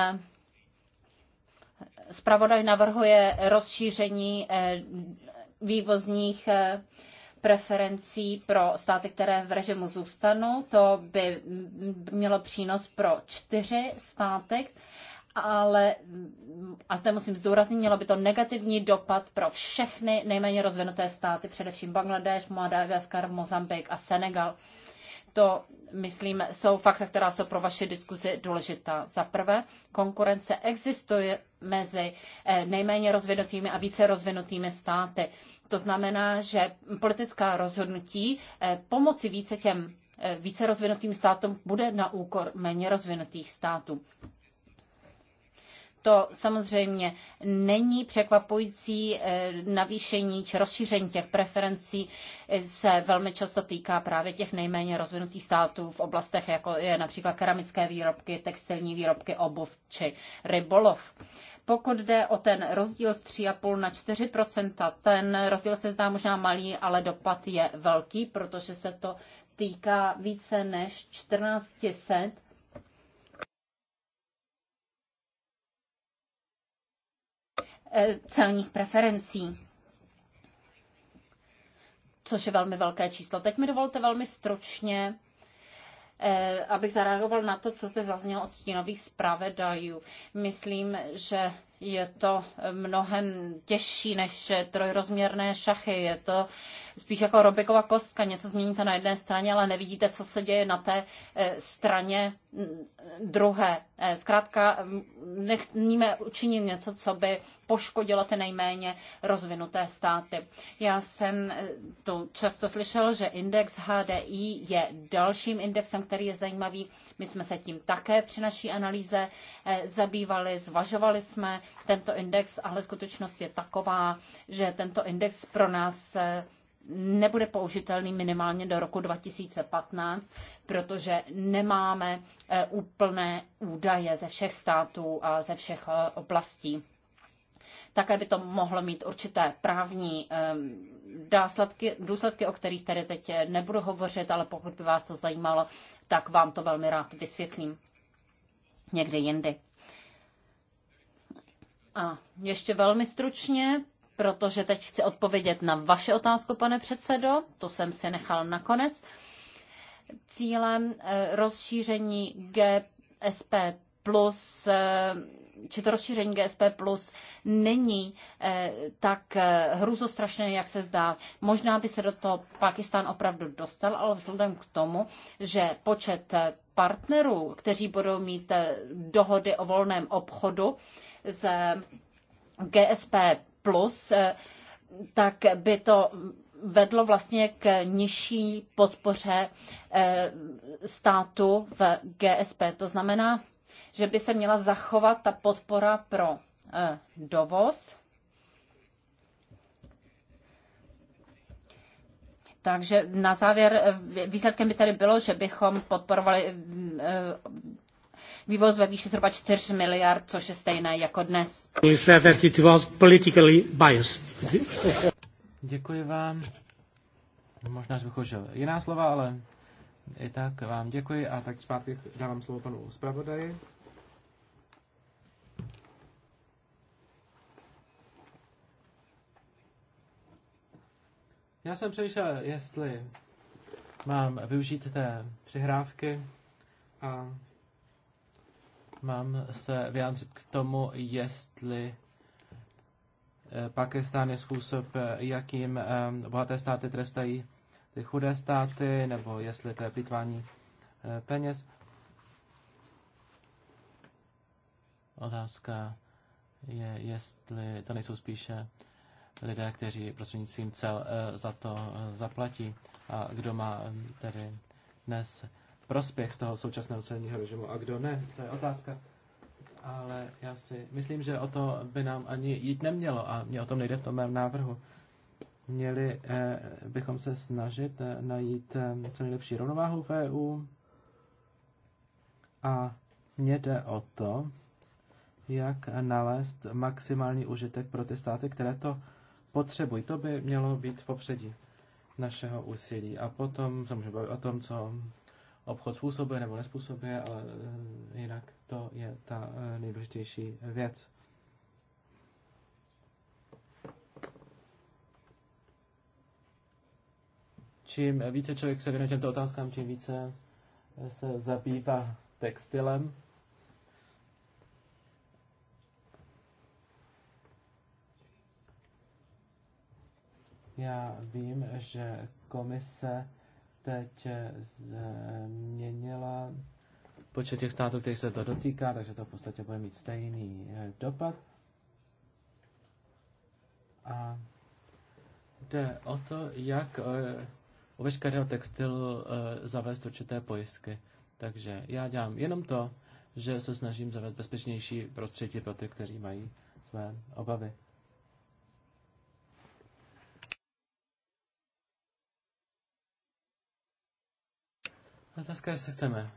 zpravodaj navrhuje rozšíření vývozních preferencí pro státy, které v režimu zůstanou. To by mělo přínos pro čtyři státy, ale, a zde musím zdůraznit, mělo by to negativní dopad pro všechny nejméně rozvinuté státy, především Bangladeš, Madagaskar, Mozambik a Senegal. Uh, to, myslím, jsou fakta, která jsou pro vaše diskuzi důležitá. Za prvé, konkurence existuje mezi eh, nejméně rozvinutými a více rozvinutými státy. To znamená, že politická rozhodnutí eh, pomoci více těm eh, více rozvinutým státům bude na úkor méně rozvinutých států. To samozřejmě není překvapující eh, navýšení či rozšíření těch preferencí eh, se velmi často týká právě těch nejméně rozvinutých států v oblastech, jako je například keramické výrobky, textilní výrobky, obuv či rybolov. Pokud jde o ten rozdíl z 3,5 na 4 ten rozdíl se zdá možná malý, ale dopad je velký, protože se to týká více než 1400 Eh, celních preferencí což je velmi velké číslo. Teď mi dovolte velmi stročně, eh, abych zareagoval na to, co zde zaznělo od stínových zpravedajů. Myslím, že je to mnohem těžší než trojrozměrné šachy. Je to spíš jako robiková kostka. Něco změníte na jedné straně, ale nevidíte, co se děje na té eh, straně mm, druhé. Eh, zkrátka, mm, nechníme učinit něco, co by poškodilo ty nejméně rozvinuté státy. Já jsem eh, tu často slyšel, že index HDI je dalším indexem, který je zajímavý. My jsme se tím také při naší analýze zabývali, zvažovali jsme, tento index, ale skutečnost je taková, že tento index pro nás eh, nebude použitelný minimálně do roku 2015, protože nemáme eh, úplné údaje ze všech států a ze všech eh, oblastí. Také by to mohlo mít určité právní ehm, důsledky, důsledky, o kterých tady teď nebudu hovořit, ale pokud by vás to zajímalo, tak vám to velmi rád vysvětlím někdy jindy. A ještě velmi stručně, protože teď chci odpovědět na vaše otázku, pane předsedo, to jsem si nechal nakonec. Cílem eh, rozšíření GSP plus eh, či to rozšíření GSP plus není eh, tak eh, hrůzostrašné, jak se zdá. Možná by se do toho Pakistán opravdu dostal, ale vzhledem k tomu, že počet eh, partnerů, kteří budou mít dohody o volném obchodu z GSP plus, tak by to vedlo vlastně k nižší podpoře státu v GSP. To znamená, že by se měla zachovat ta podpora pro eh, dovoz. Takže na závěr eh, výsledkem by tady bylo, že bychom podporovali eh, vývoz ve výši zhruba 4 miliard, což je stejné jako dnes. Děkuji vám. Možná bych užil jiná slova, ale i tak vám děkuji a tak zpátky dávám slovo panu zpravodaji. Já jsem přemýšlel, jestli mám využít té přihrávky a mám se vyjádřit k tomu, jestli eh, Pakistán je způsob, eh, jakým eh, bohaté státy trestají ty chudé státy, nebo jestli to je plýtvání peněz. Otázka je, jestli to nejsou spíše lidé, kteří prostřednictvím cel eh, za to eh, zaplatí a kdo má eh, tedy dnes prospěch z toho současného celního režimu a kdo ne, to je otázka. Ale já si myslím, že o to by nám ani jít nemělo a mě o tom nejde v tom mém návrhu. Měli bychom se snažit najít co nejlepší rovnováhu v EU a mně jde o to, jak nalézt maximální užitek pro ty státy, které to potřebují. To by mělo být v popředí našeho úsilí. A potom se můžeme bavit o tom, co obchod způsobuje nebo nespůsobuje, ale eh, jinak to je ta eh, nejdůležitější věc. Čím více člověk se věnuje těmto otázkám, tím více eh, se zabývá textilem, Já vím, že komise teď změnila počet těch států, kterých se to dotýká, takže to v podstatě bude mít stejný eh, dopad. A jde o to, jak eh, u veškerého textilu eh, zavést určité pojistky. Takže já dělám jenom to, že se snažím zavést bezpečnější prostředí pro ty, kteří mají své obavy. Otázka je, jestli chceme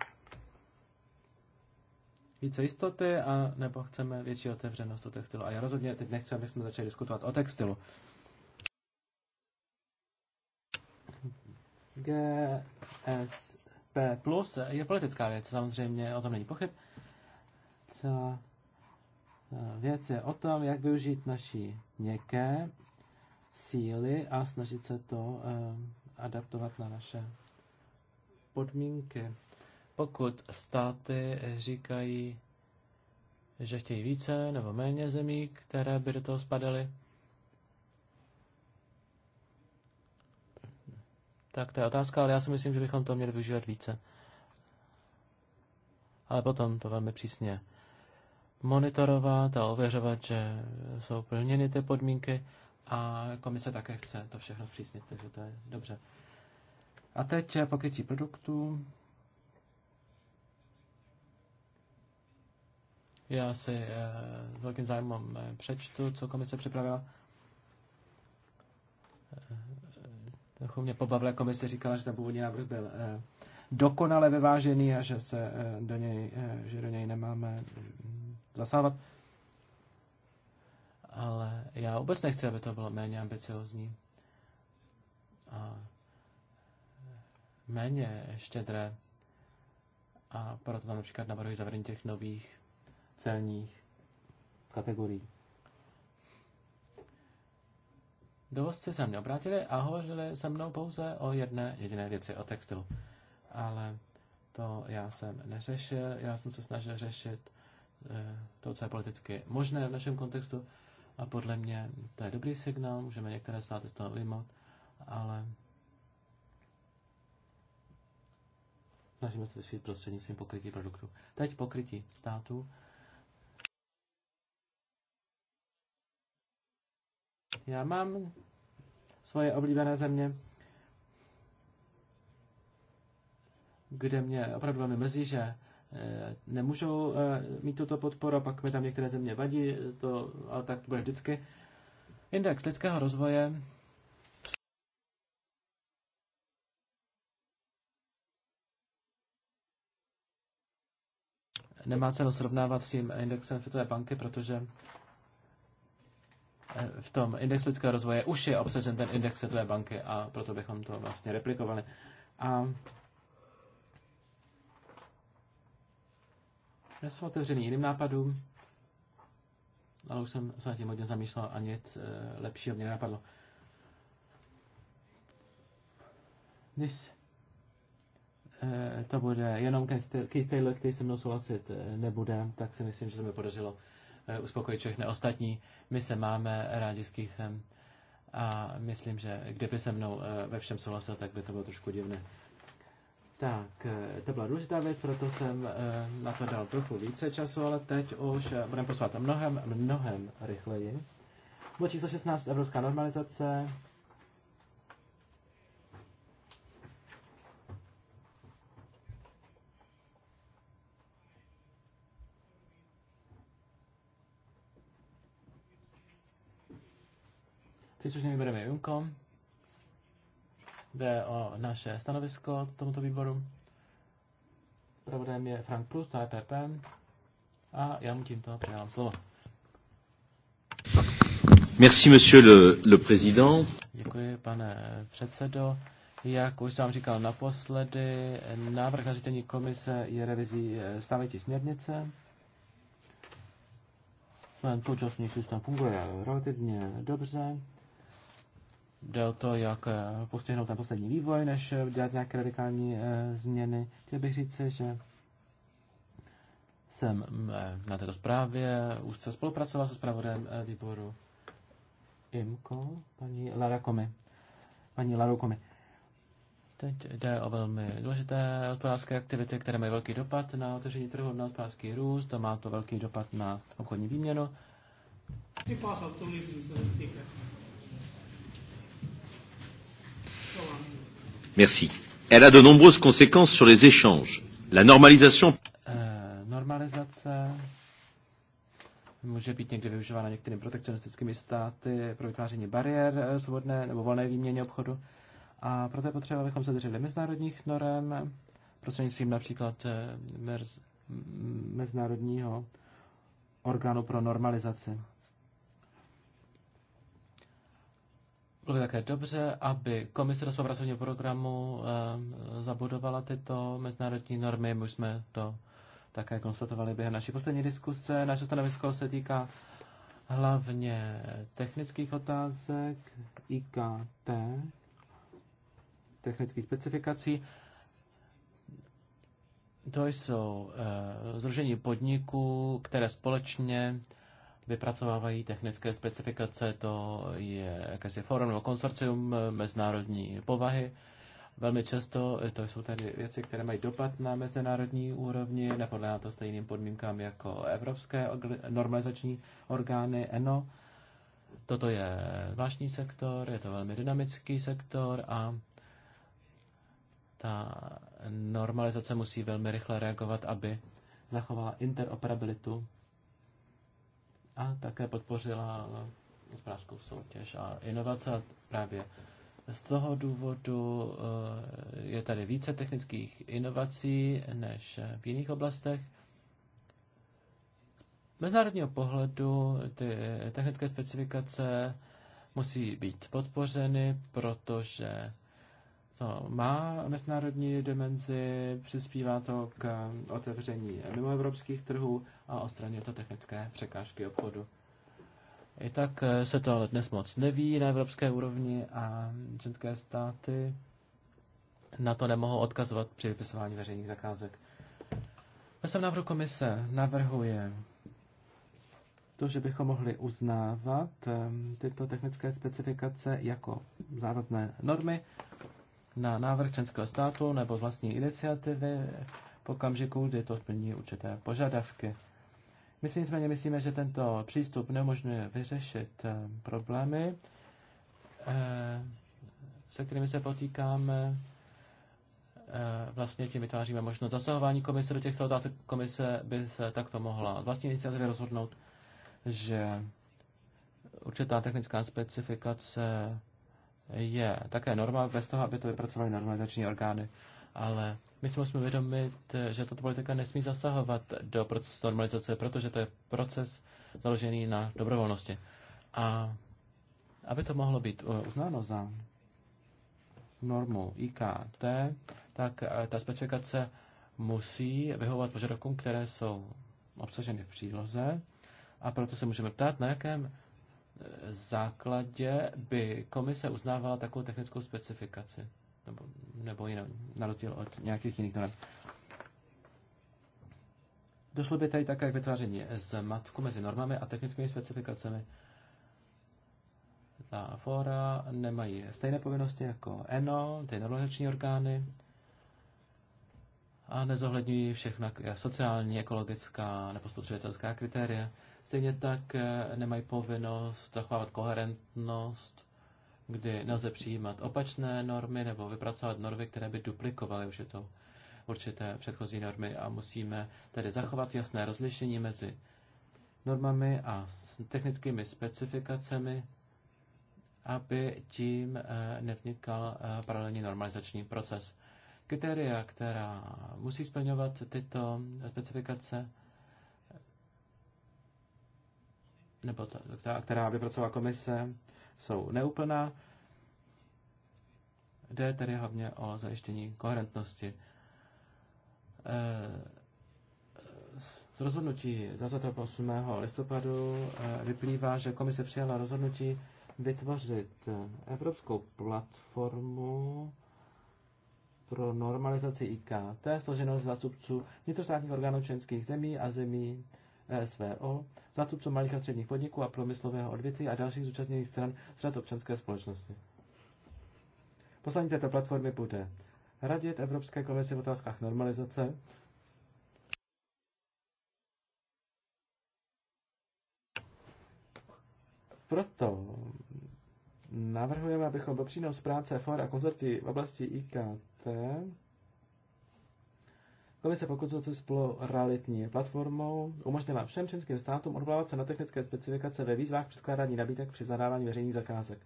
více jistoty, a nebo chceme větší otevřenost o textilu. A já rozhodně teď nechci, aby jsme začali diskutovat o textilu. GSP plus je politická věc, samozřejmě o tom není pochyb. Celá eh, věc je o tom, jak využít naší měkké síly a snažit se to eh, adaptovat na naše podmínky. Pokud státy říkají, že chtějí více nebo méně zemí, které by do toho spadaly, tak to je otázka, ale já si myslím, že bychom to měli využívat více. Ale potom to velmi přísně monitorovat a ověřovat, že jsou plněny ty podmínky a komise také chce to všechno zpřísnit, takže to je dobře. A teď eh, pokrytí produktu. Já si eh, s velkým zájmem eh, přečtu, co komise připravila. trochu mě pobavila, komise říkala, že ten původní návrh byl dokonale vyvážený a že, se, do něj, že do něj nemáme hm, zasávat. Ale já vůbec nechci, aby to bylo méně ambiciozní. A méně štědré a proto tam například navrhuji zavedení těch nových celních kategorií. Dovozci se mě obrátili a hovořili se mnou pouze o jedné jediné věci, o textilu. Ale to já jsem neřešil, já jsem se snažil řešit eh, to, co je politicky možné v našem kontextu a podle mě to je dobrý signál, můžeme některé státy z toho vyjmout, ale Snažíme se řešit prostřednictvím pokrytí produktu. Teď pokrytí státu. Já mám svoje oblíbené země, kde mě opravdu velmi mrzí, že eh, nemůžou eh, mít tuto podporu, pak mi tam některé země vadí, to, ale tak to bude vždycky. Index lidského rozvoje nemá cenu srovnávat s tím indexem Světové banky, protože eh, v tom indexu lidského rozvoje už je obsažen ten index Světové banky a proto bychom to vlastně replikovali. A já jsem otevřený jiným nápadům, ale už jsem se nad tím hodně zamýšlel a nic eh, lepšího mě nenapadlo. Když Eh, to bude jenom Keith Taylor, který se mnou souhlasit eh, nebude, tak si myslím, že se mi podařilo eh, uspokojit všechny ostatní. My se máme rádi s Keithem a myslím, že kdyby se mnou ve všem souhlasil, tak by to bylo trošku divné. Tak, to byla důležitá věc, proto jsem na to dal trochu více času, ale teď už budeme poslat mnohem, mnohem rychleji. Bylo číslo 16, evropská normalizace, příslušným výborem je Junko. Jde o naše stanovisko tomuto výboru. Pravodem je Frank Plus, to je PP. A já mu tímto předávám slovo. Merci, monsieur le, le président. Děkuji, pane předsedo. Jak už jsem vám říkal naposledy, návrh na řízení komise je revizí eh, stávající směrnice. Ten současný systém funguje relativně dobře jde o to, jak eh, postihnout ten poslední vývoj, než eh, dělat nějaké radikální eh, změny. Chtěl bych říci, že jsem na této zprávě úzce spolupracoval se zpravodajem výboru IMCO, paní Lara Komi. Paní Lara Komi. Teď jde o velmi důležité hospodářské aktivity, které mají velký dopad na otevření trhu, na hospodářský růst, to má to velký dopad na obchodní výměnu. Merci. Elle a de nombreuses conséquences sur les échanges. La normalisation... Eh, normalizace může být někdy využívána některými protekcionistickými státy pro vytváření bariér eh, svobodné nebo volné výměně obchodu. A proto je potřeba, abychom se drželi mezinárodních norem, eh, prostřednictvím například mez, mezinárodního orgánu pro normalizaci. Bylo také dobře, aby komise do pracovního programu eh, zabudovala tyto mezinárodní normy. My jsme to také konstatovali během naší poslední diskuse. Naše stanovisko se týká hlavně technických otázek, IKT, technických specifikací. To jsou eh, zružení podniků, které společně vypracovávají technické specifikace, to je jakési forum nebo konsorcium mezinárodní povahy. Velmi často to jsou tedy věci, které mají dopad na mezinárodní úrovni, nepodléhá to stejným podmínkám jako evropské normalizační orgány ENO. Toto je zvláštní sektor, je to velmi dynamický sektor a ta normalizace musí velmi rychle reagovat, aby zachovala interoperabilitu a také podpořila eh, hospodářskou soutěž a inovace. A právě z toho důvodu eh, je tady více technických inovací než v jiných oblastech. Z mezinárodního pohledu ty technické specifikace musí být podpořeny, protože to má mezinárodní dimenzi, přispívá to k otevření mimoevropských trhů a odstraňuje to technické překážky obchodu. I tak eh, se to ale dnes moc neví na evropské úrovni a členské státy na to nemohou odkazovat při vypisování veřejných zakázek. Ve svém návrhu komise navrhuje to, že bychom mohli uznávat ehm, tyto technické specifikace jako závazné normy na návrh členského státu nebo z vlastní iniciativy v okamžiku, kdy to splní určité požadavky. My si nicméně myslíme, že tento přístup neumožňuje vyřešit eh, problémy, eh, se kterými se potýkáme. Eh, vlastně tím vytváříme možnost zasahování komise do těchto otázek. Komise by se takto mohla z vlastní iniciativy rozhodnout, že určitá technická specifikace je také norma, bez toho, aby to vypracovaly normalizační orgány. Ale my si musíme vědomit, že tato politika nesmí zasahovat do procesu normalizace, protože to je proces založený na dobrovolnosti. A aby to mohlo být eh, uznáno za normu IKT, tak eh, ta specifikace musí vyhovovat požadavkům, které jsou obsaženy v příloze. A proto se můžeme ptát, na jakém základě by komise uznávala takovou technickou specifikaci, nebo, nebo jinou, na rozdíl od nějakých jiných norm. Došlo by tady také k vytváření matku mezi normami a technickými specifikacemi. Ta fora nemají stejné povinnosti jako ENO, ty normalizační orgány, a nezohledňují všechna sociální, ekologická nebo spotřebitelská kritéria. Stejně tak eh, nemají povinnost zachovávat koherentnost, kdy nelze přijímat opačné normy nebo vypracovat normy, které by duplikovaly už to určité předchozí normy a musíme tedy zachovat jasné rozlišení mezi normami a technickými specifikacemi, aby tím eh, nevnikal eh, paralelní normalizační proces. Kritéria, která musí splňovat tyto specifikace, nebo ta, která, která vypracovala komise, jsou neúplná. Jde tedy hlavně o zajištění koherentnosti. Eh, z rozhodnutí 28. listopadu eh, vyplývá, že komise přijala rozhodnutí vytvořit eh, evropskou platformu pro normalizaci IKT, složenou z zástupců vnitrostátních orgánů členských zemí a zemí E SVO, zástupců malých a středních podniků a průmyslového odvětví a dalších zúčastněných stran z řad občanské společnosti. Poslání této platformy bude radit Evropské komisi v otázkách normalizace, Proto navrhujeme, abychom byl přínos práce FOR a konzorcí v oblasti IKT se pokusil se spolu realitní platformou, vám všem členským státům odvolávat se na technické specifikace ve výzvách předkládání nabídek při zadávání veřejných zakázek.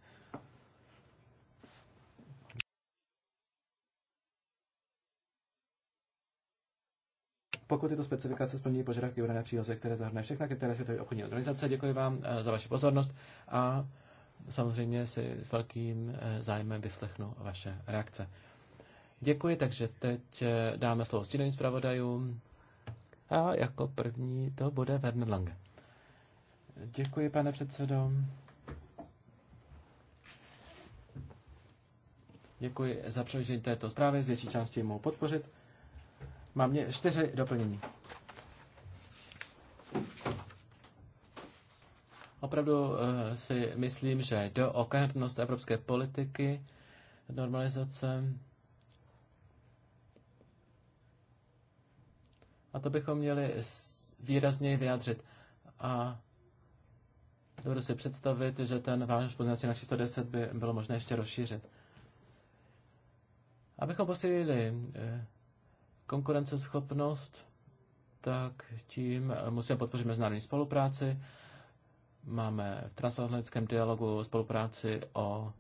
pokud tyto specifikace splní požadavky uvedené příloze, které zahrnuje všechna kritéria Světové obchodní organizace. Děkuji vám eh, za vaši pozornost a samozřejmě si s velkým eh, zájmem vyslechnu vaše reakce. Děkuji, takže teď eh, dáme slovo stínovým zpravodajům. A jako první to bude Werner Lange. Děkuji, pane předsedo. Děkuji za přeložení této zprávy, z větší části mohu podpořit. Mám mě čtyři doplnění. Opravdu uh, si myslím, že do okohernost evropské politiky, normalizace A to bychom měli výrazněji vyjádřit. A dovedu si představit, že ten váš poznací na 310 by bylo možné ještě rozšířit. Abychom posílili eh, konkurenceschopnost, tak tím eh, musíme podpořit mezinárodní spolupráci. Máme v transatlantickém dialogu spolupráci o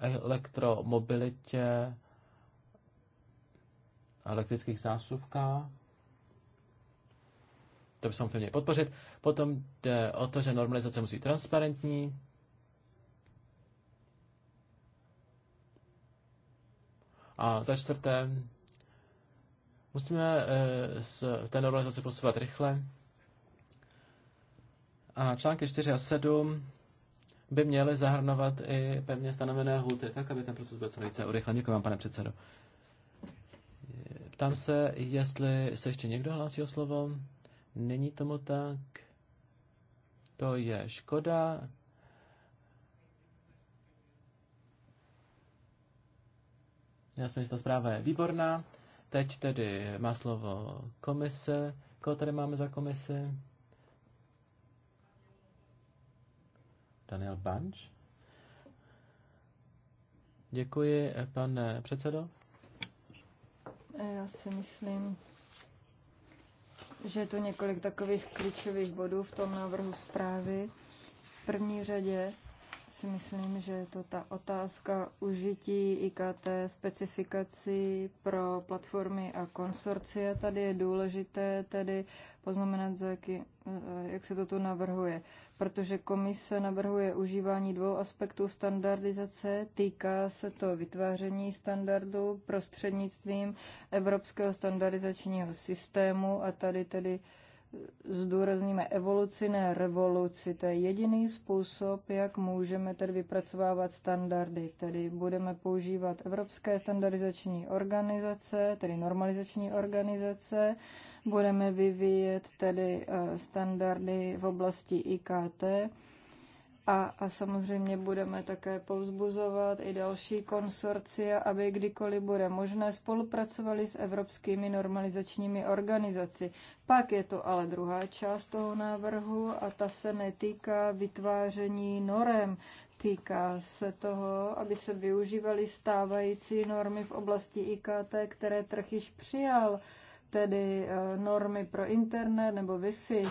elektromobilitě, elektrických zásuvkách. To bychom chtěli podpořit. Potom jde o to, že normalizace musí být transparentní. A za čtvrté, musíme z eh, té normalizace posouvat rychle. A články 4 a 7 by měly zahrnovat i pevně stanovené lhuty, tak aby ten proces byl co nejvíce urychlen. Děkuji vám, pane předsedo. Ptám se, jestli se ještě někdo hlásí o slovo. Není tomu tak. To je škoda. Já si myslím, že ta zpráva je výborná. Teď tedy má slovo komise. Koho tady máme za komisi? Daniel Banč. Děkuji, pane předsedo. Já si myslím, že je tu několik takových klíčových bodů v tom návrhu zprávy. V první řadě si myslím, že je to ta otázka užití IKT specifikací pro platformy a konsorcie. Tady je důležité tedy poznamenat, za jaký, eh, jak se to tu navrhuje. Protože komise navrhuje užívání dvou aspektů standardizace. Týká se to vytváření standardů prostřednictvím Evropského standardizačního systému a tady tedy zdůrazníme evoluci, ne revoluci. To je jediný způsob, jak můžeme tedy vypracovávat standardy. Tedy budeme používat evropské standardizační organizace, tedy normalizační organizace, budeme vyvíjet tedy eh, standardy v oblasti IKT, a, a samozřejmě budeme také povzbuzovat i další konsorcia, aby kdykoliv bude možné spolupracovali s evropskými normalizačními organizaci. Pak je to ale druhá část toho návrhu a ta se netýká vytváření norem. Týká se toho, aby se využívaly stávající normy v oblasti IKT, které trh již přijal, tedy eh, normy pro internet nebo Wi-Fi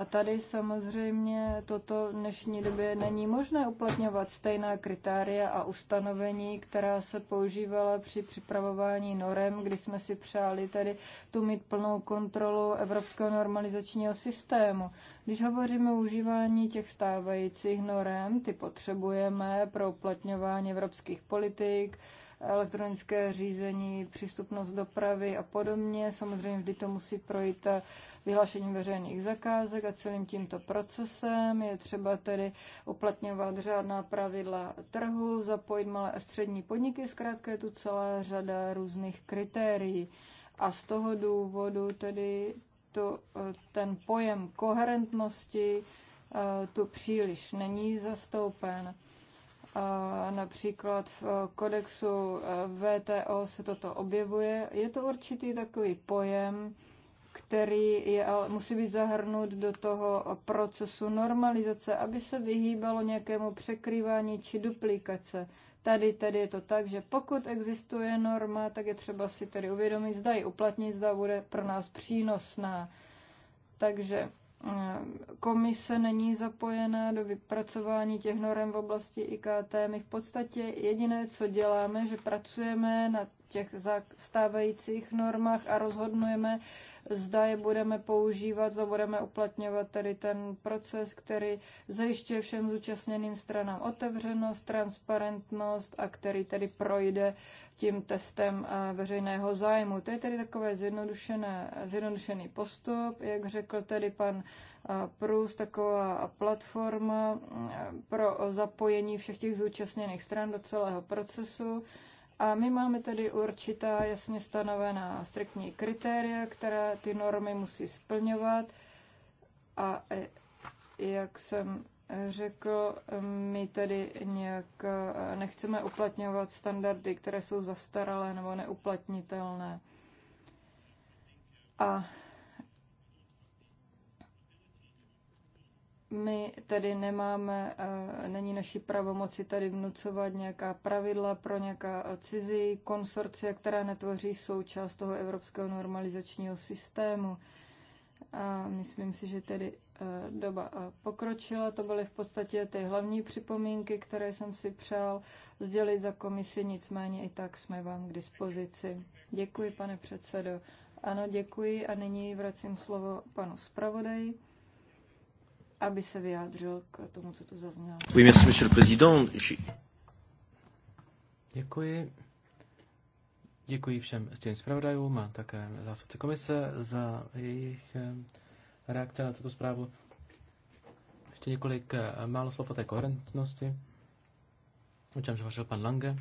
a tady samozřejmě toto v dnešní době není možné uplatňovat stejná kritéria a ustanovení, která se používala při připravování norem, kdy jsme si přáli tady tu mít plnou kontrolu Evropského normalizačního systému. Když hovoříme o užívání těch stávajících norem, ty potřebujeme pro uplatňování evropských politik, elektronické řízení, přístupnost dopravy a podobně. Samozřejmě vždy to musí projít vyhlášením veřejných zakázek a celým tímto procesem. Je třeba tedy uplatňovat řádná pravidla trhu, zapojit malé a střední podniky, zkrátka je tu celá řada různých kritérií. A z toho důvodu tedy to, ten pojem koherentnosti eh, tu příliš není zastoupen například v eh, kodexu eh, VTO se toto objevuje. Je to určitý takový pojem, který je, ale musí být zahrnut do toho procesu normalizace, aby se vyhýbalo nějakému překrývání či duplikace. Tady tedy je to tak, že pokud existuje norma, tak je třeba si tedy uvědomit, zda ji uplatnit, zda bude pro nás přínosná. Takže Komise není zapojená do vypracování těch norem v oblasti IKT. My v podstatě jediné, co děláme, že pracujeme na těch stávajících normách a rozhodnujeme, zda je budeme používat, zda budeme uplatňovat tedy ten proces, který zajišťuje všem zúčastněným stranám otevřenost, transparentnost a který tedy projde tím testem eh, veřejného zájmu. To je tedy takové zjednodušené, zjednodušený postup, jak řekl tedy pan eh, Prus, taková platforma eh, pro zapojení všech těch zúčastněných stran do celého procesu. A my máme tedy určitá jasně stanovená striktní kritéria, která ty normy musí splňovat. A e, jak jsem řekl, my tedy nějak e, nechceme uplatňovat standardy, které jsou zastaralé nebo neuplatnitelné. A My tedy nemáme, eh, není naší pravomoci tady vnucovat nějaká pravidla pro nějaká cizí konsorcia, která netvoří součást toho evropského normalizačního systému. A myslím si, že tedy eh, doba eh, pokročila. To byly v podstatě ty hlavní připomínky, které jsem si přál sdělit za komisi, nicméně i tak jsme vám k dispozici. Děkuji, pane předsedo. Ano, děkuji a nyní vracím slovo panu zpravodaji aby se vyjádřil k tomu, co tu zaznělo. Oui, merci, monsieur le président. Je... Děkuji. Děkuji všem stěným zpravodajům a také zástupci komise za jejich eh, reakce na tuto zprávu. Ještě několik eh, málo slov o té koherentnosti, o čemž hovořil pan Lange.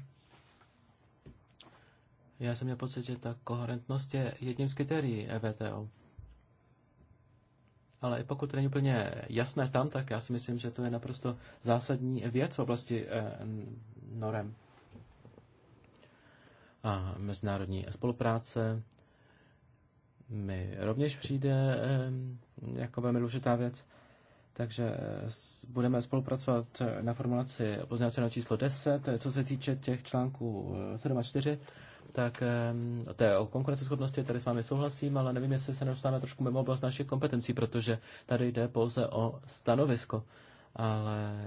Já jsem měl pocit, že ta koherentnost je jedním z kritérií EVTO ale pokud to není úplně jasné tam, tak já si myslím, že to je naprosto zásadní věc v oblasti eh, norem. A mezinárodní spolupráce mi rovněž přijde eh, jako velmi důležitá věc. Takže eh, budeme spolupracovat na formulaci pozměňovacího číslo 10, co se týče těch článků 7 a 4 tak to je o konkurenceschopnosti, tady s vámi souhlasím, ale nevím, jestli se nedostáváme trošku mimo oblast našich kompetencí, protože tady jde pouze o stanovisko, ale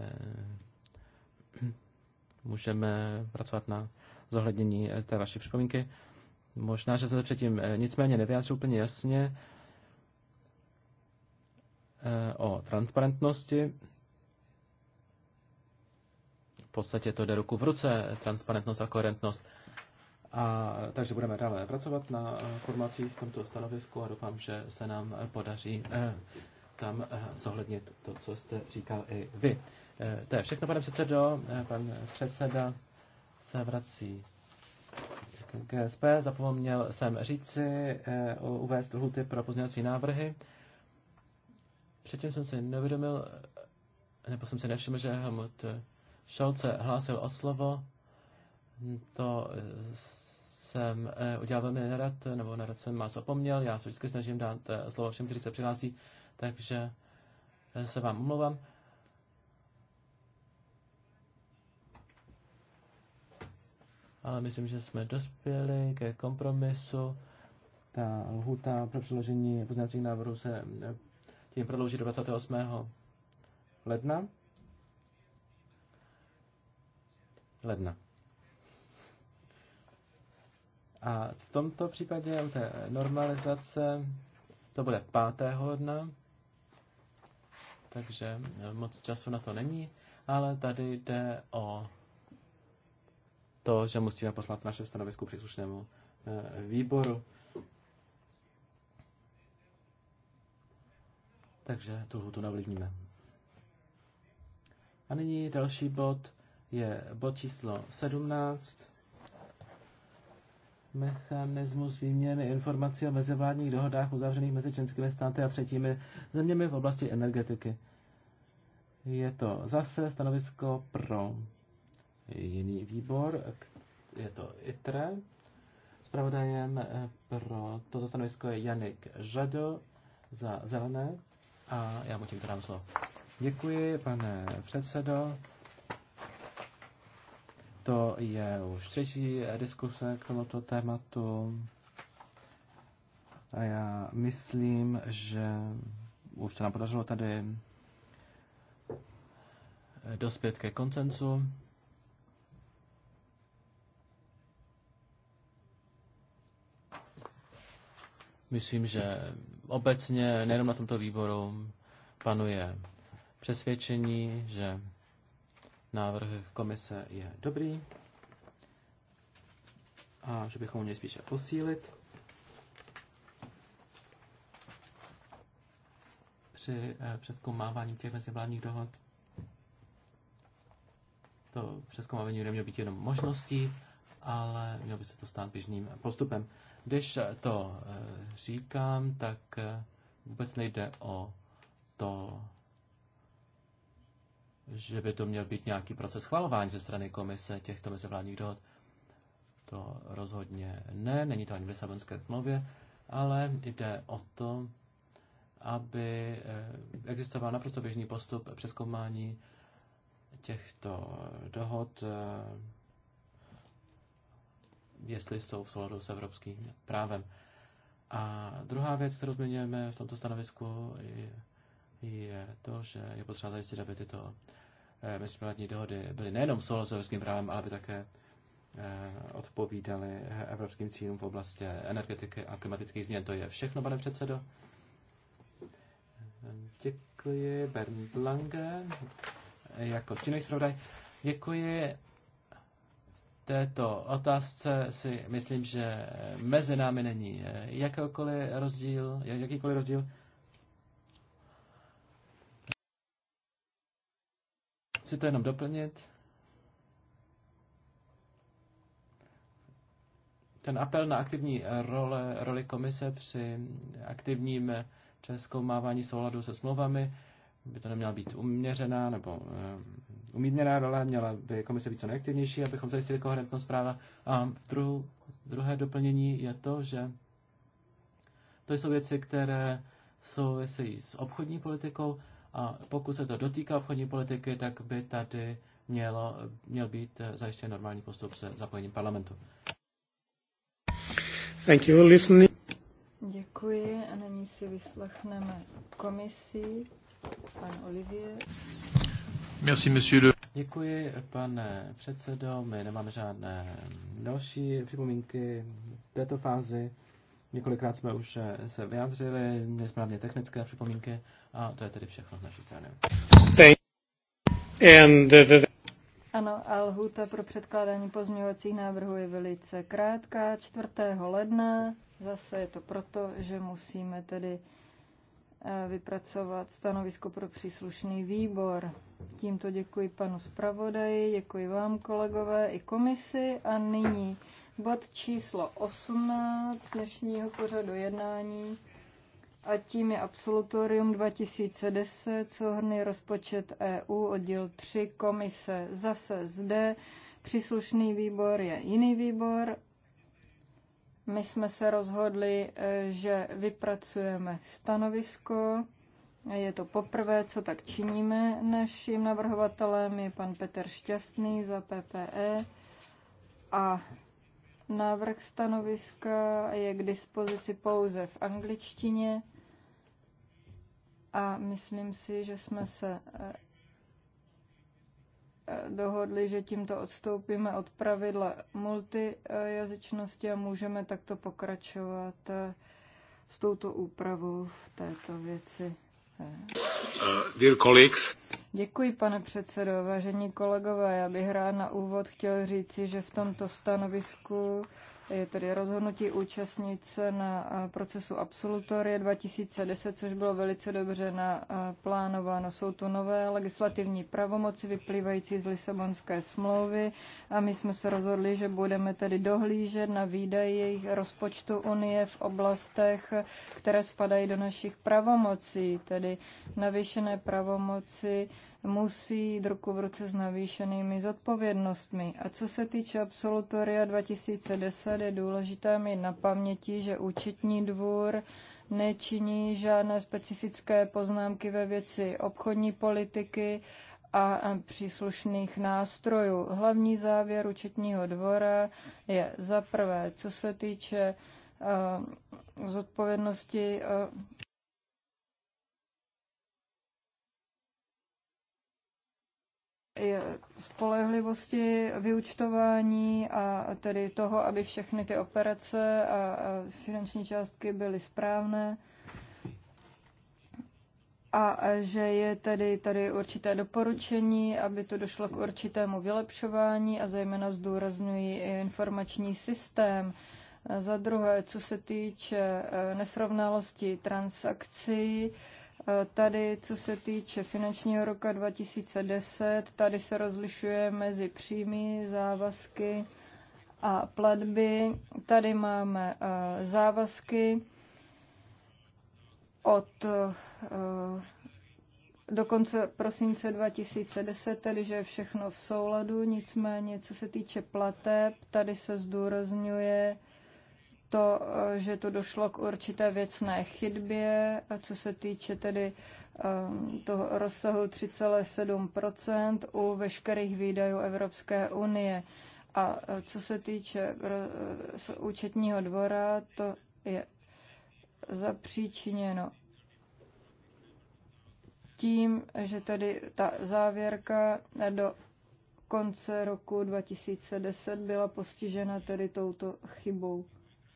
můžeme pracovat na zohlednění eh, té vaší připomínky. Možná, že jsem to předtím eh, nicméně nevyjádřil úplně jasně eh, o transparentnosti. V podstatě to jde ruku v ruce, transparentnost a koherentnost. A, takže budeme dále pracovat na formacích v tomto stanovisku a doufám, že se nám podaří eh, tam eh, zohlednit to, co jste říkal i vy. Eh, to je všechno, pane předsedo. pan předseda se vrací k GSP. Zapomněl jsem říci, uvést lhuty pro pozměňovací návrhy. Předtím jsem si nevědomil, nebo jsem si nevšiml, že Helmut Scholz se hlásil o slovo. To jsem eh, udělal velmi nerad, nebo nerad jsem vás opomněl. Já se vždycky snažím dát eh, slovo všem, kteří se přihlásí, takže eh, se vám omlouvám. Ale myslím, že jsme dospěli ke kompromisu. Ta lhuta pro přeložení poznacích návrhů se tím prodlouží do 28. ledna. Ledna. A v tomto případě u té normalizace to bude 5. ledna, takže moc času na to není, ale tady jde o to, že musíme poslat naše stanovisko příslušnému eh, výboru. Takže tu lhutu navlivníme. A nyní další bod je bod číslo 17 mechanismus výměny informací o mezivládních dohodách uzavřených mezi členskými státy a třetími zeměmi v oblasti energetiky. Je to zase stanovisko pro jiný výbor, je to ITRE. Spravodajem eh, pro toto stanovisko je Janik Žado za zelené a já mu tím dám slovo. Děkuji, pane předsedo. To je už třetí diskuse k tomuto tématu. A já myslím, že už se nám podařilo tady dospět ke koncensu. Myslím, že obecně, nejenom na tomto výboru, panuje přesvědčení, že návrh komise je dobrý a že bychom měli spíše posílit. Při eh, přeskoumávání těch mezivládních dohod to přeskoumávání by nemělo být jenom možností, ale mělo by se to stát běžným postupem. Když to eh, říkám, tak eh, vůbec nejde o to že by to měl být nějaký proces schvalování ze strany komise těchto mezivládních dohod. To rozhodně ne, není to ani v Lisabonské smlouvě, ale jde o to, aby eh, existoval naprosto běžný postup přeskoumání těchto dohod, eh, jestli jsou v souladu s evropským právem. A druhá věc, kterou změňujeme v tomto stanovisku, je to, že je potřeba zajistit, aby tyto Eh, mezinárodní dohody byly nejenom v s evropským právem, ale by také eh, odpovídaly eh, evropským cílům v oblasti energetiky a klimatických změn. To je všechno, pane předsedo. Děkuji, Bernd Lange, jako stínový zpravodaj. Děkuji. této otázce si myslím, že mezi námi není jakýkoliv rozdíl, jakýkoliv rozdíl. Chci to jenom doplnit. Ten apel na aktivní role, roli komise při aktivním přeskoumávání souladu se smlouvami by to neměla být uměřená nebo eh, umírněná role, měla by komise být co nejaktivnější, abychom zajistili koherentnost práva. A druhu, druhé doplnění je to, že to jsou věci, které souvisejí s obchodní politikou a pokud se to dotýká obchodní politiky, tak by tady mělo, měl být eh, zajištěn normální postup se zapojením parlamentu. Thank you, listening. Děkuji a nyní si vyslechneme komisí. Pan Olivier. Merci, monsieur Děkuji, pane předsedo. My nemáme žádné další připomínky v této fázi. Několikrát jsme už eh, se vyjádřili, nesprávně technické připomínky a to je tedy všechno z naší strany. Ano, a lhůta pro předkládání pozměňovacích návrhů je velice krátká, 4. ledna. Zase je to proto, že musíme tedy eh, vypracovat stanovisko pro příslušný výbor. Tímto děkuji panu zpravodaji, děkuji vám kolegové i komisi a nyní bod číslo 18 dnešního pořadu jednání a tím je Absolutorium 2010, souhrný rozpočet EU, oddíl 3, komise. Zase zde příslušný výbor je jiný výbor. My jsme se rozhodli, eh, že vypracujeme stanovisko. Je to poprvé, co tak činíme. Naším navrhovatelem je pan Petr Šťastný za PPE a Návrh stanoviska je k dispozici pouze v angličtině a myslím si, že jsme se eh, eh, dohodli, že tímto odstoupíme od pravidla multijazyčnosti a můžeme takto pokračovat eh, s touto úpravou v této věci. Uh, dear colleagues. Děkuji, pane předsedo. Vážení kolegové, já bych rád na úvod chtěl říci, že v tomto stanovisku je tedy rozhodnutí účastnit se na eh, procesu absolutorie 2010, což bylo velice dobře naplánováno. Jsou to nové legislativní pravomoci vyplývající z Lisabonské smlouvy a my jsme se rozhodli, že budeme tedy dohlížet na výdaje jejich rozpočtu Unie v oblastech, které spadají do našich pravomocí, tedy navýšené pravomoci musí jít ruku v ruce s navýšenými zodpovědnostmi. A co se týče absolutoria 2010, je důležité mít na paměti, že účetní dvůr nečiní žádné specifické poznámky ve věci obchodní politiky a příslušných nástrojů. Hlavní závěr účetního dvora je za prvé, co se týče zodpovědnosti spolehlivosti vyučtování a tedy toho, aby všechny ty operace a finanční částky byly správné a že je tedy tady určité doporučení, aby to došlo k určitému vylepšování a zejména zdůraznují i informační systém. Za druhé, co se týče e, nesrovnalosti transakcí, Tady, co se týče finančního roka 2010, tady se rozlišuje mezi příjmy, závazky a platby. Tady máme eh, závazky od eh, do konce prosince 2010, tedy že je všechno v souladu, nicméně co se týče plateb, tady se zdůrazňuje, to, eh, že to došlo k určité věcné chybě, co se týče tedy eh, toho rozsahu 3,7 u veškerých výdajů Evropské unie. A eh, co se týče účetního dvora, to je zapříčiněno tím, že tedy ta závěrka do konce roku 2010 byla postižena tedy touto chybou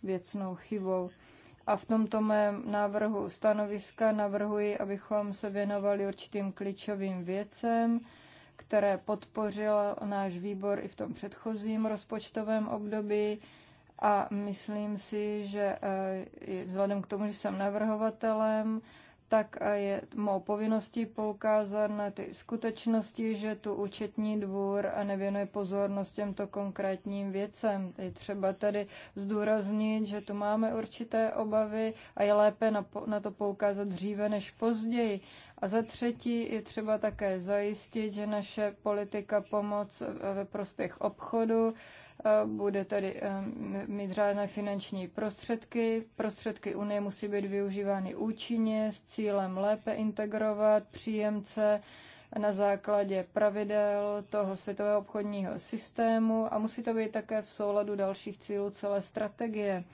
věcnou chybou. A v tomto mém návrhu stanoviska navrhuji, abychom se věnovali určitým klíčovým věcem, které podpořil náš výbor i v tom předchozím rozpočtovém období. A myslím si, že eh, vzhledem k tomu, že jsem navrhovatelem, tak a je mou povinností poukázat na ty skutečnosti, že tu účetní dvůr a nevěnuje pozornost těmto konkrétním věcem. Je třeba tady zdůraznit, že tu máme určité obavy a je lépe na, na to poukázat dříve než později. A za třetí je třeba také zajistit, že naše politika pomoc ve prospěch obchodu Eh, bude tady eh, mít řádné finanční prostředky. Prostředky Unie musí být využívány účinně s cílem lépe integrovat příjemce na základě pravidel toho světového obchodního systému a musí to být také v souladu dalších cílů celé strategie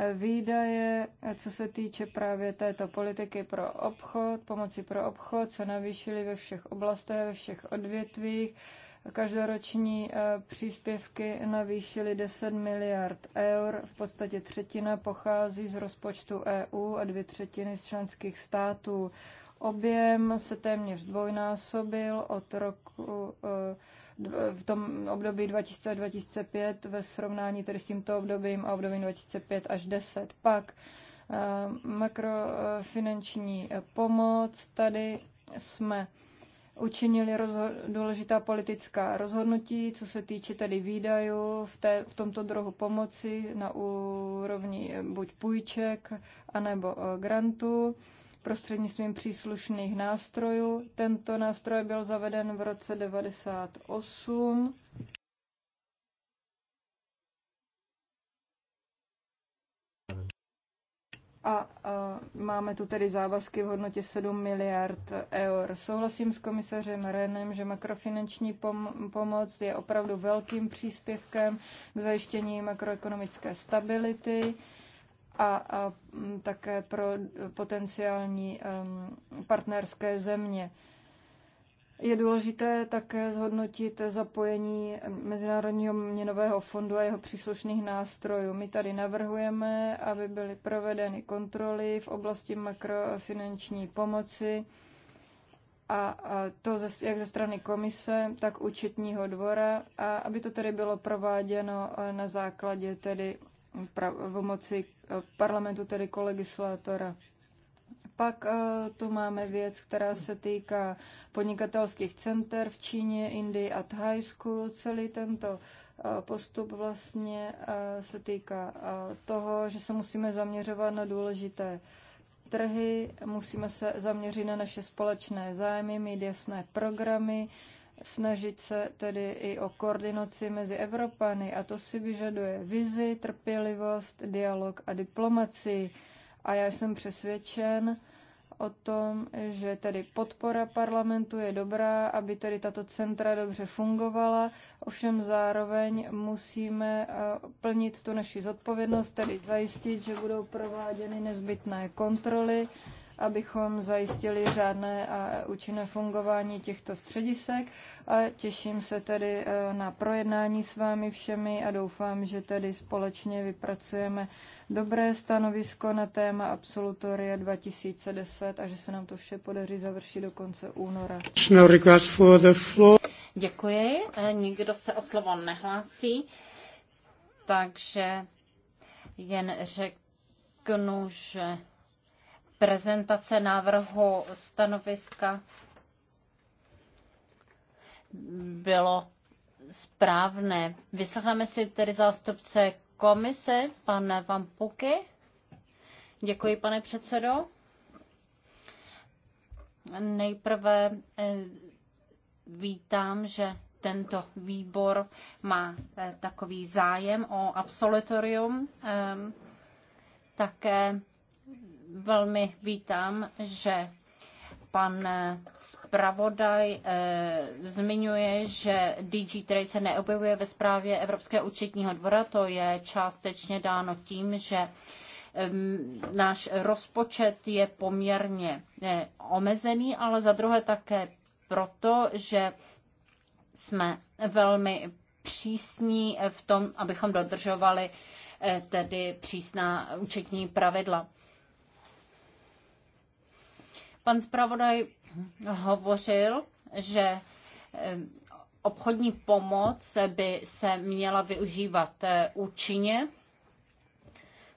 eh, výdaje, co se týče právě této politiky pro obchod, pomoci pro obchod, se navýšily ve všech oblastech, ve všech odvětvích Každoroční eh, příspěvky navýšily 10 miliard eur, v podstatě třetina pochází z rozpočtu EU a dvě třetiny z členských států. Objem se téměř dvojnásobil od roku eh, v tom období 2000-2005 ve srovnání tedy s tímto obdobím a obdobím 2005 až 10. Pak eh, makrofinanční pomoc. Tady jsme učinili rozho- důležitá politická rozhodnutí, co se týče tady výdajů v, té, v tomto druhu pomoci na úrovni eh, buď půjček, anebo eh, grantů prostřednictvím příslušných nástrojů. Tento nástroj byl zaveden v roce 98 a, a máme tu tedy závazky v hodnotě 7 miliard eur. Souhlasím s komisařem Renem, že makrofinanční pom- pomoc je opravdu velkým příspěvkem k zajištění makroekonomické stability a, a také pro potenciální um, partnerské země. Uh, je důležité také zhodnotit zapojení Mezinárodního měnového fondu a jeho příslušných nástrojů. My tady navrhujeme, aby byly provedeny kontroly v oblasti makrofinanční pomoci a to jak ze strany komise, tak účetního dvora a aby to tedy bylo prováděno na základě tedy pomoci eh, parlamentu, tedy kolegislátora. Pak eh, tu máme věc, která se týká podnikatelských center v Číně, Indii a Thajsku. Celý tento eh, postup vlastně eh, se týká toho, že se musíme zaměřovat na důležité trhy, musíme se zaměřit na naše společné zájmy, mít jasné programy, snažit se tedy i o koordinaci mezi Evropany a to si vyžaduje vizi, trpělivost, dialog a diplomacii a já jsem přesvědčen o tom, že tady podpora parlamentu je dobrá, aby tady tato centra dobře fungovala, ovšem zároveň musíme eh, plnit tu naši zodpovědnost, tedy zajistit, že budou prováděny nezbytné kontroly, abychom zajistili řádné a účinné fungování těchto středisek a těším se tedy eh, na projednání s vámi všemi a doufám, že tedy společně vypracujeme dobré stanovisko na téma absolutoria 2010 a že se nám to vše podaří završit do konce února. Děkuji. Eh, nikdo se o slovo nehlásí, takže jen řeknu, že prezentace návrhu stanoviska bylo správné. Vyslechneme si tedy zástupce komise, pan Vampuky. Děkuji, pane předsedo. Nejprve eh, vítám, že tento výbor má eh, takový zájem o absolutorium. Ehm, také velmi vítám, že pan zpravodaj eh, zmiňuje, že DG Trade se neobjevuje ve zprávě Evropského účetního dvora. To je částečně dáno tím, že náš rozpočet je poměrně eh, omezený, ale za druhé také proto, že jsme velmi přísní v tom, abychom dodržovali eh, tedy přísná účetní pravidla. Pan zpravodaj hovořil, že obchodní pomoc by se měla využívat e, účinně.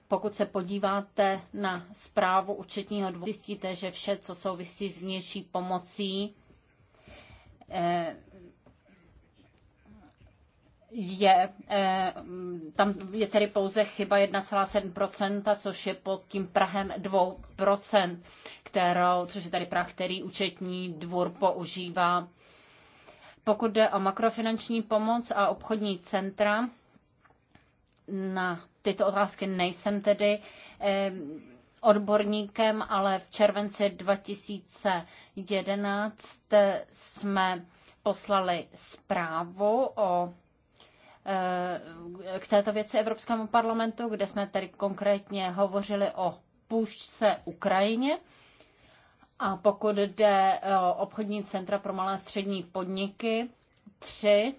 Pokud se podíváte na zprávu účetního dvora, zjistíte, že vše, co souvisí s vnější pomocí, e, je, eh, tam je tedy pouze chyba 1,7%, což je pod tím Prahem 2%, kterou, což je tady Prah, který účetní dvůr používá. Pokud jde o makrofinanční pomoc a obchodní centra, na tyto otázky nejsem tedy eh, odborníkem, ale v červenci 2011 jsme poslali zprávu o Eh, k této věci Evropskému parlamentu, kde jsme tedy konkrétně hovořili o půjčce Ukrajině. A pokud jde eh, o obchodní centra pro malé a střední podniky, tři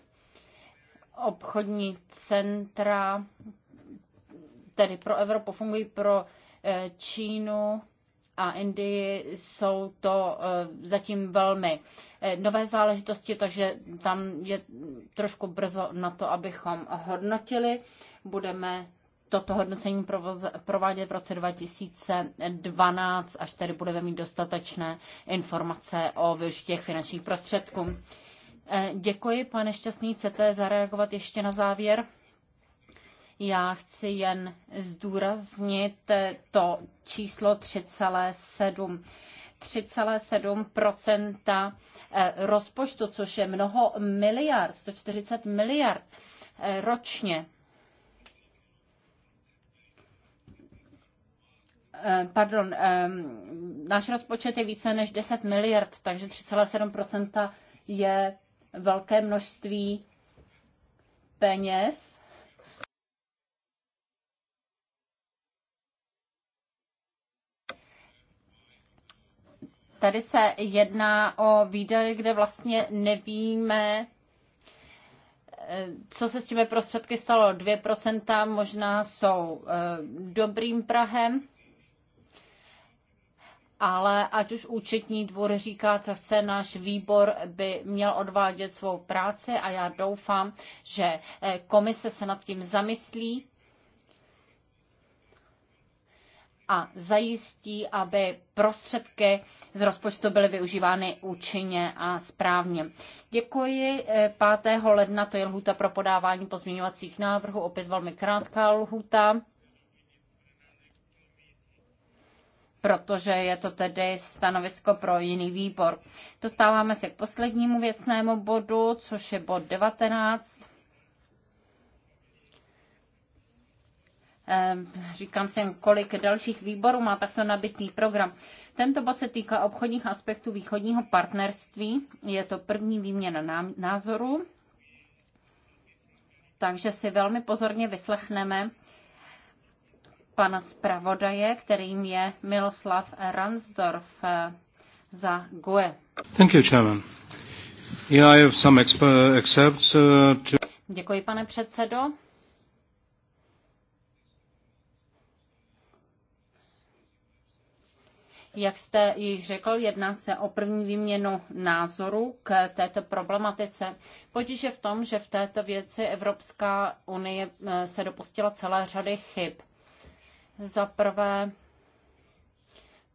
obchodní centra, tedy pro Evropu, fungují pro eh, Čínu, a Indii jsou to eh, zatím velmi eh, nové záležitosti, takže tam je trošku brzo na to, abychom hodnotili. Budeme toto hodnocení provoz, provádět v roce 2012, až tedy budeme mít dostatečné informace o využití těch finančních prostředků. Eh, děkuji, pane Šťastný. Chcete zareagovat ještě na závěr? Já chci jen zdůraznit to číslo 3,7. 3,7 eh, rozpočtu, což je mnoho miliard, 140 miliard eh, ročně. Eh, pardon, náš rozpočet je více než 10 miliard, takže 3,7 je velké množství peněz Tady se jedná o výdaje, kde vlastně nevíme, eh, co se s těmi prostředky stalo. 2% možná jsou eh, dobrým Prahem, ale ať už účetní dvůr říká, co chce, náš výbor by měl odvádět svou práci a já doufám, že eh, komise se nad tím zamyslí a zajistí, aby prostředky z rozpočtu byly využívány účinně a správně. Děkuji. 5. Eh, ledna to je lhůta pro podávání pozměňovacích návrhů, opět velmi krátká lhůta. protože je to tedy stanovisko pro jiný výbor. Dostáváme se k poslednímu věcnému bodu, což je bod 19. Eh, říkám si, kolik dalších výborů má takto nabitý program. Tento bod se týká obchodních aspektů východního partnerství. Je to první výměna názorů, takže si velmi pozorně vyslechneme pana zpravodaje, kterým je Miloslav Ransdorf eh, za GUE. Thank you, Chairman. Yeah, I have some excerpts, uh, to... Děkuji, pane předsedo. Jak jste již řekl, jedná se o první výměnu názoru k této problematice. Potíž je v tom, že v této věci Evropská unie eh, se dopustila celé řady chyb. Za prvé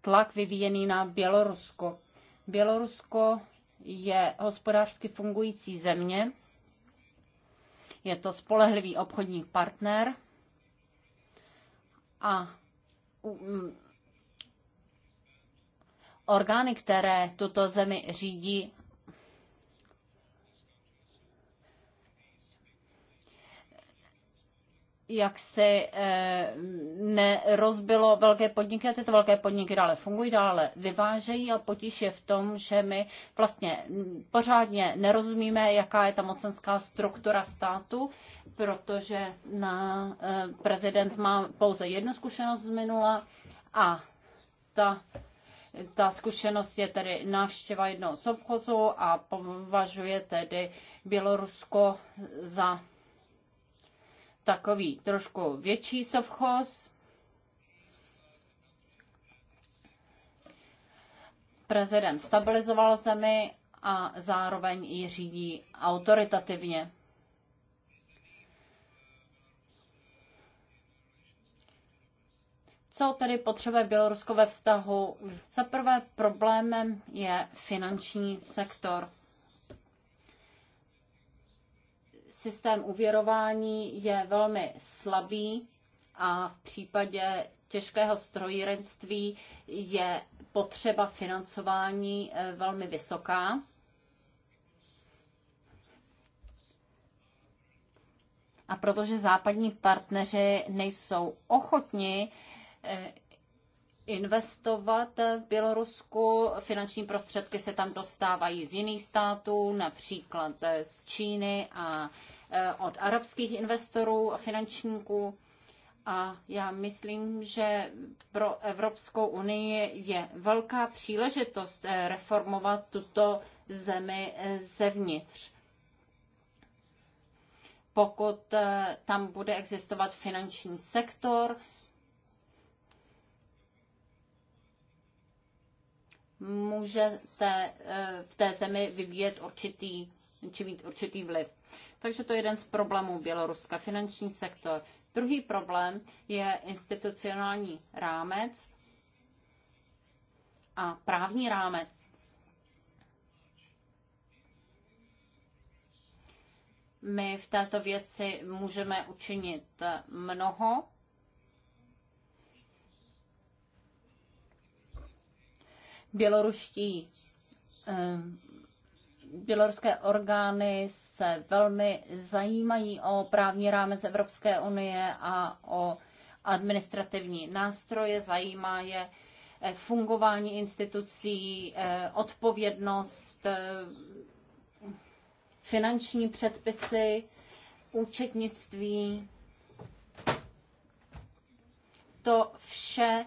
tlak vyvíjený na Bělorusko. Bělorusko je hospodářsky fungující země, je to spolehlivý obchodní partner a orgány, které tuto zemi řídí, jak se e, nerozbilo velké podniky a tyto velké podniky dále fungují, dále vyvážejí a potíž je v tom, že my vlastně pořádně nerozumíme, jaká je ta mocenská struktura státu, protože na e, prezident má pouze jednu zkušenost z minula a ta ta zkušenost je tedy návštěva jednoho z obchodu a považuje tedy Bělorusko za takový trošku větší sovchoz. Prezident stabilizoval zemi a zároveň ji řídí autoritativně. Co tedy potřebuje Bělorusko ve vztahu? Za prvé problémem je finanční sektor. Systém uvěrování je velmi slabý a v případě těžkého strojírenství je potřeba financování eh, velmi vysoká. A protože západní partneři nejsou ochotni Eh, investovat v Bělorusku. Finanční prostředky se tam dostávají z jiných států, například eh, z Číny a eh, od arabských investorů a finančníků. A já myslím, že pro Evropskou unii je velká příležitost reformovat tuto zemi zevnitř. Pokud tam bude existovat finanční sektor, může se eh, v té zemi vyvíjet určitý, či mít určitý vliv. Takže to je jeden z problémů Běloruska, finanční sektor. Druhý problém je institucionální rámec a právní rámec. My v této věci můžeme učinit mnoho, Běloruští eh, běloruské orgány se velmi zajímají o právní rámec Evropské unie a o administrativní nástroje, zajímá je eh, fungování institucí, eh, odpovědnost, finanční předpisy, účetnictví. To vše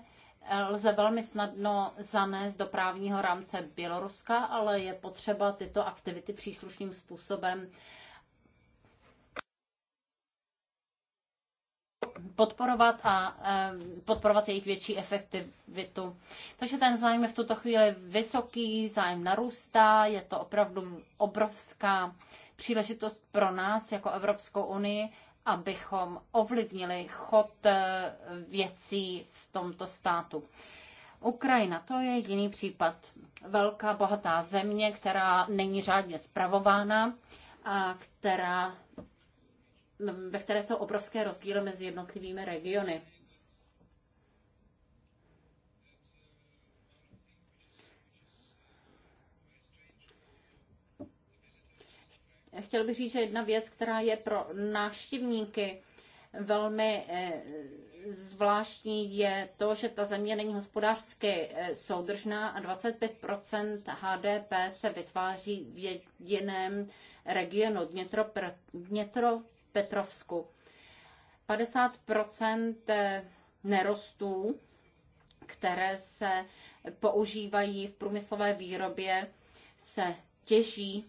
lze velmi snadno zanést do právního rámce Běloruska, ale je potřeba tyto aktivity příslušným způsobem podporovat a eh, podporovat jejich větší efektivitu. Takže ten zájem je v tuto chvíli vysoký, zájem narůstá, je to opravdu obrovská příležitost pro nás jako Evropskou unii abychom ovlivnili chod eh, věcí v tomto státu. Ukrajina, to je jiný případ. Velká, bohatá země, která není řádně zpravována a která, ve které jsou obrovské rozdíly mezi jednotlivými regiony. chtěl bych říct, že jedna věc, která je pro návštěvníky velmi eh, zvláštní, je to, že ta země není hospodářsky eh, soudržná a 25 HDP se vytváří v jediném regionu Petrovsku. 50 eh, nerostů, které se používají v průmyslové výrobě, se těží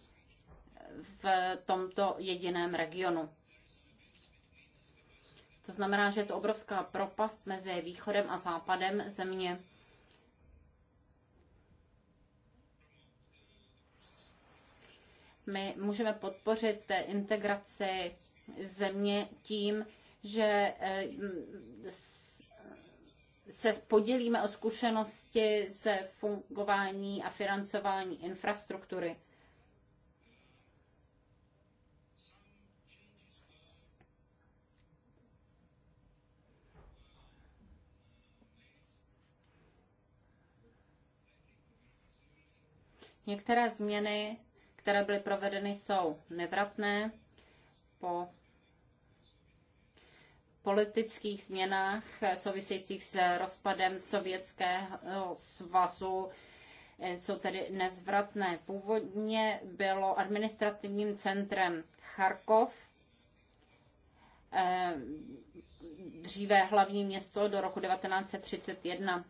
v tomto jediném regionu. To znamená, že je to obrovská propast mezi východem a západem země. My můžeme podpořit integraci země tím, že eh, se podělíme o zkušenosti se fungování a financování infrastruktury. Některé změny, které byly provedeny, jsou nevratné. Po politických změnách souvisejících s rozpadem Sovětského svazu eh, jsou tedy nezvratné. Původně bylo administrativním centrem Charkov, eh, dříve hlavní město do roku 1931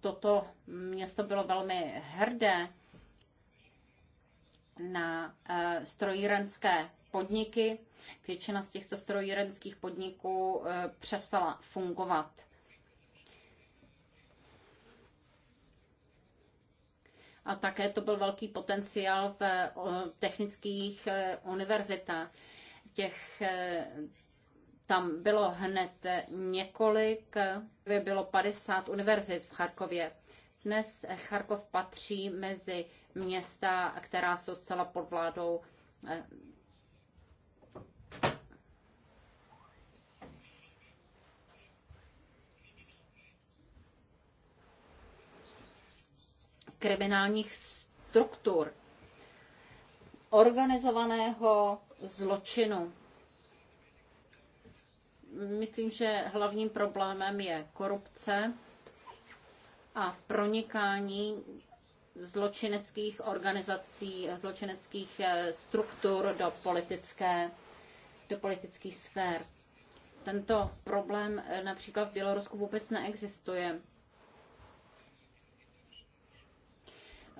toto město bylo velmi hrdé na eh, strojírenské podniky. Většina z těchto strojírenských podniků eh, přestala fungovat. A také to byl velký potenciál v technických eh, univerzitách. Těch tam bylo hned několik, bylo 50 univerzit v Charkově. Dnes Charkov patří mezi města, která jsou zcela pod vládou eh, kriminálních struktur, organizovaného zločinu. Myslím, že hlavním problémem je korupce a pronikání zločineckých organizací, zločineckých eh, struktur do, politické, do politických sfér. Tento problém eh, například v Bělorusku vůbec neexistuje.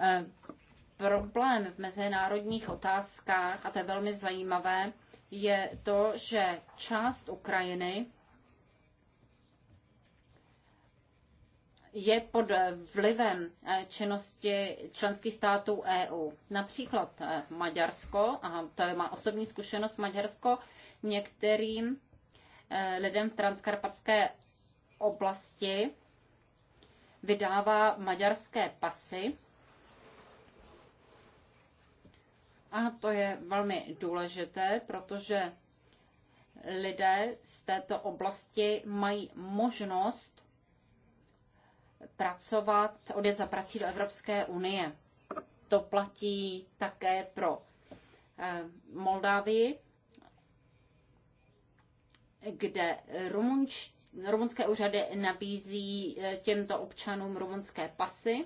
Eh, problém v mezinárodních otázkách, a to je velmi zajímavé, je to, že část Ukrajiny je pod vlivem eh, činnosti členských států EU. Například eh, Maďarsko, a to je má osobní zkušenost Maďarsko, některým eh, lidem v transkarpatské oblasti vydává maďarské pasy, A to je velmi důležité, protože lidé z této oblasti mají možnost pracovat, odjet za prací do Evropské unie. To platí také pro eh, Moldávii, kde rumunč, rumunské úřady nabízí eh, těmto občanům rumunské pasy.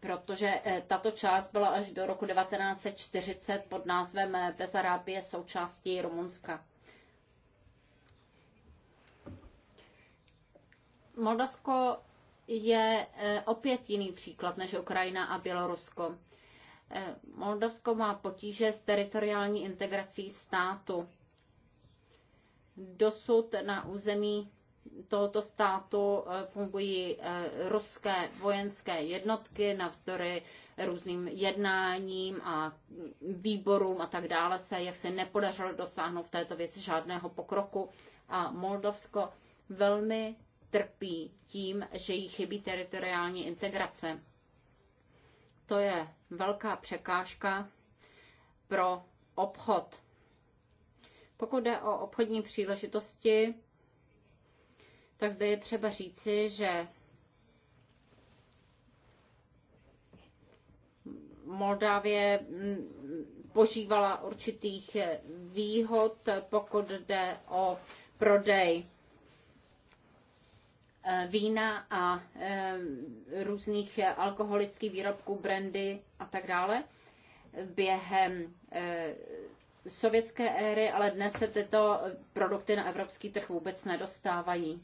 protože eh, tato část byla až do roku 1940 pod názvem eh, Bezarábie součástí Rumunska. Moldavsko je eh, opět jiný příklad než Ukrajina a Bělorusko. Moldavsko má potíže s teritoriální integrací státu. Dosud na území tohoto státu eh, fungují eh, ruské vojenské jednotky navzdory různým jednáním a výborům a tak dále se, jak se nepodařilo dosáhnout v této věci žádného pokroku. A Moldovsko velmi trpí tím, že jí chybí teritoriální integrace. To je velká překážka pro obchod. Pokud jde o obchodní příležitosti, tak zde je třeba říci, že Moldávie mm, požívala určitých výhod, pokud jde o prodej eh, vína a eh, různých alkoholických výrobků, brandy a tak dále během eh, sovětské éry, ale dnes se tyto produkty na evropský trh vůbec nedostávají.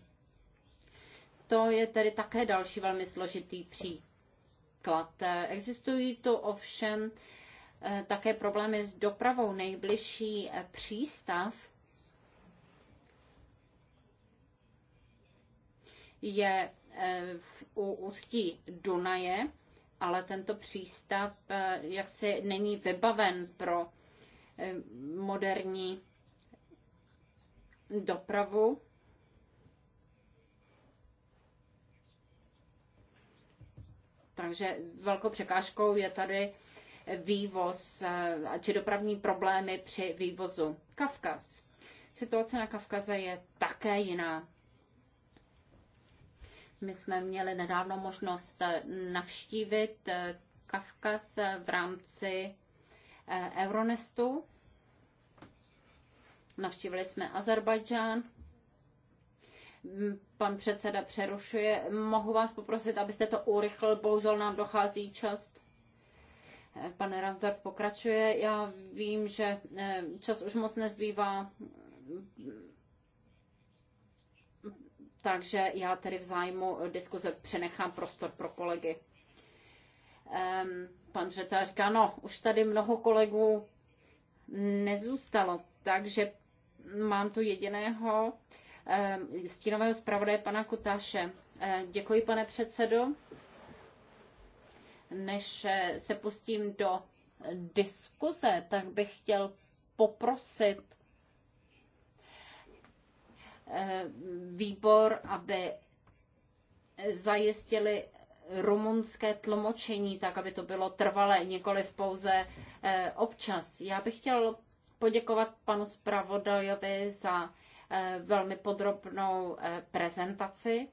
To je tedy také další velmi složitý příklad. Existují tu ovšem eh, také problémy s dopravou. Nejbližší eh, přístav je eh, u ústí Dunaje, ale tento přístav jaksi není vybaven pro moderní dopravu. Takže velkou překážkou je tady vývoz eh, či dopravní problémy při vývozu. Kavkaz. Situace na Kavkaze je také jiná. My jsme měli nedávno možnost eh, navštívit eh, Kavkaz v rámci Euronestu. Navštívili jsme Azerbajdžán Pan předseda přerušuje. Mohu vás poprosit, abyste to urychlil, bohužel nám dochází čas. Pan Razdorf pokračuje. Já vím, že eh, čas už moc nezbývá. Takže já tedy v zájmu diskuze přenechám prostor pro kolegy. Ehm, pan předseda říká, no, už tady mnoho kolegů nezůstalo, takže mám tu jediného Eh, stínového zpravodaje pana Kutáše. Eh, děkuji, pane předsedo. Než eh, se pustím do diskuze, tak bych chtěl poprosit výbor, aby zajistili rumunské tlumočení, tak aby to bylo trvalé, nikoli pouze občas. Já bych chtěl poděkovat panu zpravodajovi za Eh, velmi podrobnou eh, prezentaci.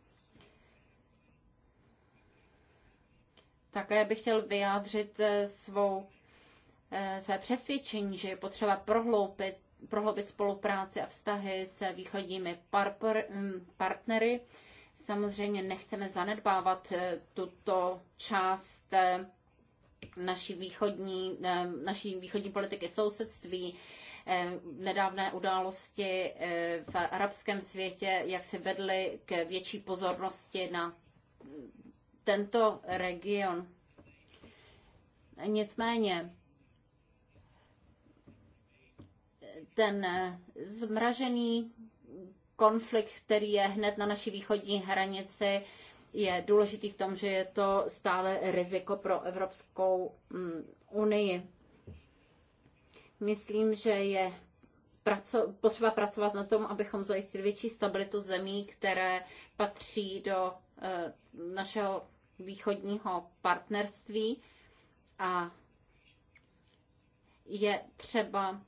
Také bych chtěl vyjádřit eh, svou, své přesvědčení, že je potřeba prohloubit, prohloubit spolupráci a vztahy se východními parpr, hm, partnery. Samozřejmě nechceme zanedbávat tuto část naší východní, eh, naší východní politiky sousedství, eh, nedávné události eh, v arabském světě, jak se vedly k větší pozornosti na tento region. Nicméně ten zmražený konflikt, který je hned na naší východní hranici, je důležitý v tom, že je to stále riziko pro Evropskou mm, unii. Myslím, že je praco- potřeba pracovat na tom, abychom zajistili větší stabilitu zemí, které patří do eh, našeho východního partnerství a je třeba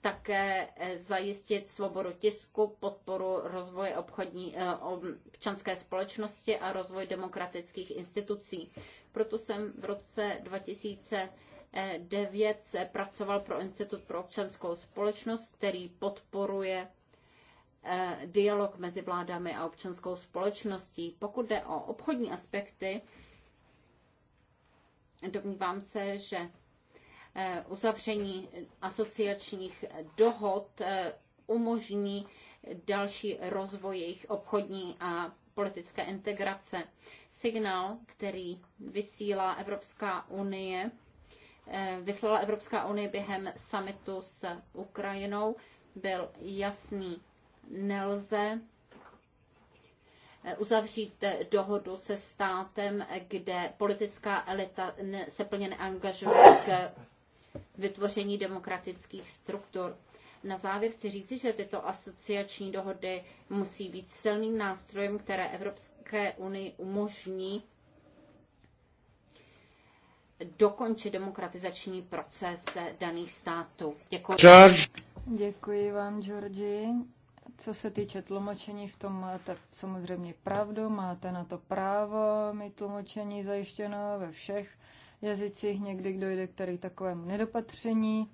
také eh, zajistit svobodu tisku, podporu rozvoje obchodní eh, občanské společnosti a rozvoj demokratických institucí. Proto jsem v roce 2009 eh, pracoval pro Institut pro občanskou společnost, který podporuje dialog mezi vládami a občanskou společností. Pokud jde o obchodní aspekty, domnívám se, že Eh, uzavření asociačních dohod eh, umožní další rozvoj jejich obchodní a politické integrace. Signál, který vysílá Evropská unie, eh, vyslala Evropská unie během summitu s Ukrajinou, byl jasný. Nelze uzavřít dohodu se státem, kde politická elita se plně neangažuje k vytvoření demokratických struktur. Na závěr chci říci, že tyto asociační dohody musí být silným nástrojem, které Evropské unii umožní dokončit demokratizační proces daných států. Děkuji. George. Děkuji vám, Georgi. Co se týče tlumočení, v tom máte samozřejmě pravdu, máte na to právo mít tlumočení zajištěno ve všech jazycích. Někdy dojde k tady takovému nedopatření.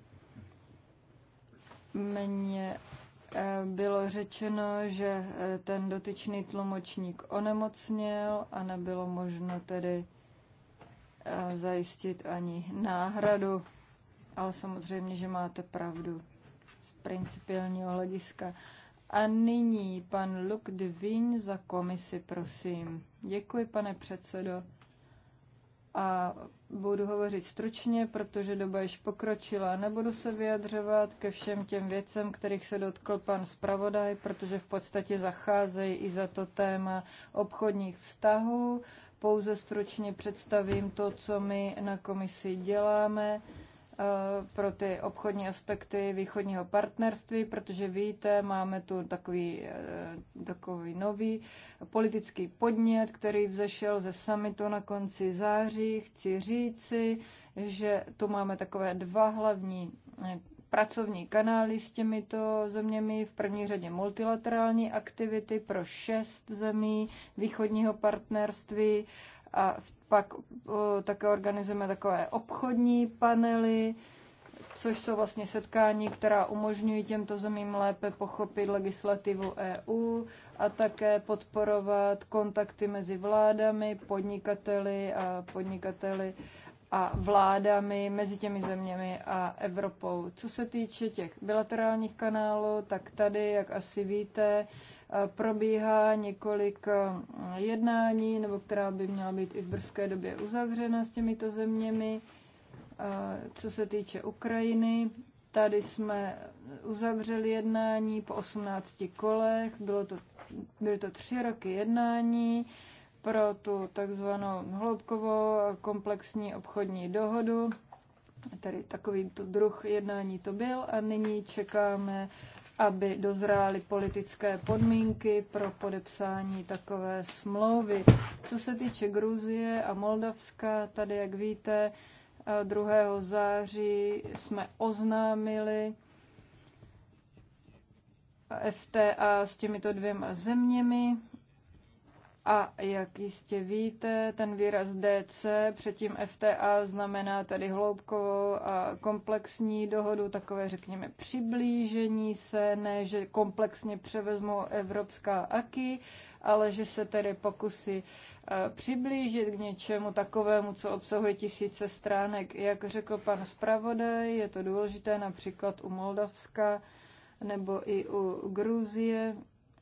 Mně eh, bylo řečeno, že eh, ten dotyčný tlumočník onemocněl a nebylo možno tedy eh, zajistit ani náhradu. Ale samozřejmě, že máte pravdu z principiálního hlediska. A nyní pan Luke Devin za komisi, prosím. Děkuji, pane předsedo a budu hovořit stručně, protože doba již pokročila. Nebudu se vyjadřovat ke všem těm věcem, kterých se dotkl pan zpravodaj, protože v podstatě zacházejí i za to téma obchodních vztahů. Pouze stručně představím to, co my na komisi děláme Eh, pro ty obchodní aspekty východního partnerství, protože víte, máme tu takový, eh, takový nový politický podnět, který vzešel ze samitu na konci září. Chci říci, že tu máme takové dva hlavní eh, pracovní kanály s těmito zeměmi, v první řadě multilaterální aktivity pro šest zemí východního partnerství a v pak také organizujeme takové obchodní panely, což jsou vlastně setkání, která umožňují těmto zemím lépe pochopit legislativu EU a také podporovat kontakty mezi vládami, podnikateli a podnikateli a vládami mezi těmi zeměmi a Evropou. Co se týče těch bilaterálních kanálů, tak tady, jak asi víte, probíhá několik eh, jednání, nebo která by měla být i v brzké době uzavřena s těmito zeměmi. Eh, co se týče Ukrajiny, tady jsme uzavřeli jednání po 18 kolech, bylo to, byly to tři roky jednání pro tu takzvanou hloubkovou komplexní obchodní dohodu. Tady takový to druh jednání to byl a nyní čekáme aby dozrály politické podmínky pro podepsání takové smlouvy. Co se týče Gruzie a Moldavska, tady, jak víte, 2. září jsme oznámili FTA s těmito dvěma zeměmi. A jak jistě víte, ten výraz DC, předtím FTA, znamená tady hloubkovou a komplexní dohodu, takové řekněme přiblížení se, ne že komplexně převezmou evropská AKI, ale že se tedy pokusí e, přiblížit k něčemu takovému, co obsahuje tisíce stránek. Jak řekl pan zpravodaj, je to důležité například u Moldavska nebo i u Gruzie,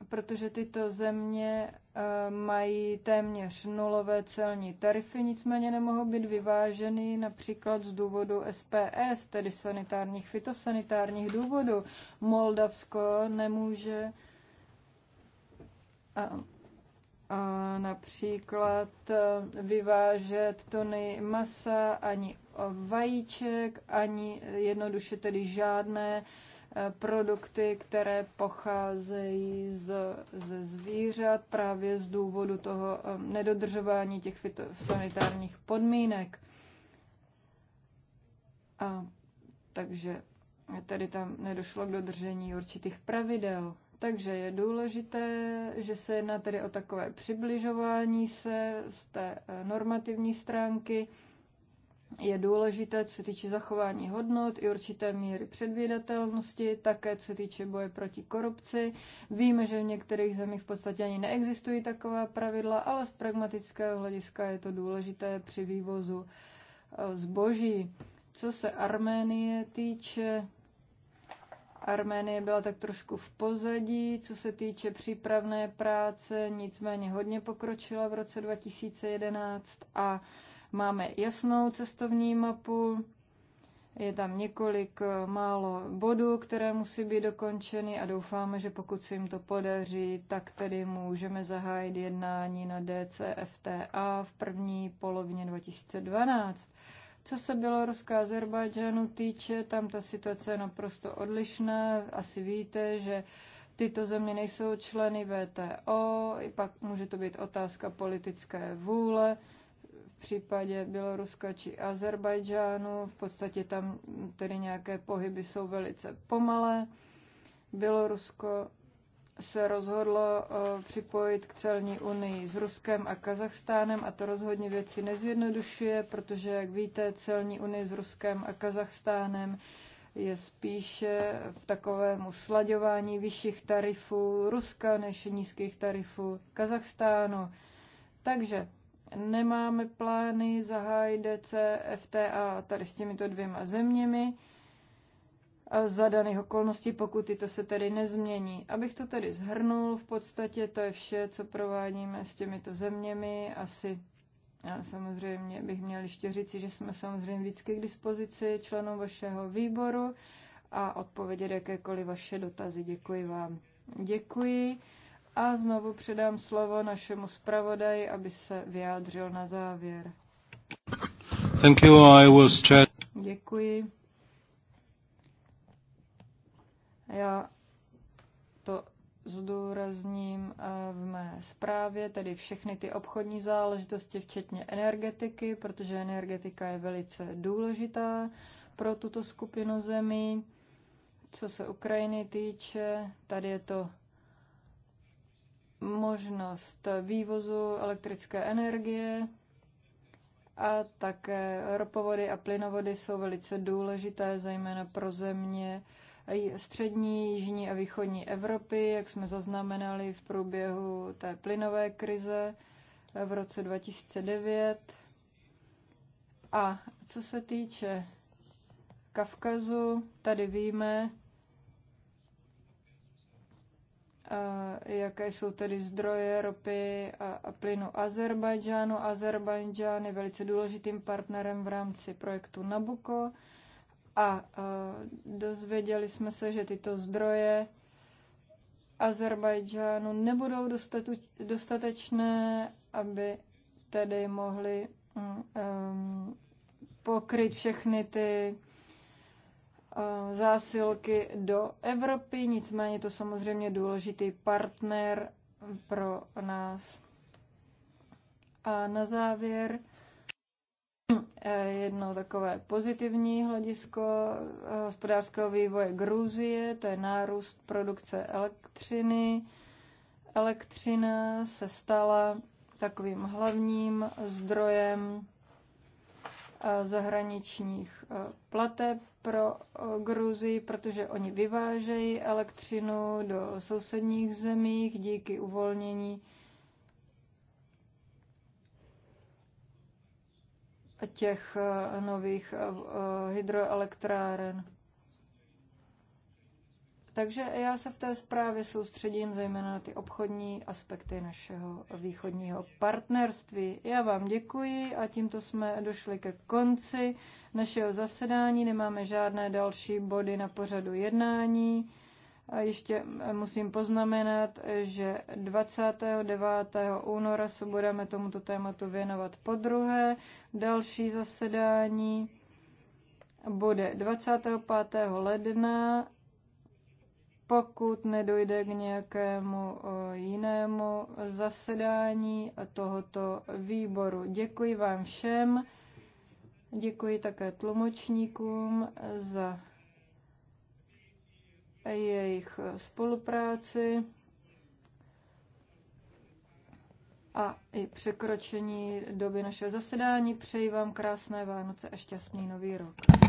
protože tyto země Eh, mají téměř nulové celní tarify, nicméně nemohou být vyváženy například z důvodu SPS, tedy sanitárních, fitosanitárních důvodů. Moldavsko nemůže a, a například eh, vyvážet tony masa, ani vajíček, ani jednoduše tedy žádné uh, produkty, které pocházejí z, ze zvířat právě z důvodu toho eh, nedodržování těch sanitárních podmínek. A, takže tady tam nedošlo k dodržení určitých pravidel. Takže je důležité, že se jedná tedy o takové přibližování se z té eh, normativní stránky je důležité, co se týče zachování hodnot i určité míry předvídatelnosti, také co se týče boje proti korupci. Víme, že v některých zemích v podstatě ani neexistují taková pravidla, ale z pragmatického hlediska je to důležité při vývozu eh, zboží. Co se Arménie týče, Arménie byla tak trošku v pozadí, co se týče přípravné práce, nicméně hodně pokročila v roce 2011 a Máme jasnou cestovní mapu, je tam několik eh, málo bodů, které musí být dokončeny a doufáme, že pokud se jim to podaří, tak tedy můžeme zahájit jednání na DCFTA v první polovině 2012. Co se Běloruska Azerbajdžánu týče, tam ta situace je naprosto odlišná. Asi víte, že tyto země nejsou členy VTO, i pak může to být otázka politické vůle případě Běloruska či Azerbajdžánu. V podstatě tam tedy nějaké pohyby jsou velice pomalé. Bělorusko se rozhodlo eh, připojit k celní unii s Ruskem a Kazachstánem a to rozhodně věci nezjednodušuje, protože, jak víte, celní unie s Ruskem a Kazachstánem je spíše v takovému slaďování vyšších tarifů Ruska než nízkých tarifů Kazachstánu. Takže nemáme plány zahájit DCFTA tady s těmito dvěma zeměmi a za daných okolností, pokud tyto se tedy nezmění. Abych to tedy zhrnul, v podstatě to je vše, co provádíme s těmito zeměmi. Asi já samozřejmě bych měl ještě říci, že jsme samozřejmě vždycky k dispozici členům vašeho výboru a odpovědět jakékoliv vaše dotazy. Děkuji vám. Děkuji. A znovu předám slovo našemu zpravodaji, aby se vyjádřil na závěr. Thank you, I will stretch. Děkuji. Já to zdůrazním eh, v mé zprávě, tedy všechny ty obchodní záležitosti, včetně energetiky, protože energetika je velice důležitá pro tuto skupinu zemí. Co se Ukrajiny týče, tady je to možnost vývozu elektrické energie a také ropovody a plynovody jsou velice důležité, zejména pro země střední, jižní a východní Evropy, jak jsme zaznamenali v průběhu té plynové krize v roce 2009. A co se týče Kavkazu, tady víme, jaké jsou tedy zdroje ropy a, a plynu Azerbajdžánu. Azerbajdžán je velice důležitým partnerem v rámci projektu Nabuko a, a dozvěděli jsme se, že tyto zdroje Azerbajdžánu nebudou dostatu, dostatečné, aby tedy mohli um, pokryt všechny ty zásilky do Evropy, nicméně to samozřejmě důležitý partner pro nás. A na závěr eh, jedno takové pozitivní hledisko eh, hospodářského vývoje Gruzie, to je nárůst produkce elektřiny. Elektřina se stala takovým hlavním zdrojem Eh, zahraničních eh, plateb pro eh, Gruzi, protože oni vyvážejí elektřinu do sousedních zemí díky uvolnění těch nových hydroelektráren. Takže já se v té zprávě soustředím zejména na ty obchodní aspekty našeho východního partnerství. Já vám děkuji a tímto jsme došli ke konci našeho zasedání. Nemáme žádné další body na pořadu jednání. A ještě musím poznamenat, že 29. února se budeme tomuto tématu věnovat po druhé. Další zasedání bude 25. ledna pokud nedojde k nějakému eh, jinému zasedání tohoto výboru. Děkuji vám všem, děkuji také tlumočníkům za jejich spolupráci a i překročení doby našeho zasedání. Přeji vám krásné Vánoce a šťastný nový rok.